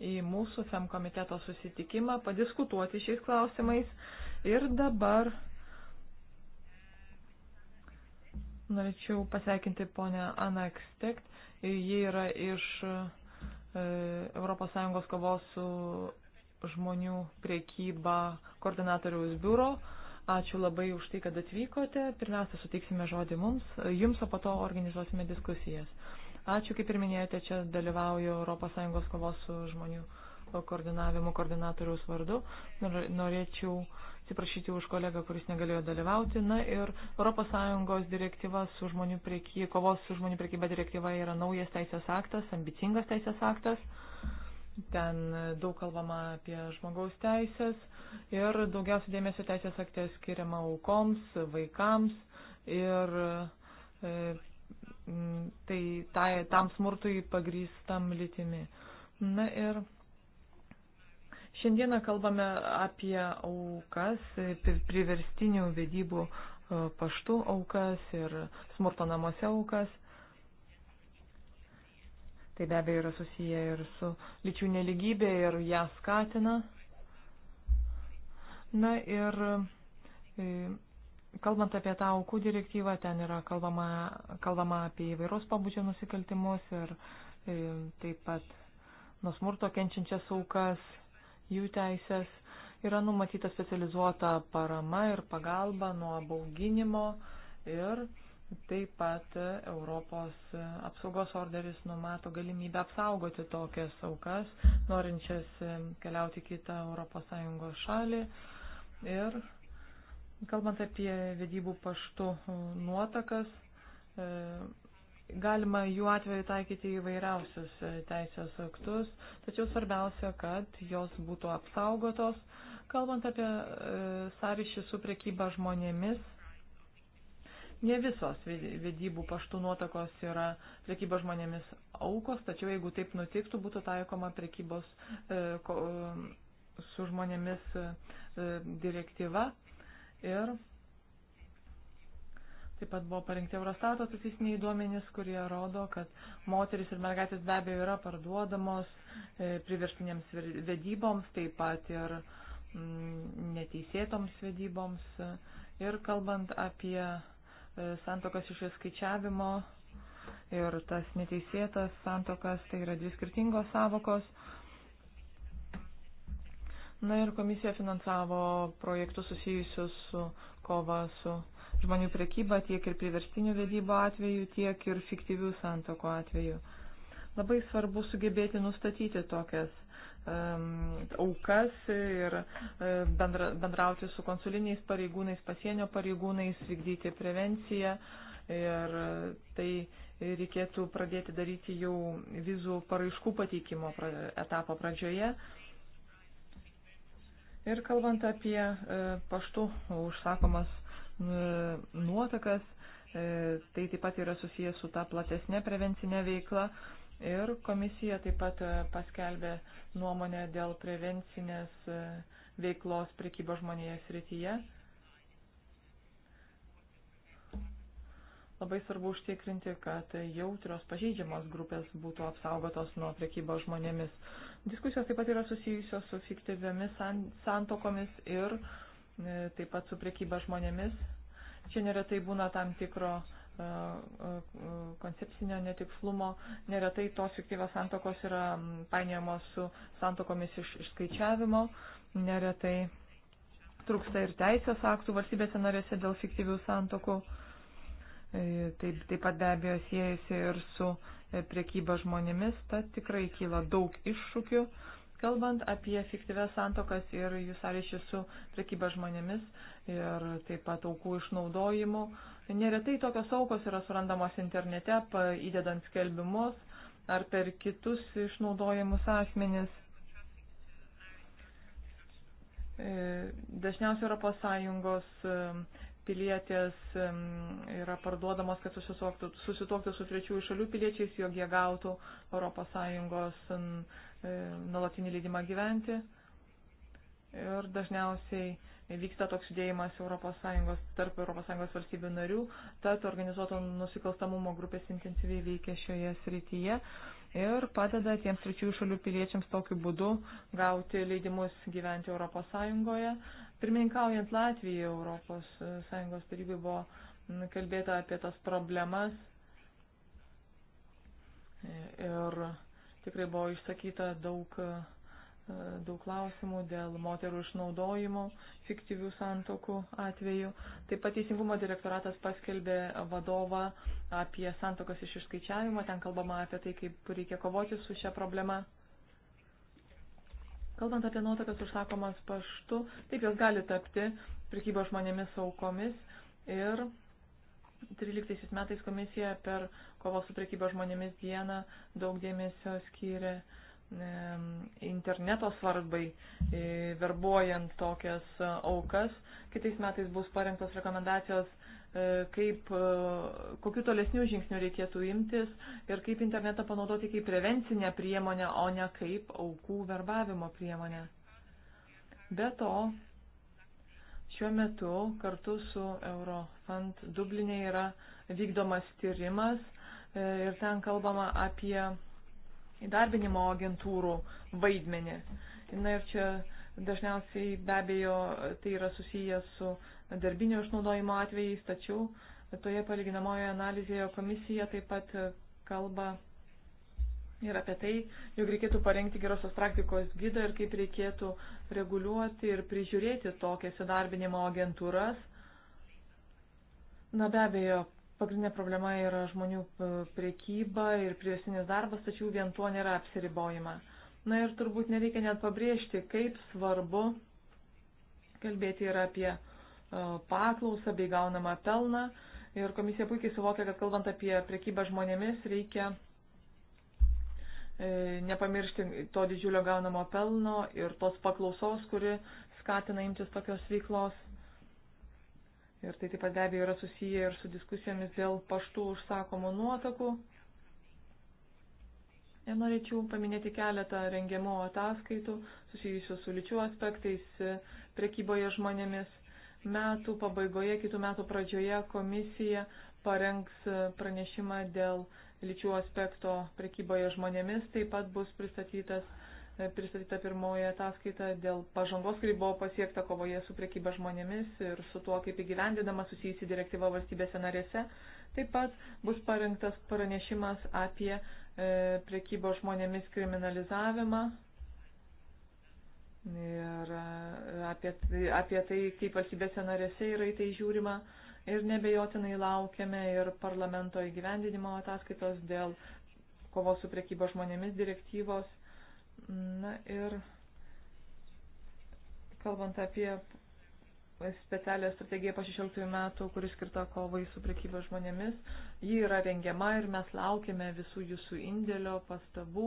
į mūsų FEM komiteto susitikimą, padiskutuoti šiais klausimais. Ir dabar Norėčiau pasveikinti ponę Aną Ekstekt. Ji yra iš ES kovos su žmonių priekyba koordinatoriaus biuro. Ačiū labai už tai, kad atvykote. Pirmiausia, suteiksime žodį mums, jums, o po to organizuosime diskusijas. Ačiū, kaip ir minėjote, čia dalyvauju ES kovos su žmonių koordinavimu koordinatoriaus vardu. Norėčiau uh, atsiprašyti už kolegą, kuris negalėjo dalyvauti. Na ir ES direktyva su žmonių prieky, kovos su žmonių priekyba direktyva yra naujas teisės aktas, ambicingas teisės aktas. Ten daug kalbama apie žmogaus teisės ir daugiausia dėmesio teisės akte skiriama aukoms, vaikams ir e, tai, tai tam smurtui pagrįstam litimi. Na ir Šiandieną kalbame apie aukas, priverstinių vedybų e, paštų aukas ir smurto namuose aukas. Tai be abejo yra susiję ir su lyčių neligybė ir ją skatina. Na ir e, kalbant apie tą aukų direktyvą, ten yra kalbama, kalbama apie įvairios pabudžio nusikaltimus ir e, taip pat nuo smurto kenčiančias aukas jų teisės. Yra numatyta specializuota parama ir pagalba nuo bauginimo ir Taip pat Europos apsaugos orderis numato galimybę apsaugoti tokias aukas, norinčias keliauti kitą ES šalį. Ir kalbant apie vedybų paštų nuotakas, Galima jų atveju taikyti įvairiausius e, teisės aktus, tačiau svarbiausia, kad jos būtų apsaugotos. Kalbant apie e, sąryšį su prekyba žmonėmis, ne visos vedybų paštų nuotakos yra prekyba žmonėmis aukos, tačiau jeigu taip nutiktų, būtų taikoma prekybos e, su žmonėmis direktyva ir Taip pat buvo parinkti Eurostato statistiniai duomenys, kurie rodo, kad moteris ir mergaitės be abejo yra parduodamos e, priverstinėms vedyboms, taip pat ir m, mm, neteisėtoms vedyboms. Ir kalbant apie e, santokas iš įskaičiavimo ir tas neteisėtas santokas, tai yra dvi skirtingos savokos. Na ir komisija finansavo projektus susijusius su kova su žmonių prekybą tiek ir priverstinių vedybų atveju, tiek ir fiktyvių santokų atveju. Labai svarbu sugebėti nustatyti tokias um, aukas ir e, bendra, bendrauti su konsuliniais pareigūnais, pasienio pareigūnais, vykdyti prevenciją. Ir e, tai reikėtų pradėti daryti jau vizų paraiškų pateikimo etapo pradžioje. Ir kalbant apie e, paštu užsakomas E, nuotakas, e, tai taip pat yra susijęs su ta platesnė prevencinė veikla. Ir komisija taip pat e, paskelbė nuomonę dėl prevencinės veiklos prekybo žmonėje srityje. Labai svarbu užtikrinti, kad jautrios pažeidžiamos grupės būtų apsaugotos nuo prekybo žmonėmis. Diskusijos taip pat yra susijusios su fiktyviomis santokomis ir taip pat su prekyba žmonėmis Čia neretai būna tam tikro e, e, e, koncepcinio netikslumo. Neretai tos fiktyvios santokos yra painiojamos su santokomis iš išskaičiavimo. Neretai trūksta ir teisės aktų valstybėse narėse dėl fiktyvių santokų. Taip, taip pat be abejo siejasi ir su priekyba žmonėmis, tad tikrai kyla daug iššūkių. Kalbant apie fiktyves santokas ir jų sąryšį su prekyba žmonėmis ir taip pat aukų išnaudojimu, neretai tokios aukos yra surandamos internete, įdedant skelbimus ar per kitus išnaudojimus asmenis. E, dažniausiai ES e, pilietės e, yra parduodamos, kad susituoktų su trečiųjų šalių piliečiais, jog jie gautų ES E, nuolatinį leidimą gyventi. Ir dažniausiai vyksta toks judėjimas ES, tarp ES valstybių narių, tad organizuoto nusikalstamumo grupės intensyviai veikia šioje srityje ir padeda tiems trečiųjų šalių piliečiams tokiu būdu gauti leidimus gyventi ES. Pirmininkaujant Latvijai ES tarybai buvo kalbėta apie tas problemas ir Tikrai buvo išsakyta daug, e, daug klausimų dėl moterų išnaudojimo, fiktyvių santokų atveju. Taip pat Teisingumo direktoratas paskelbė vadovą apie santokas iš išskaičiavimo. Ten kalbama apie tai, kaip reikia kovoti su šia problema. Kalbant apie nuotakas užsakomas paštu, taip jos gali tapti prikybos žmonėmis aukomis ir 13 metais komisija per kovos su prekyba žmonėmis dieną daug dėmesio skyrė interneto svarbai, e, verbuojant tokias aukas. Kitais metais bus parengtos rekomendacijos, e, kaip, e, kokiu tolesnių žingsnių reikėtų imtis ir kaip internetą panaudoti kaip prevencinę priemonę, o ne kaip aukų verbavimo priemonę. Be to, šiuo metu kartu su Eurofund Dublinė yra vykdomas tyrimas, E, ir ten kalbama apie įdarbinimo agentūrų vaidmenį. Na ir čia dažniausiai be abejo tai yra susiję su darbinio išnaudojimo atvejais, tačiau toje palyginamoje analizėje komisija taip pat kalba ir apie tai, jog reikėtų parengti gerosios praktikos gydą ir kaip reikėtų reguliuoti ir prižiūrėti tokias įdarbinimo agentūras. Na be abejo, Pagrindinė problema yra žmonių e, priekyba ir priesinis darbas, tačiau vien tuo nėra apsiribojama. Na ir turbūt nereikia net pabrėžti, kaip svarbu kalbėti yra apie e, paklausą bei gaunamą pelną. Ir komisija puikiai suvokia, kad kalbant apie priekybą žmonėmis, reikia e, nepamiršti to didžiulio gaunamo pelno ir tos paklausos, kuri skatina imtis tokios veiklos. Ir tai taip pat be abejo yra susiję ir su diskusijomis dėl paštų užsakomų nuotakų. Ir norėčiau paminėti keletą rengiamo ataskaitų susijusių su lyčių aspektais prekyboje žmonėmis. Metų pabaigoje, kitų metų pradžioje komisija parengs pranešimą dėl lyčių aspekto prekyboje žmonėmis. Taip pat bus pristatytas E, pristatyta pirmoji ataskaita dėl pažangos, kuri buvo pasiekta kovoje su priekyba žmonėmis ir su tuo, kaip įgyvendinama susijusi direktyva valstybėse narėse. Taip pat bus parengtas pranešimas apie e, priekybo žmonėmis kriminalizavimą ir e, apie, apie tai, kaip valstybėse narėse yra į tai žiūrima. Ir nebejotinai laukiame ir parlamento įgyvendinimo ataskaitos dėl kovos su priekybo žmonėmis direktyvos Na ir kalbant apie specialią strategiją po 16 metų, kuri skirta kovai su prekyba žmonėmis, ji yra rengiama ir mes laukiame visų jūsų indėlio, pastabų.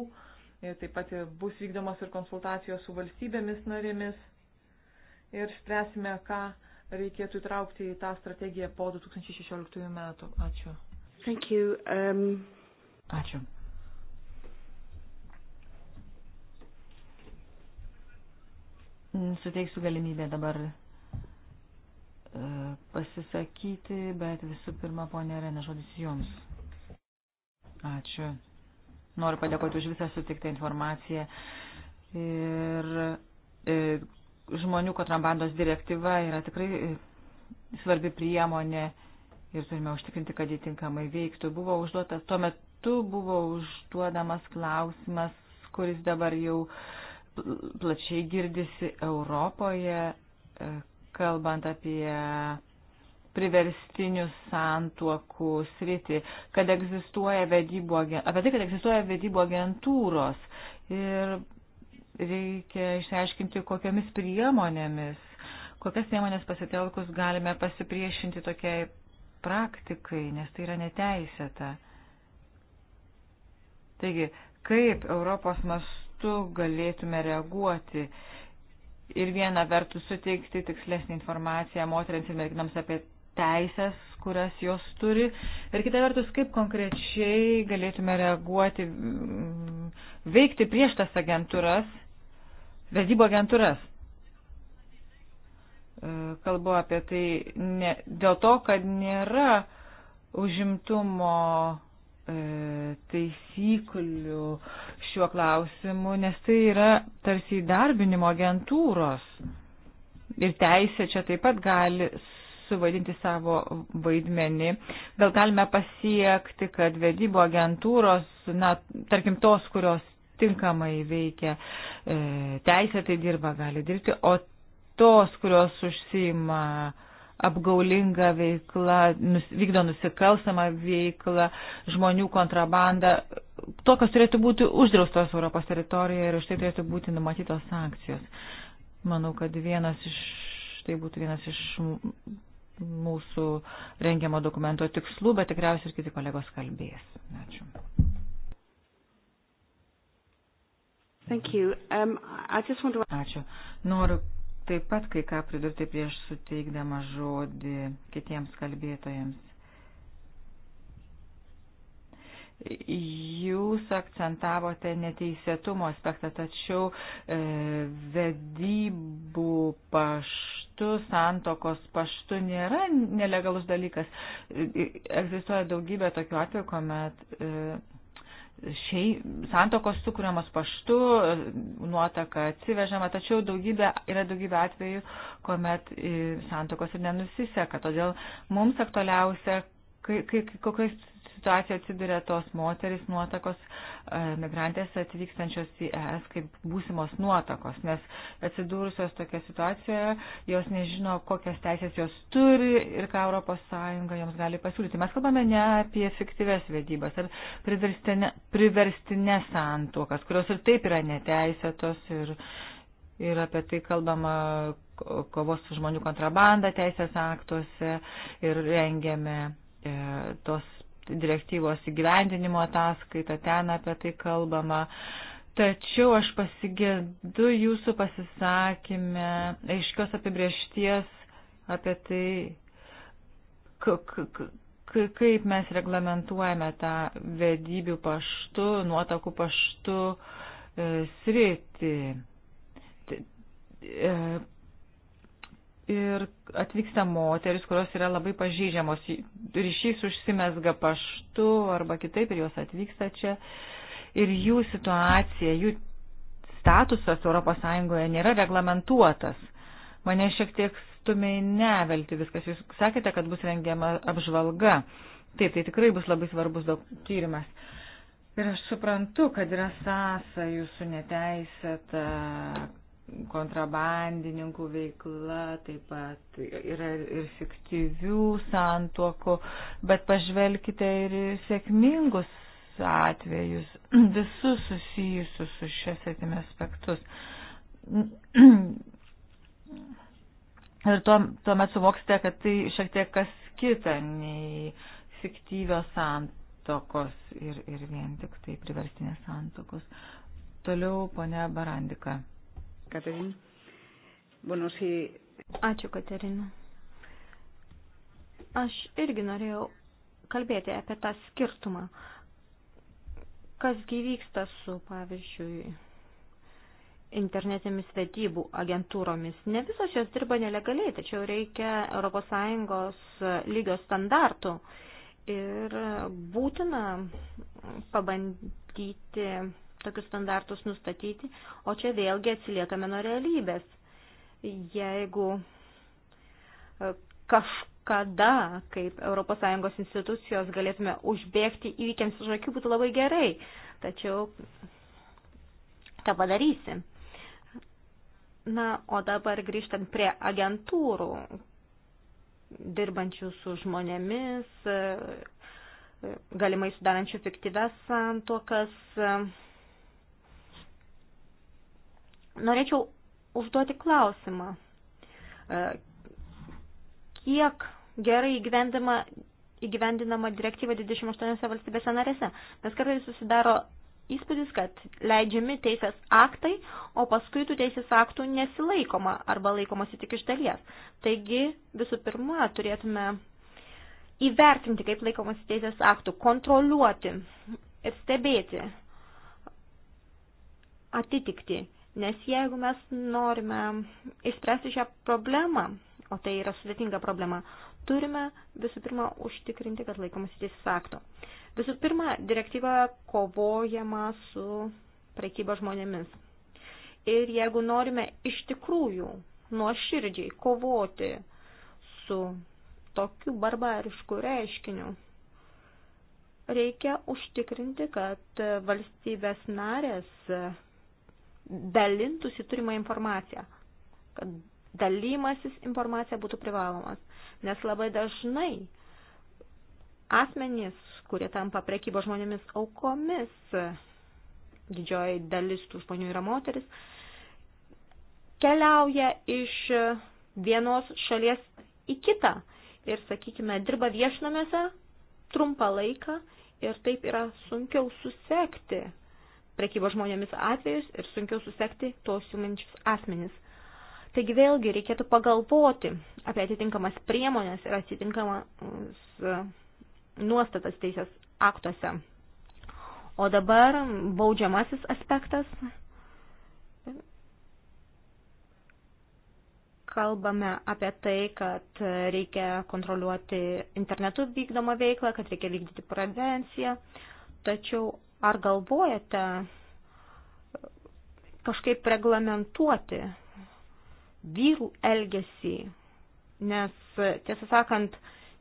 Taip pat bus vykdomos ir konsultacijos su valstybėmis narėmis ir spręsime, ką reikėtų įtraukti į tą strategiją po 2016 metų. Ačiū. Thank you. Um... Ačiū. Mm, suteiksiu galimybę dabar e, pasisakyti, bet visų pirma, ponė Rena, žodis jums. Ačiū. Noriu padėkoti už visą sutiktą informaciją. Ir, ir e, žmonių kontrabandos direktyva yra tikrai e, svarbi priemonė ir turime užtikrinti, kad jį tinkamai veiktų. Buvo užduotas, tuo metu buvo užduodamas klausimas, kuris dabar jau uh, plačiai girdisi Europoje, e, kalbant apie priverstinių santuokų sritį, kad egzistuoja vedybų, apie tai, kad egzistuoja vedybų agentūros ir reikia išsiaiškinti, kokiamis priemonėmis, kokias priemonės pasitelkus galime pasipriešinti tokiai praktikai, nes tai yra neteisėta. Taigi, kaip Europos mastu mastu galėtume reaguoti ir viena vertus suteikti tikslesnį informaciją moteriams ir merginams apie teisės, kurias jos turi, ir kita vertus, kaip konkrečiai galėtume reaguoti, mm, veikti prieš tas agentūras, vedybo agentūras. E, kalbu apie tai ne, dėl to, kad nėra užimtumo E, taisyklių šiuo klausimu, nes tai yra tarsi įdarbinimo agentūros. Ir teisė čia taip pat gali suvaidinti savo vaidmenį. Gal galime pasiekti, kad vedybų agentūros, na, tarkim tos, kurios tinkamai veikia e, teisė, tai dirba, gali dirbti, o tos, kurios užsima e, apgaulinga veikla, nus, vykdo nusikalstamą veiklą, žmonių kontrabandą. Tokios turėtų būti uždraustos Europos teritorijoje ir už tai turėtų būti numatytos sankcijos. Manau, kad vienas iš, tai būtų vienas iš mūsų rengiamo dokumento tikslų, bet tikriausiai ir kiti kolegos kalbės. Ačiū. Thank you. Um, I just want to... Ačiū. Noriu taip pat kai ką pridurti prieš suteikdama žodį kitiems kalbėtojams. Jūs akcentavote neteisėtumo aspektą, tačiau e, vedybų paštu, santokos paštu nėra nelegalus dalykas. E, e, egzistuoja daugybė tokių atvejų, kuomet e, šiai santokos sukūriamos paštu, nuotaka atsivežama, tačiau daugybė, yra daugybė atvejų, kuomet santokos ir nenusiseka. Todėl mums aktualiausia, kai, kai, kokiais situacijoje atsiduria tos moteris nuotakos, e, migrantės atvykstančios į ES kaip būsimos nuotakos, nes atsidūrusios tokia situacijoje, jos nežino, kokias teisės jos turi ir ką ES joms gali pasiūlyti. Mes kalbame ne apie efektyves vedybas ar priverstinę, priverstinę santuokas, kurios ir taip yra neteisėtos ir, ir apie tai kalbama kovos su žmonių kontrabanda teisės aktuose ir rengiame e, tos direktyvos įgyvendinimo ataskaita, ten apie tai kalbama. Tačiau aš pasigėdu jūsų pasisakymę aiškios apibriešties apie tai, kaip mes reglamentuojame tą vedybių paštu, nuotakų paštu e, sritį. E, ir atvyksta moteris, kurios yra labai pažydžiamos. Ryšys užsimesga paštu arba kitaip ir jos atvyksta čia. Ir jų situacija, jų statusas ES nėra reglamentuotas. Mane šiek tiek stumiai nevelti viskas. Jūs sakėte, kad bus rengiama apžvalga. Taip, tai tikrai bus labai svarbus tyrimas. Ir aš suprantu, kad yra sąsajų su neteisėta kontrabandininkų veikla, taip pat yra ir fiktyvių santuokų, bet pažvelkite ir sėkmingus atvejus, visus susijusius su šios sėkmės aspektus. Ir tuo, tuomet suvoksite, kad tai šiek tiek kas kita nei fiktyvios santokos ir, ir vien tik tai priverstinės santokos. Toliau ponia Barandika. Katerina. Bueno, si... Ačiū, Katerina. Aš irgi norėjau kalbėti apie tą skirtumą, kas gyvyksta su, pavyzdžiui, internetinėmis vedybų agentūromis. Ne visos jos dirba nelegaliai, tačiau reikia ES lygio standartų ir būtina pabandyti tokius standartus nustatyti, o čia vėlgi atsiliekame nuo realybės. Jeigu e, kažkada, kaip ES institucijos, galėtume užbėgti įvykiams už akių, būtų labai gerai, tačiau tą padarysim. Na, o dabar grįžtant prie agentūrų, dirbančių su žmonėmis, e, e, galimai sudarančių fiktyves santokas, Norėčiau užduoti klausimą. E, kiek gerai įgyvendama įgyvendinama direktyva 28 valstybėse narėse. Nes kartais susidaro įspūdis, kad leidžiami teisės aktai, o paskui tų teisės aktų nesilaikoma arba laikomasi tik iš dalies. Taigi visų pirma turėtume įvertinti, kaip laikomasi teisės aktų, kontroliuoti ir stebėti atitikti. Nes jeigu mes norime išspręsti šią problemą, o tai yra sudėtinga problema, turime visų pirma užtikrinti, kad laikomasi teisės akto. Visų pirma, direktyvoje kovojama su prekyba žmonėmis. Ir jeigu norime iš tikrųjų nuoširdžiai kovoti su tokiu barbarišku reiškiniu, reikia užtikrinti, kad valstybės narės dalintųsi turimą informaciją, kad dalymasis informacija būtų privalomas. Nes labai dažnai asmenys, kurie tampa prekybo žmonėmis aukomis, didžioji dalis tų žmonių yra moteris, keliauja iš vienos šalies į kitą ir, sakykime, dirba viešnamėse trumpą laiką ir taip yra sunkiau susekti prekybo žmonėmis atvejus ir sunkiau susekti tos jumančius asmenis. Taigi vėlgi reikėtų pagalvoti apie atitinkamas priemonės ir atitinkamas e, nuostatas teisės aktuose. O dabar baudžiamasis aspektas. Kalbame apie tai, kad reikia kontroliuoti internetu vykdomą veiklą, kad reikia vykdyti prevenciją, tačiau Ar galvojate kažkaip reglamentuoti vyrų elgesį? Nes, tiesą sakant,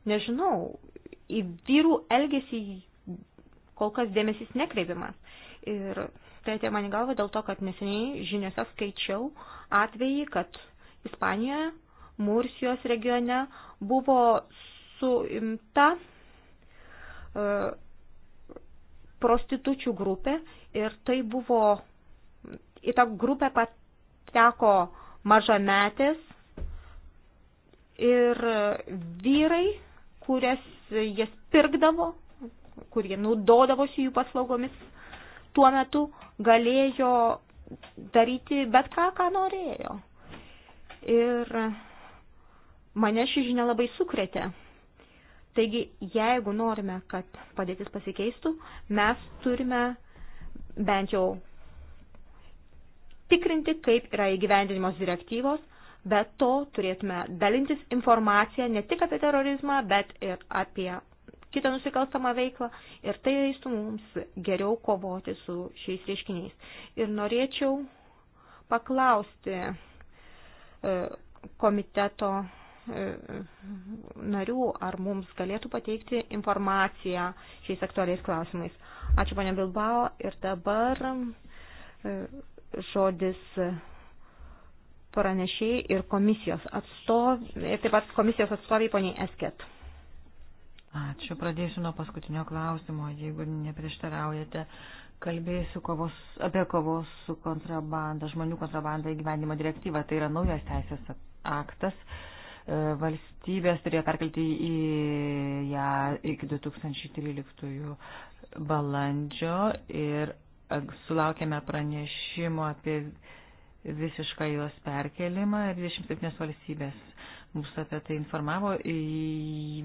nežinau, į vyrų elgesį kol kas dėmesys nekreipimas. Ir tai atėjo man į galvą dėl to, kad neseniai žiniuose skaičiau atvejį, kad Ispanijoje, Mursijos regione buvo suimta uh, prostitučių grupė ir tai buvo, į tą grupę pateko mažametės ir vyrai, kurias jas pirkdavo, kurie naudodavosi jų paslaugomis, tuo metu galėjo daryti bet ką, ką norėjo. Ir mane ši žinia labai sukretė. Taigi, jeigu norime, kad padėtis pasikeistų, mes turime bent jau tikrinti, kaip yra įgyvendinimos direktyvos, bet to turėtume dalintis informaciją ne tik apie terorizmą, bet ir apie kitą nusikalstamą veiklą ir tai leistų mums geriau kovoti su šiais reiškiniais. Ir norėčiau paklausti e, komiteto narių, ar mums galėtų pateikti informaciją šiais aktualiais klausimais. Ačiū, ponia Bilbao. Ir dabar e, žodis pranešiai ir komisijos atstovai, ir taip pat komisijos atstovai, poniai Esket. Ačiū, pradėsiu nuo paskutinio klausimo, jeigu neprieštaraujate kalbėsiu kovos, apie kovos su kontrabanda, žmonių kontrabanda įgyvendimo direktyvą. Tai yra naujas teisės aktas, E, valstybės turėjo perkelti į ją iki 2013 balandžio ir e, sulaukėme pranešimo apie visišką jos perkelimą ir 27 valstybės mus apie tai informavo, į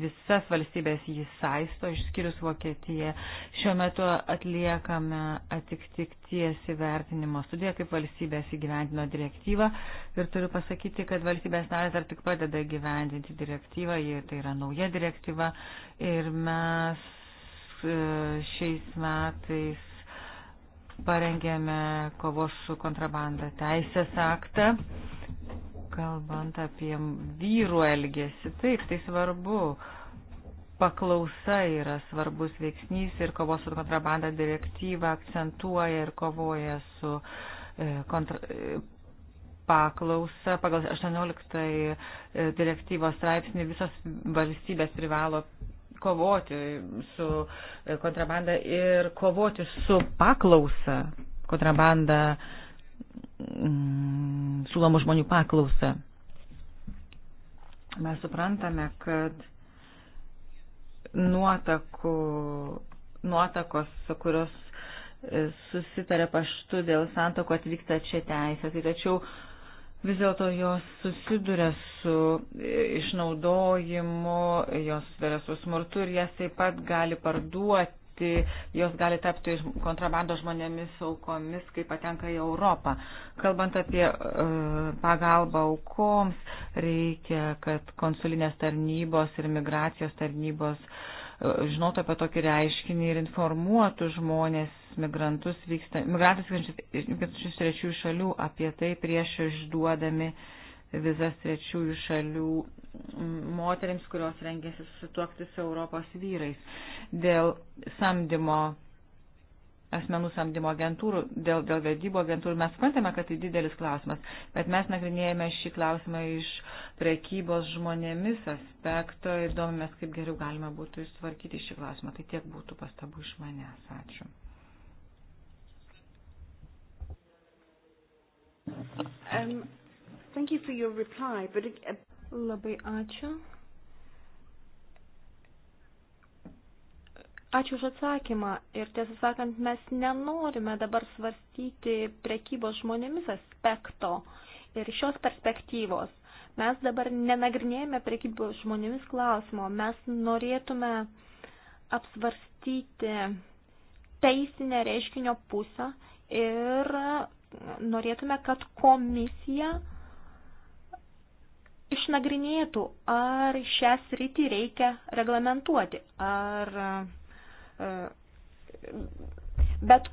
visas valstybės jis saisto, išskyrus Vokietiją. Šiuo metu atliekame atitikties įvertinimo studiją, kaip valstybės įgyvendino direktyvą ir turiu pasakyti, kad valstybės narės dar tik pradeda įgyvendinti direktyvą, tai yra nauja direktyva ir mes e, šiais metais parengėme kovos su kontrabanda teisės aktą Kalbant apie vyrų elgesį, taip, tai svarbu. Paklausa yra svarbus veiksnys ir kovos su kontrabanda direktyva akcentuoja ir kovoja su e, kontra, e, paklausa. Pagal 18 e, direktyvos straipsnį visos valstybės privalo kovoti su kontrabanda ir kovoti su paklausa. Kontrabanda Mm, siūlomų žmonių paklausą. Mes suprantame, kad nuotakų, nuotakos, kurios e, susitarė paštu dėl santoko atvyksta čia teisė, tai tačiau vis dėlto jos susiduria su e, išnaudojimu, jos susiduria su smurtu ir jas taip pat gali parduoti tapti, jos gali tapti kontrabando žmonėmis aukomis, kai patenka į Europą. Kalbant apie uh, pagalbą aukoms, reikia, kad konsulinės tarnybos ir migracijos tarnybos uh, žinotų apie tokį reiškinį ir informuotų žmonės, migrantus vyksta, migrantus vykstančius trečiųjų šalių apie tai prieš išduodami uh, vizas trečiųjų šalių moteriams, kurios rengėsi susituokti su Europos vyrais. Dėl samdymo, asmenų samdymo agentūrų, dėl, dėl vedybų agentūrų mes suprantame, kad tai didelis klausimas, bet mes nagrinėjame šį klausimą iš prekybos žmonėmis aspekto ir domimės, kaip geriau galima būtų išsvarkyti šį klausimą. Tai tiek būtų pastabų iš manęs. Ačiū. Um, Thank you for your reply, but it... Uh, Labai ačiū. Ačiū už atsakymą. Ir tiesą sakant, mes nenorime dabar svarstyti prekybos žmonėmis aspekto ir šios perspektyvos. Mes dabar nenagrinėjame prekybos žmonėmis klausimo. Mes norėtume apsvarstyti teisinę reiškinio pusę ir norėtume, kad komisija išnagrinėtų, ar šią sritį reikia reglamentuoti, ar e, bet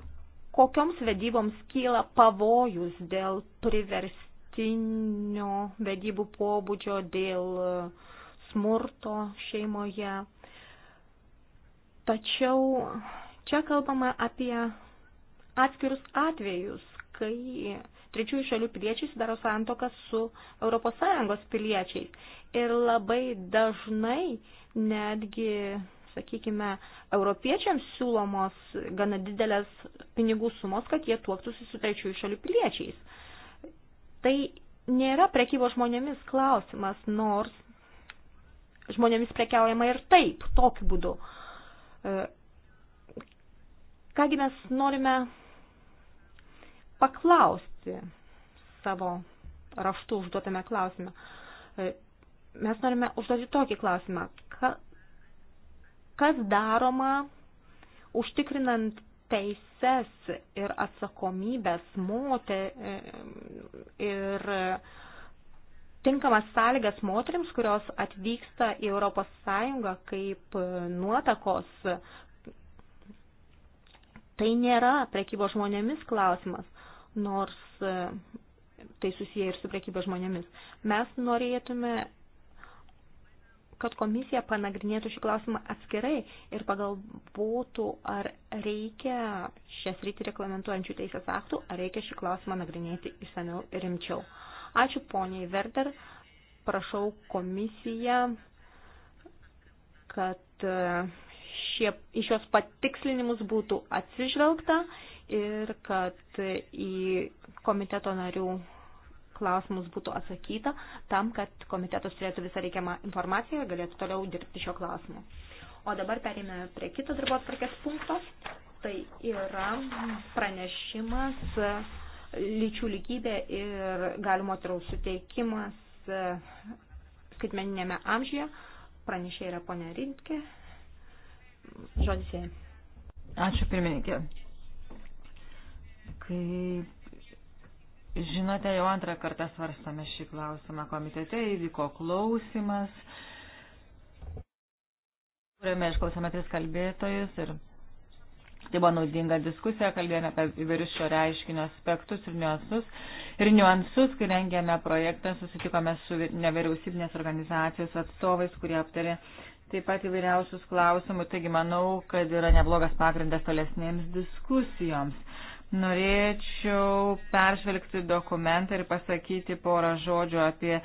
kokioms vedyboms kyla pavojus dėl priverstinio vedybų pobūdžio, dėl e, smurto šeimoje. Tačiau čia kalbama apie atskirus atvejus, kai trečiųjų šalių piliečiai sudaro santokas su ES piliečiais. Ir labai dažnai netgi, sakykime, europiečiams siūlomos gana didelės pinigų sumos, kad jie tuoktųsi su trečiųjų šalių piliečiais. Tai nėra prekybo žmonėmis klausimas, nors žmonėmis prekiaujama ir taip, tokiu būdu. E, kągi mes norime paklausti, pateikti savo raštu užduotame klausime. E, mes norime užduoti tokį klausimą. Ka, kas daroma užtikrinant teises ir atsakomybės moter e, ir tinkamas sąlygas moteriams, kurios atvyksta į Europos Sąjungą kaip nuotakos. Tai nėra prekybo žmonėmis klausimas nors e, tai susiję ir su priekybė žmonėmis. Mes norėtume, kad komisija panagrinėtų šį klausimą atskirai ir pagalvotų, ar reikia šias rytį reglamentuojančių teisės aktų, ar reikia šį klausimą nagrinėti išsamiau ir rimčiau. Ačiū poniai Verder, prašau komisiją, kad e, šie, į šios patikslinimus būtų atsižvelgta ir kad į komiteto narių klausimus būtų atsakyta tam, kad komitetas turėtų visą reikiamą informaciją ir galėtų toliau dirbti šio klausimu. O dabar perėmė prie kito darbo atvarkės punkto. Tai yra pranešimas lyčių lygybė ir galimo moterų suteikimas e, skaitmeninėme amžiuje. Pranešė yra ponė Rintke. Žodis jai. Ačiū pirmininkė. Kaip žinote, jau antrą kartą svarstame šį klausimą komitete, įvyko klausimas, kuriame išklausėme tris kalbėtojus ir tai buvo naudinga diskusija, kalbėjome apie įvairius šio reiškinio aspektus ir niuansus. Ir niuansus, kai rengėme projektą, susitikome su nevyriausybinės organizacijos atstovais, kurie aptarė taip pat įvairiausius klausimus, taigi manau, kad yra neblogas pagrindas tolesnėms diskusijoms. Norėčiau peržvelgti dokumentą ir pasakyti porą žodžių apie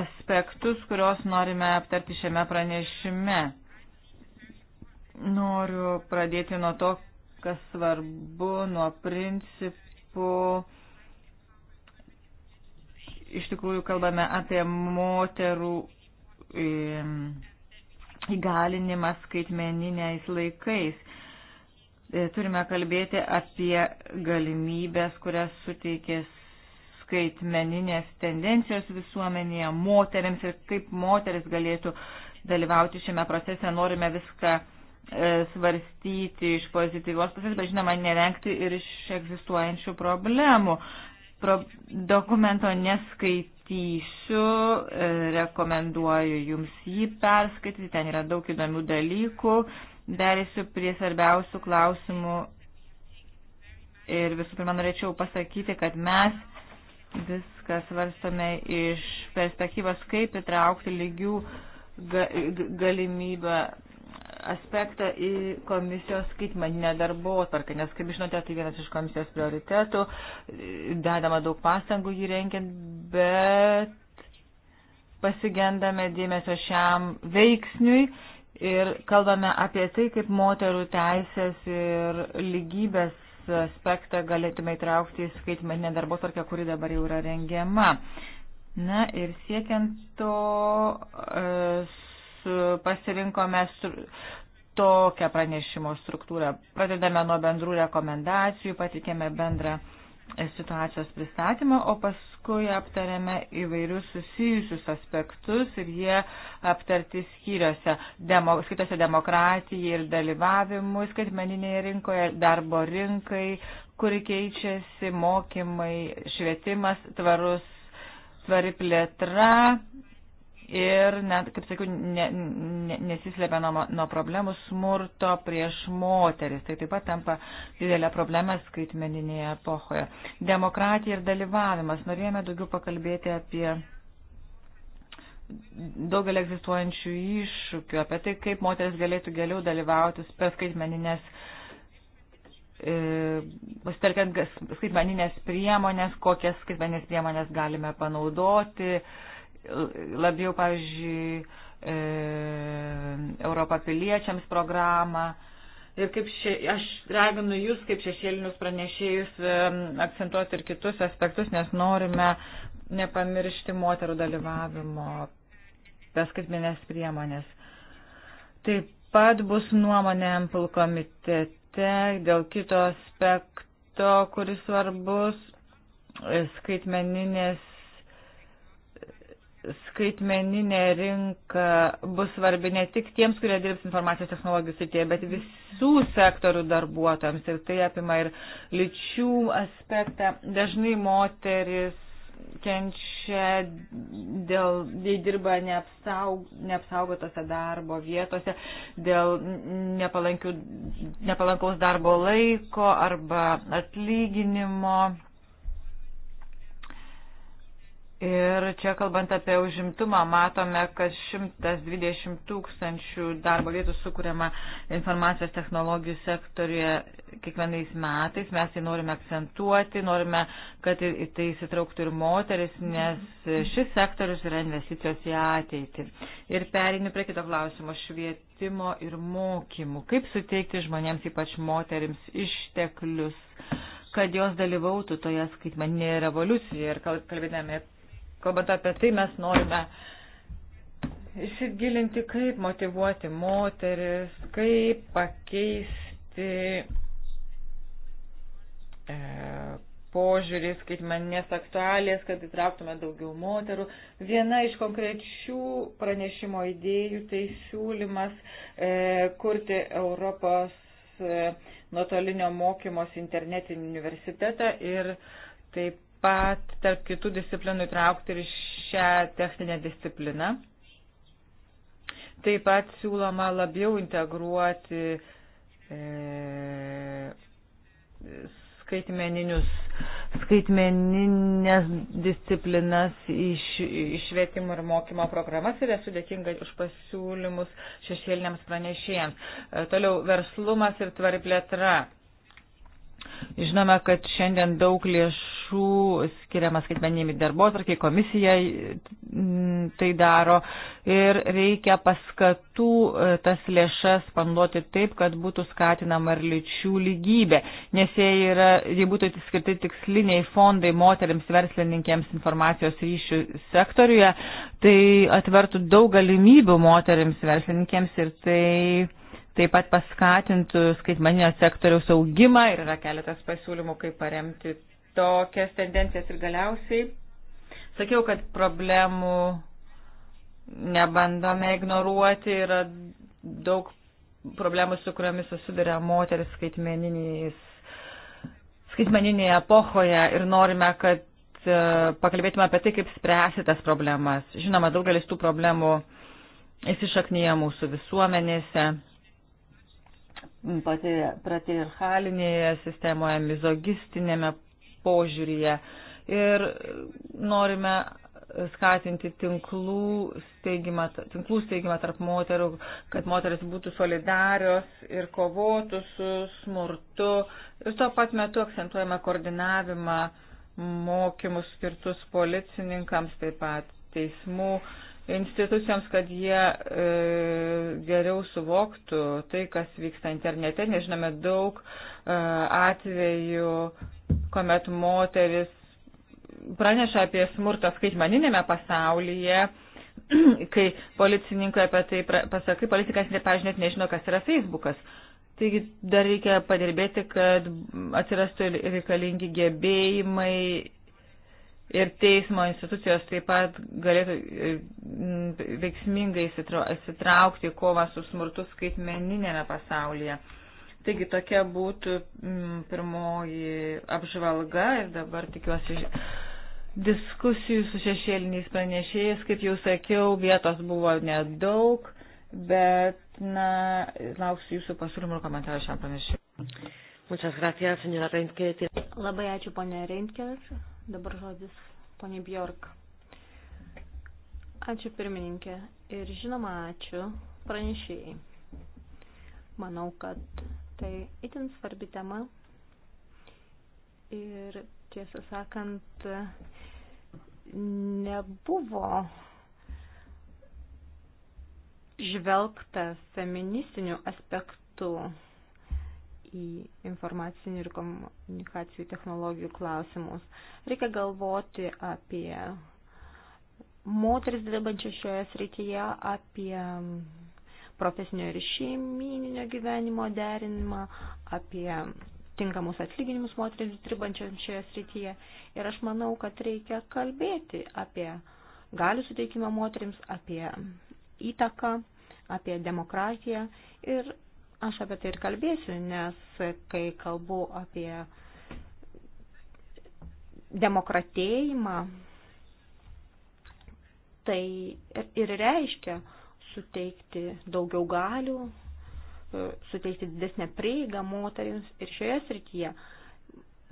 aspektus, kuriuos norime aptarti šiame pranešime. Noriu pradėti nuo to, kas svarbu, nuo principų. Iš tikrųjų kalbame apie moterų įgalinimą skaitmeniniais laikais E, turime kalbėti apie galimybės, kurias suteikė skaitmeninės tendencijos visuomenėje moteriams ir kaip moteris galėtų dalyvauti šiame procese. Norime viską e, svarstyti iš pozityvios pusės, bet žinoma, nevengti ir iš egzistuojančių problemų. Pro, dokumento neskaitysiu, e, rekomenduoju jums jį perskaityti, ten yra daug įdomių dalykų. E, Perėsiu prie svarbiausių klausimų ir visų pirma norėčiau pasakyti, kad mes viską svarstome iš perspektyvos, kaip įtraukti lygių galimybę aspektą į komisijos skaitmaninę darbo atvarką, nes, kaip žinote, tai vienas iš komisijos prioritetų, dedama daug pastangų jį renkiant, bet pasigendame dėmesio šiam veiksniui ir kalbame apie tai, kaip moterų teisės ir lygybės aspektą galėtume įtraukti į skaitmeninę darbo tvarkę, kuri dabar jau yra rengiama. Na ir siekiant to e, pasirinkome tokią pranešimo struktūrą. Pradedame nuo bendrų rekomendacijų, patikėme bendrą situacijos pristatymą, o paskui aptarėme įvairius susijusius aspektus ir jie aptarti skyriuose, demo, skiriuose demokratijai ir dalyvavimui, skaitmeninėje rinkoje, darbo rinkai, kuri keičiasi, mokymai, švietimas, tvarus, tvari plėtra, ir, net, kaip sakiau, ne, ne, nesislėpia nuo, nuo problemų smurto prieš moteris. Tai taip pat tampa didelė problema skaitmeninėje epochoje. Demokratija ir dalyvavimas. Norėjome daugiau pakalbėti apie daugelį egzistuojančių iššūkių, apie tai, kaip moteris galėtų geriau dalyvauti per skaitmeninės e, pasitelkiant skaitmeninės priemonės, kokias skaitmeninės priemonės galime panaudoti, uh, labiau, pavyzdžiui, e, Europą piliečiams programą. Ir kaip še, aš raginu jūs, kaip šešėlinius pranešėjus, e, akcentuoti ir kitus aspektus, nes norime nepamiršti moterų dalyvavimo beskatminės priemonės. Taip pat bus nuomonė MPL komitete dėl kito aspekto, kuris svarbus e, skaitmeninės skaitmeninė rinka bus svarbi ne tik tiems, kurie dirbs informacijos technologijų srityje, bet visų sektorių darbuotojams. Ir tai apima ir lyčių aspektą. Dažnai moteris kenčia dėl, jei dirba neapsaug, neapsaugotose darbo vietose, dėl nepalankaus darbo laiko arba atlyginimo Ir čia kalbant apie užimtumą, matome, kad 120 tūkstančių darbo vietų sukūrėma informacijos technologijų sektorija kiekvienais metais. Mes tai norime akcentuoti, norime, kad į tai įsitrauktų ir moteris, nes šis sektorius yra investicijos į ateitį. Ir perinu prie kito klausimo - švietimo ir mokymų. Kaip suteikti žmonėms, ypač moterims, išteklius? kad jos dalyvautų toje skaitmeninėje revoliucijoje ir kalbėdami kalbant apie tai, mes norime įsigilinti, kaip motivuoti moteris, kaip pakeisti e, požiūrį skaitmeninės aktualės, kad įtrauktume daugiau moterų. Viena iš konkrečių pranešimo idėjų tai siūlymas e, kurti Europos e, nuotolinio mokymos internetinį universitetą ir taip pat tarp kitų disciplinų įtraukti ir šią techninę discipliną. Taip pat siūloma labiau integruoti e, skaitmeninius, skaitmeninės disciplinas iš, išvietimo ir mokymo programas ir esu dėkinga už pasiūlymus šešėliniams pranešėjams. E, toliau verslumas ir tvari plėtra. Žinome, kad šiandien daug lėšų skiriamas skaitmenimi darbotvarkiai, komisija mm, tai daro ir reikia paskatų e, tas lėšas panduoti taip, kad būtų skatinama ir lyčių lygybė, nes jei, yra, jei būtų skirti tiksliniai fondai moteriams verslininkėms informacijos ryšių sektoriuje, tai atvertų daug galimybių moteriams verslininkėms ir tai taip pat paskatintų skaitmaninio sektoriaus augimą ir yra keletas pasiūlymų, kaip paremti tokias tendencijas ir galiausiai. Sakiau, kad problemų nebandome ignoruoti, yra daug problemų, su kuriomis susiduria moteris skaitmeninėje epochoje ir norime, kad e, pakalbėtume apie tai, kaip spręsti tas problemas. Žinoma, daugelis tų problemų įsišaknyja mūsų visuomenėse, patriarchalinėje sistemoje, mizogistinėme požiūryje. Ir norime skatinti tinklų steigimą, tinklų steigimą tarp moterų, kad moteris būtų solidarios ir kovotų su smurtu. Ir tuo pat metu akcentuojame koordinavimą, mokymus skirtus policininkams, taip pat teismų institucijoms, kad jie e, geriau suvoktų tai, kas vyksta internete. Nežinome daug e, atvejų, kuomet moteris praneša apie smurtą skaitmaninėme pasaulyje, <clears throat> kai policininkai apie tai pasakai, politikas, pavyzdžiui, net nežino, kas yra Facebookas. Taigi dar reikia padirbėti, kad atsirastų reikalingi gebėjimai ir teismo institucijos taip pat galėtų e, veiksmingai įsitraukti kovą su smurtu skaitmeninėme pasaulyje. Taigi tokia būtų pirmoji apžvalga ir dabar tikiuosi diskusijų su šešėliniais pranešėjais. Kaip jau sakiau, vietos buvo nedaug, bet, na, lauksiu jūsų pasiūlymų ir komentarų šiam pranešimui. Muchas gracias, señora Reintke. Labai ačiū, ponė Reintke. Dabar žodis ponė Bjork. Ačiū pirmininkė ir žinoma ačiū pranešėjai. Manau, kad tai itin svarbi tema ir tiesą sakant, nebuvo žvelgta feministiniu aspektu į informacinių ir komunikacijų technologijų klausimus. Reikia galvoti apie moteris dirbančias šioje srityje, apie profesinio ir šeimininio gyvenimo derinimą, apie tinkamus atlyginimus moteriams dirbančiams šioje srityje. Ir aš manau, kad reikia kalbėti apie galių suteikimą moteriams, apie įtaką, apie demokratiją ir Aš apie tai ir kalbėsiu, nes kai kalbu apie demokratėjimą, tai ir reiškia suteikti daugiau galių, suteikti didesnę prieigą moterims ir šioje srityje.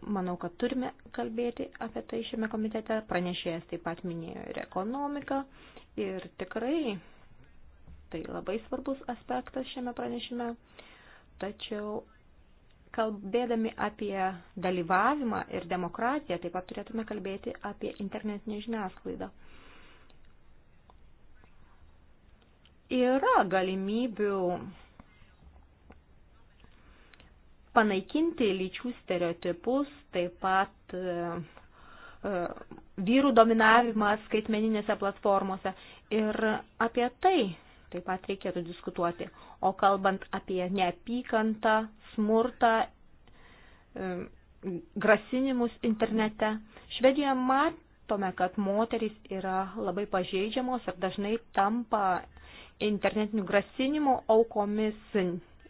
Manau, kad turime kalbėti apie tai šiame komitete. Pranešėjas taip pat minėjo ir ekonomiką. Ir tikrai Tai labai svarbus aspektas šiame pranešime. Tačiau kalbėdami apie dalyvavimą ir demokratiją, taip pat turėtume kalbėti apie internetinę žiniasklaidą. Yra galimybių panaikinti lyčių stereotipus, taip pat e, e, vyrų dominavimas skaitmeninėse platformose. Ir apie tai taip pat reikėtų diskutuoti. O kalbant apie neapykantą, smurtą, grasinimus internete, Švedijoje matome, kad moteris yra labai pažeidžiamos ir dažnai tampa internetinių grasinimų aukomis,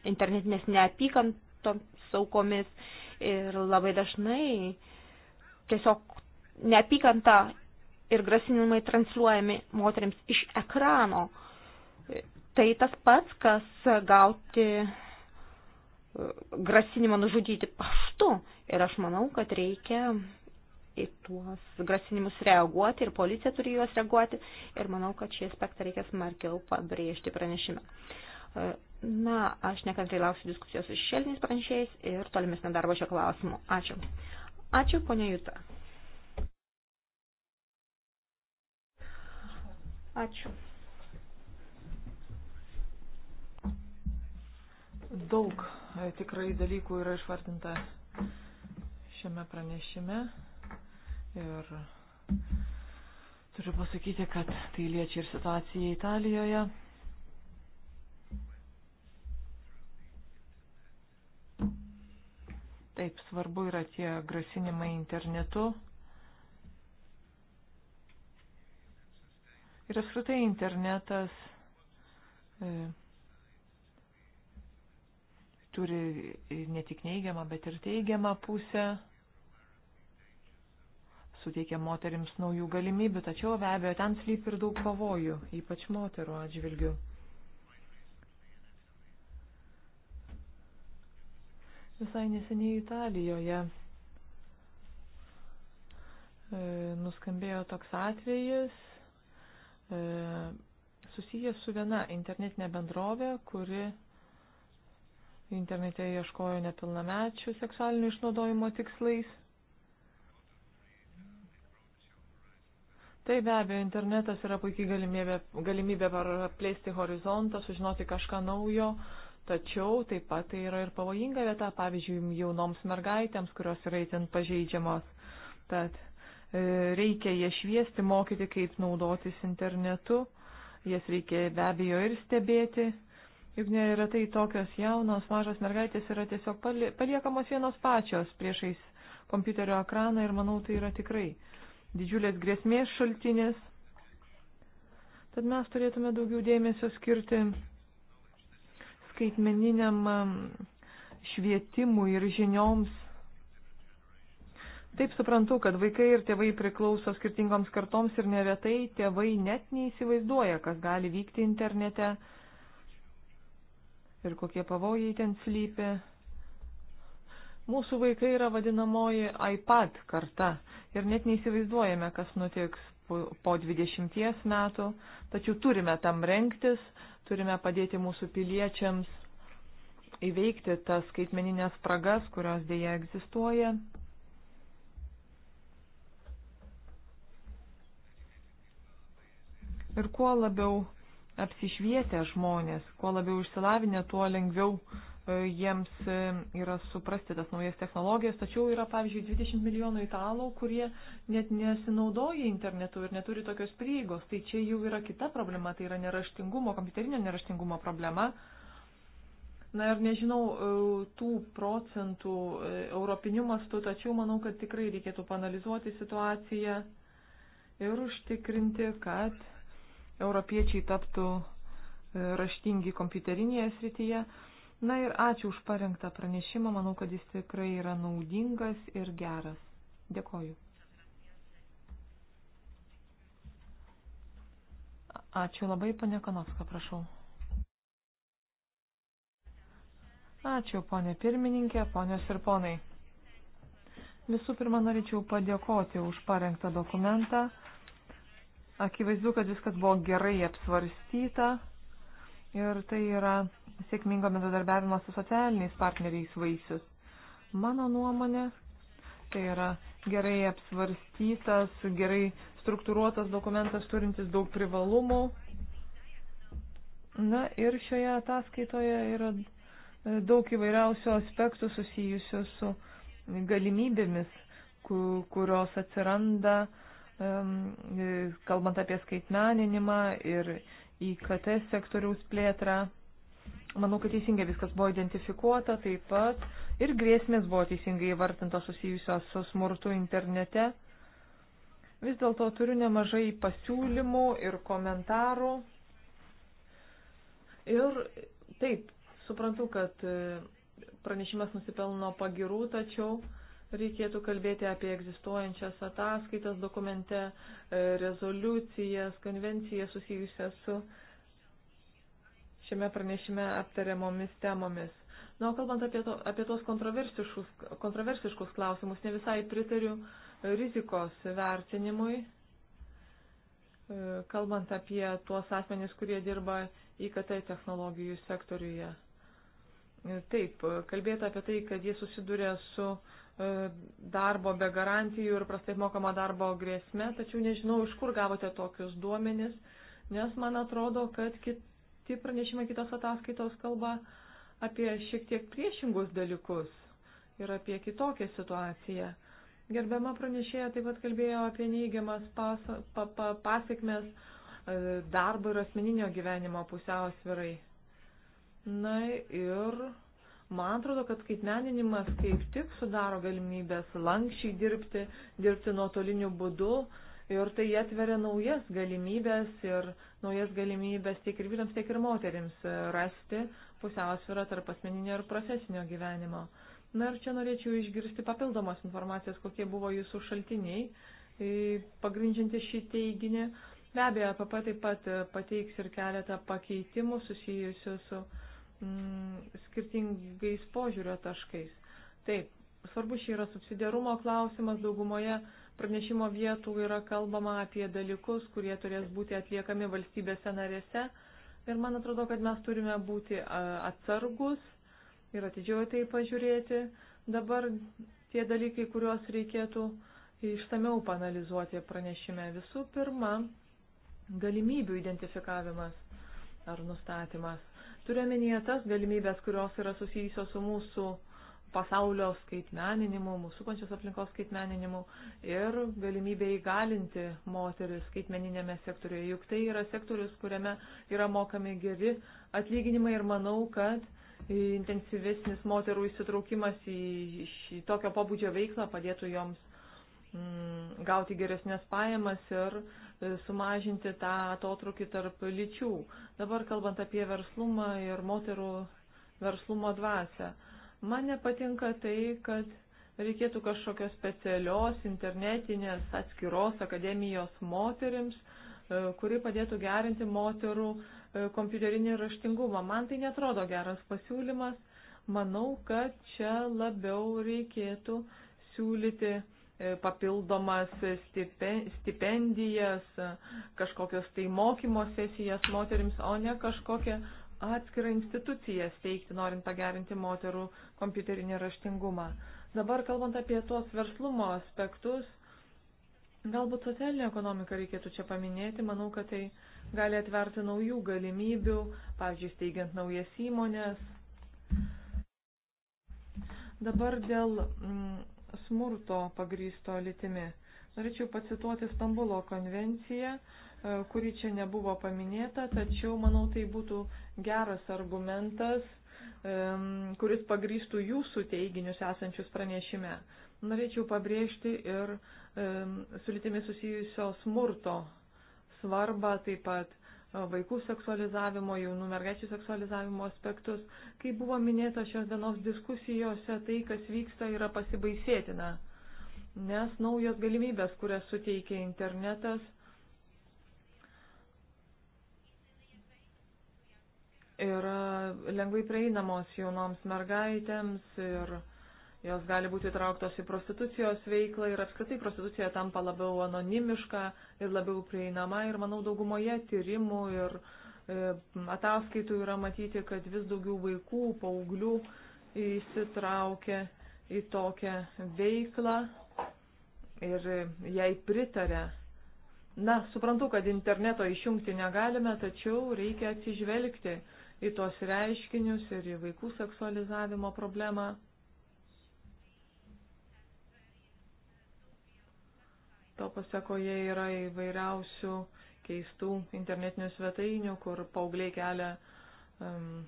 internetinės neapykantos aukomis ir labai dažnai tiesiog neapykanta ir grasinimai transliuojami moteriams iš ekrano tai tas pats, kas gauti grasinimą nužudyti paštu. Ir aš manau, kad reikia į tuos grasinimus reaguoti ir policija turi juos reaguoti. Ir manau, kad šį aspektą reikia smarkiau pabrėžti pranešime. Na, aš nekantrai lauksiu diskusijos su šešėliniais pranešėjais ir tolimesnio darbo šio klausimu. Ačiū. Ačiū, ponia Juta. Ačiū. Daug e, tikrai dalykų yra išvardinta šiame pranešime ir turiu pasakyti, kad tai liečia ir situaciją Italijoje. Taip svarbu yra tie grasinimai internetu. Ir apskritai internetas. E, turi ne tik neigiamą, bet ir teigiamą pusę, suteikia moterims naujų galimybių, tačiau be abejo ten slypi ir daug pavojų, ypač moterų atžvilgių. Visai neseniai Italijoje e, nuskambėjo toks atvejis e, susijęs su viena internetinė bendrovė, kuri internete ieškojo nepilnamečių seksualinio išnaudojimo tikslais. Tai be abejo, internetas yra puikiai galimybė, galimybė plėsti horizontą, sužinoti kažką naujo, tačiau taip pat tai yra ir pavojinga vieta, pavyzdžiui, jaunoms mergaitėms, kurios yra itin pažeidžiamos. Tad e, reikia jas šviesti, mokyti, kaip naudotis internetu, jas reikia be abejo ir stebėti, Juk neretai tokios jaunos, mažos mergaitės yra tiesiog paliekamos vienos pačios priešais kompiuterio ekraną ir manau, tai yra tikrai didžiulės grėsmės šaltinis. Tad mes turėtume daugiau dėmesio skirti skaitmeniniam švietimui ir žinioms. Taip suprantu, kad vaikai ir tėvai priklauso skirtingoms kartoms ir neretai tėvai net neįsivaizduoja, kas gali vykti internete ir kokie pavojai ten slypi. Mūsų vaikai yra vadinamoji iPad karta ir net neįsivaizduojame, kas nutiks po 20 metų, tačiau turime tam renktis, turime padėti mūsų piliečiams įveikti tas skaitmeninės spragas, kurios dėja egzistuoja. Ir kuo labiau apsišvietę žmonės, kuo labiau išsilavinę, tuo lengviau e, jiems e, yra suprasti tas naujas technologijas, tačiau yra, pavyzdžiui, 20 milijonų italų, kurie net nesinaudoja internetu ir neturi tokios prieigos. Tai čia jau yra kita problema, tai yra neraštingumo, kompiuterinio neraštingumo problema. Na ir nežinau e, tų procentų europinių mastų, tačiau manau, kad tikrai reikėtų panalizuoti situaciją ir užtikrinti, kad europiečiai taptų e, raštingi kompiuterinėje srityje. Na ir ačiū už parengtą pranešimą, manau, kad jis tikrai yra naudingas ir geras. Dėkoju. Ačiū labai, pane Kanovska, prašau. Ačiū, ponė pirmininkė, ponios ir ponai. Visų pirma, norėčiau padėkoti už parengtą dokumentą. Akivaizdu, kad viskas buvo gerai apsvarstyta ir tai yra sėkmingo bendradarbiavimo su socialiniais partneriais vaisius. Mano nuomonė, tai yra gerai apsvarstytas, gerai struktūruotas dokumentas turintis daug privalumų. Na ir šioje ataskaitoje yra daug įvairiausių aspektų susijusių su galimybėmis, kurios atsiranda uh, E, kalbant apie skaitmeninimą ir IKT sektoriaus plėtrą. Manau, kad teisingai viskas buvo identifikuota taip pat ir grėsmės buvo teisingai įvartintos susijusios su smurtu internete. Vis dėlto turiu nemažai pasiūlymų ir komentarų. Ir taip, suprantu, kad e, pranešimas nusipelno pagirų, tačiau reikėtų kalbėti apie egzistuojančias ataskaitas dokumente, e, rezoliucijas, konvencijas susijusias su šiame pranešime aptariamomis temomis. Na, nu, kalbant apie, to, apie tos kontroversiškus, kontroversiškus klausimus, ne visai pritariu rizikos vertinimui, e, kalbant apie tuos asmenys, kurie dirba IKT technologijų sektoriuje. E, taip, kalbėta apie tai, kad jie susiduria su uh, E, darbo be garantijų ir prastai mokama darbo grėsme, tačiau nežinau, iš kur gavote tokius duomenis, nes man atrodo, kad kiti pranešimai, kitos ataskaitos kalba apie šiek tiek priešingus dalykus ir apie kitokią situaciją. Gerbiama pranešėja taip pat kalbėjo apie neįgiamas pas, pa, pa, pasiekmes e, darbo ir asmeninio gyvenimo pusiausvirai. Na ir Man atrodo, kad skaitmeninimas kaip tik sudaro galimybės lankščiai dirbti, dirbti nuotoliniu būdu ir tai atveria naujas galimybės ir naujas galimybės tiek ir vyrams, tiek ir moterims rasti pusiausvyrą tarp asmeninio ir profesinio gyvenimo. Na ir čia norėčiau išgirsti papildomas informacijos, kokie buvo jūsų šaltiniai pagrindžianti šį teiginį. Be abejo, PP taip pat pateiks ir keletą pakeitimų susijusių su mm, skirtingais požiūrio taškais. Taip, svarbu šį yra subsidiarumo klausimas daugumoje pranešimo vietų yra kalbama apie dalykus, kurie turės būti atliekami valstybėse narėse. Ir man atrodo, kad mes turime būti atsargus ir atidžiau tai pažiūrėti. Dabar tie dalykai, kuriuos reikėtų išsameu panalizuoti pranešime. Visų pirma, galimybių identifikavimas ar nustatymas. Turiuomenėje tas galimybės, kurios yra susijusios su mūsų pasaulio skaitmeninimu, mūsų pačios aplinkos skaitmeninimu ir galimybė įgalinti moteris skaitmeninėme sektoriuje. Juk tai yra sektorius, kuriame yra mokami geri atlyginimai ir manau, kad intensyvesnis moterų įsitraukimas į šį tokio pobūdžio veiklą padėtų joms Mm, gauti geresnės pajamas ir e, sumažinti tą atotrukį tarp lyčių. Dabar kalbant apie verslumą ir moterų verslumo dvasę. Man nepatinka tai, kad reikėtų kažkokios specialios internetinės atskiros akademijos moterims, e, kuri padėtų gerinti moterų e, kompiuterinį raštingumą. Man tai netrodo geras pasiūlymas. Manau, kad čia labiau reikėtų siūlyti E, papildomas stipendijas, kažkokios tai mokymo sesijas moterims, o ne kažkokią atskirą instituciją steigti, norint pagerinti moterų kompiuterinį raštingumą. Dabar kalbant apie tuos verslumo aspektus, galbūt socialinę ekonomiką reikėtų čia paminėti, manau, kad tai gali atverti naujų galimybių, pavyzdžiui, steigiant naujas įmonės. Dabar dėl mm, smurto pagrysto litimi. Norėčiau pacituoti Stambulo konvenciją, e, kuri čia nebuvo paminėta, tačiau manau tai būtų geras argumentas, kuris pagrįstų jūsų teiginius esančius pranešime. Norėčiau pabrėžti ir su litimi susijusio smurto svarbą, taip pat vaikų seksualizavimo, jaunų mergaičių seksualizavimo aspektus. Kaip buvo minėta šios dienos diskusijose, tai, kas vyksta, yra pasibaisėtina, nes naujos galimybės, kurias suteikia internetas, yra lengvai prieinamos jaunoms mergaitėms ir Jos gali būti įtrauktos į prostitucijos veiklą ir apskritai prostitucija tampa labiau anonimiška ir labiau prieinama ir manau daugumoje tyrimų ir e, ataskaitų yra matyti, kad vis daugiau vaikų, paauglių įsitraukia į tokią veiklą ir jai pritarė. Na, suprantu, kad interneto išjungti negalime, tačiau reikia atsižvelgti į tos reiškinius ir į vaikų seksualizavimo problemą. To pasakoje yra įvairiausių keistų internetinių svetainių, kur paaugliai kelia um,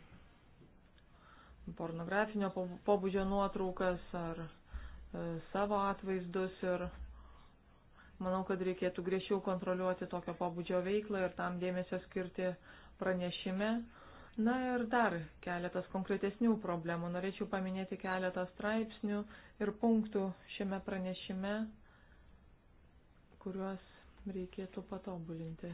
pornografinio pobūdžio nuotraukas ar uh, savo atvaizdus ir manau, kad reikėtų griežčiau kontroliuoti tokio pobūdžio veiklą ir tam dėmesio skirti pranešime. Na ir dar keletas konkretesnių problemų. Norėčiau paminėti keletą straipsnių ir punktų šiame pranešime, kuriuos reikėtų patobulinti.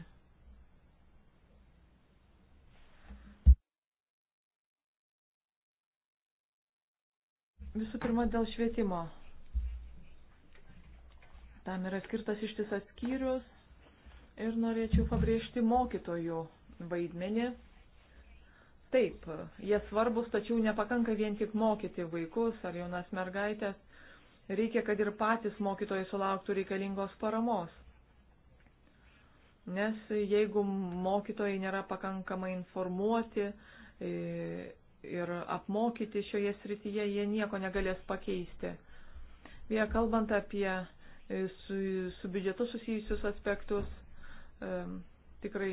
Visų pirma, dėl švietimo. Tam yra skirtas ištisas skyrius ir norėčiau pabrėžti mokytojų vaidmenį. Taip, jie svarbus, tačiau nepakanka vien tik mokyti vaikus ar jaunas mergaitės. Reikia, kad ir patys mokytojai sulauktų reikalingos paramos. Nes jeigu mokytojai nėra pakankamai informuoti e, ir apmokyti šioje srityje, jie nieko negalės pakeisti. Vėja kalbant apie e, su, su biudžetu susijusius aspektus, e, tikrai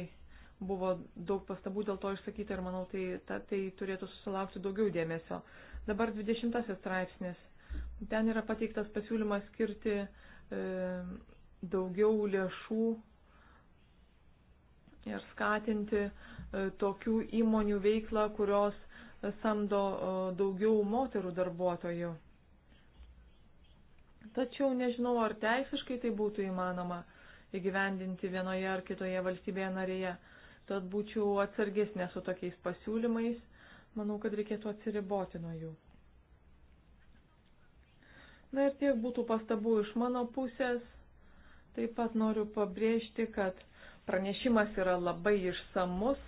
buvo daug pastabų dėl to išsakyti ir manau, tai, ta, tai turėtų susilaukti daugiau dėmesio. Dabar 20 straipsnis. Ten yra pateiktas pasiūlymas skirti e, daugiau lėšų ir skatinti e, tokių įmonių veiklą, kurios samdo e, daugiau moterų darbuotojų. Tačiau nežinau, ar teisiškai tai būtų įmanoma įgyvendinti vienoje ar kitoje valstybėje narėje. Tad būčiau atsargesnė su tokiais pasiūlymais. Manau, kad reikėtų atsiriboti nuo jų. Na ir tiek būtų pastabų iš mano pusės. Taip pat noriu pabrėžti, kad pranešimas yra labai išsamus,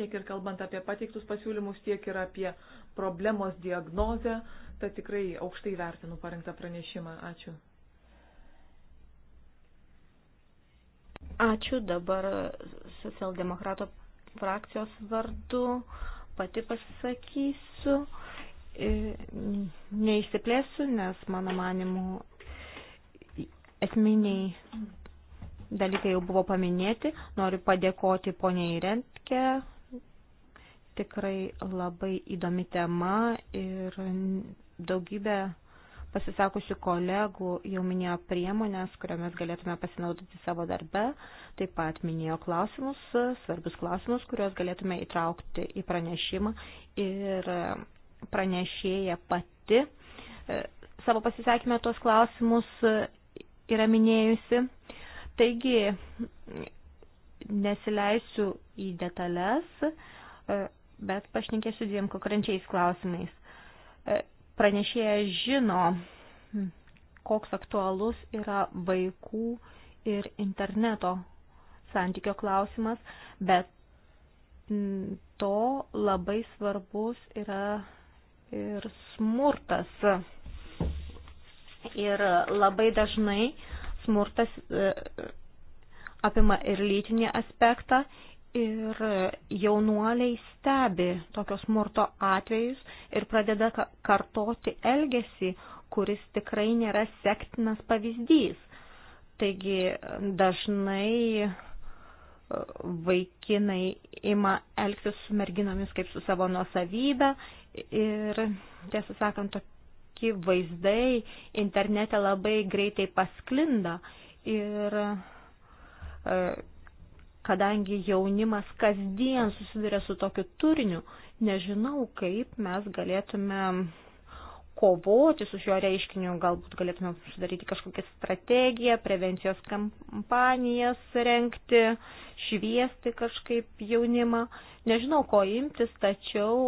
tiek ir kalbant apie pateiktus pasiūlymus, tiek ir apie problemos diagnozę. Tad tikrai aukštai vertinu parengtą pranešimą. Ačiū. Ačiū dabar socialdemokrato frakcijos vardu. Pati pasisakysiu. E, neišsiplėsiu, nes mano manimu esminiai dalykai jau buvo paminėti. Noriu padėkoti poniai Rentke. Tikrai labai įdomi tema ir daugybė pasisakusių kolegų jau minėjo priemonės, kuriomis galėtume pasinaudoti savo darbe, taip pat minėjo klausimus, svarbius klausimus, kuriuos galėtume įtraukti į pranešimą ir pranešėja pati e, savo pasisakymę tuos klausimus e, yra minėjusi. Taigi, nesileisiu į detalės, e, bet pašnekėsiu dviem konkrečiais klausimais. Pranešėja žino, koks aktualus yra vaikų ir interneto santykio klausimas, bet to labai svarbus yra ir smurtas. Ir labai dažnai smurtas e, apima ir lytinį aspektą ir jaunuoliai stebi tokio smurto atvejus ir pradeda kartoti elgesį, kuris tikrai nėra sektinas pavyzdys. Taigi dažnai vaikinai ima elgtis su merginomis kaip su savo nuosavybę ir tiesą sakant, tokie vaizdai internete labai greitai pasklinda ir e, kadangi jaunimas kasdien susiduria su tokiu turiniu, nežinau, kaip mes galėtume kovoti su šiuo reiškiniu, galbūt galėtumėm sudaryti kažkokią strategiją, prevencijos kampanijas renkti, šviesti kažkaip jaunimą. Nežinau, ko imtis, tačiau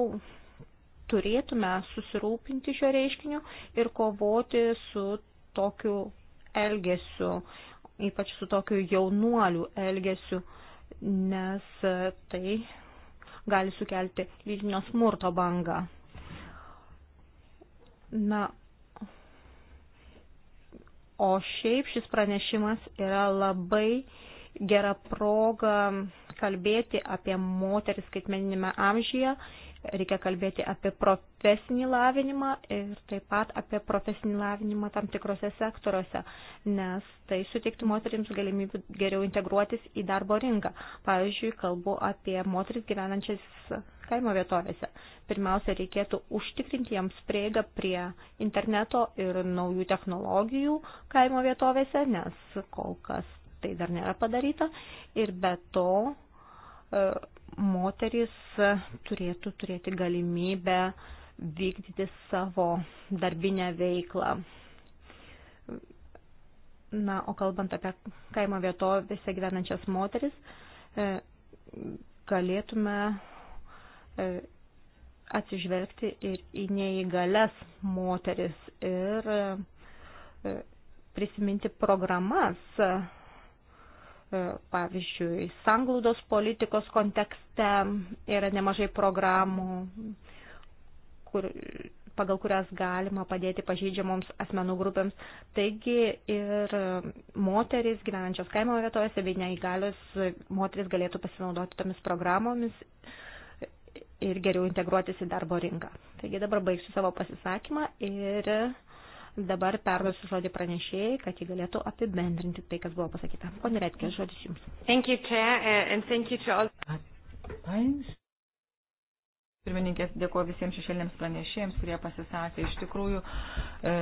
turėtume susirūpinti šio reiškiniu ir kovoti su tokiu elgesiu, ypač su tokiu jaunuoliu elgesiu, nes tai gali sukelti lyginio smurto bangą. Na, o šiaip šis pranešimas yra labai gera proga kalbėti apie moteris skaitmeninėme amžyje, reikia kalbėti apie profesinį lavinimą ir taip pat apie profesinį lavinimą tam tikrose sektoriuose, nes tai suteiktų moterims galimybių geriau integruotis į darbo rinką. Pavyzdžiui, kalbu apie moteris gyvenančias kaimo vietovėse. Pirmiausia, reikėtų užtikrinti jiems prieigą prie interneto ir naujų technologijų kaimo vietovėse, nes kol kas tai dar nėra padaryta. Ir be to, e, moteris turėtų turėti galimybę vykdyti savo darbinę veiklą. Na, o kalbant apie kaimo vietovėse gyvenančias moteris, e, galėtume E, atsižvelgti ir į neįgalias moteris ir e, prisiminti programas, e, pavyzdžiui, sanglaudos politikos kontekste yra nemažai programų, kur, pagal kurias galima padėti pažeidžiamoms asmenų grupėms. Taigi ir moteris gyvenančios kaimo vietovėse bei neįgalios moteris galėtų pasinaudoti tomis programomis ir geriau integruotis į darbo rinką. Taigi dabar baigsiu savo pasisakymą ir dabar perduosiu žodį pranešėjai, kad jį galėtų apibendrinti tai, kas buvo pasakyta. Pone Retkė, žodis Jums. Thank you, Chair, uh, and thank you to all. Pirmininkės dėkuoju visiems šešėlėms pranešėjams, kurie pasisakė. Iš tikrųjų, e,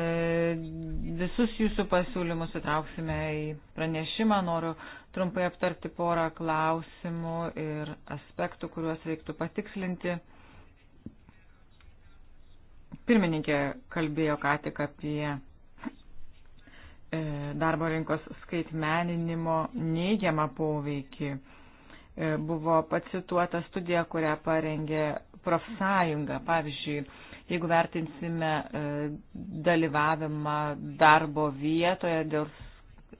visus jūsų pasiūlymus įtrauksime į pranešimą. Noriu trumpai aptarti porą klausimų ir aspektų, kuriuos reiktų patikslinti. Pirmininkė kalbėjo ką tik apie e, darbo rinkos skaitmeninimo neigiamą poveikį. E, E, buvo pacituota studija, kurią parengė profsąjunga. Pavyzdžiui, jeigu vertinsime e, dalyvavimą darbo vietoje dėl,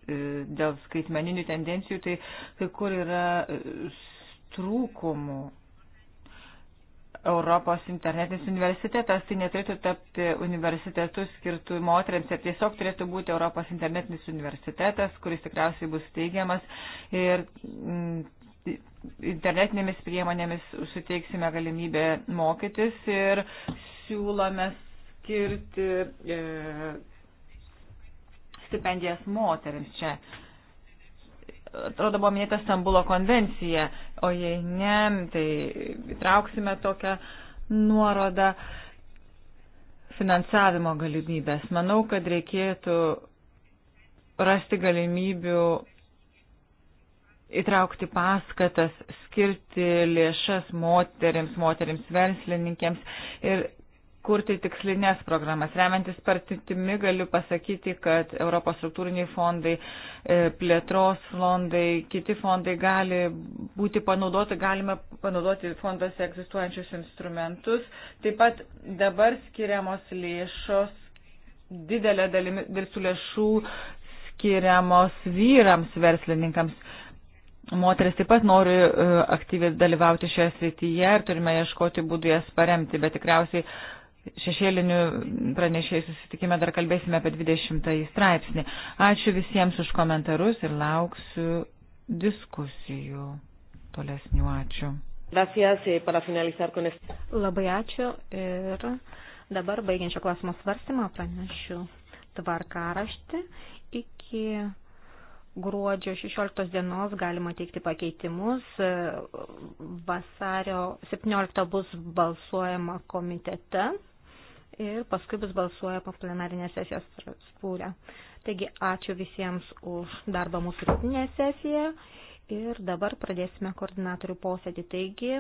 e, dėl skaitmeninių tendencijų, tai kai kur yra trūkumų. Europos internetinis universitetas tai neturėtų tapti universitetu skirtų moteriams ir tiesiog turėtų būti Europos internetinis universitetas, kuris tikriausiai bus teigiamas ir mm, internetinėmis priemonėmis suteiksime galimybę mokytis ir siūlome skirti e, stipendijas moteriams čia. Atrodo, buvo minėta Stambulo konvencija, o jei ne, tai įtrauksime tokią nuorodą finansavimo galimybės. Manau, kad reikėtų rasti galimybių įtraukti paskatas, skirti lėšas moteriams, moteriams verslininkėms ir kurti tikslinės programas. Remiantis partitimi galiu pasakyti, kad Europos struktūriniai fondai, e, plėtros fondai, kiti fondai gali būti panaudoti, galime panaudoti fondose egzistuojančius instrumentus. Taip pat dabar skiriamos lėšos, didelė dalimi dirbtų lėšų skiriamos vyrams verslininkams Moteris taip pat nori e, aktyviai dalyvauti šioje srityje ir turime ieškoti būdų jas paremti, bet tikriausiai šešėlinių pranešėjų susitikime dar kalbėsime apie 20 straipsnį. Ačiū visiems už komentarus ir lauksiu diskusijų tolesnių. Ačiū. Eh, Labai ačiū ir dabar baigiančio klausimo svarstymą pranešiu tvarkaraštį iki gruodžio 16 dienos galima teikti pakeitimus, vasario 17 bus balsuojama komitete ir paskui bus balsuojama plenarinė sesija Strasbūrė. Taigi ačiū visiems už darbą mūsų rytinėje sesijoje ir dabar pradėsime koordinatorių posėdį. Taigi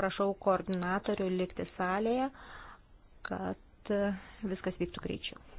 prašau koordinatorių likti salėje, kad viskas vyktų greičiau.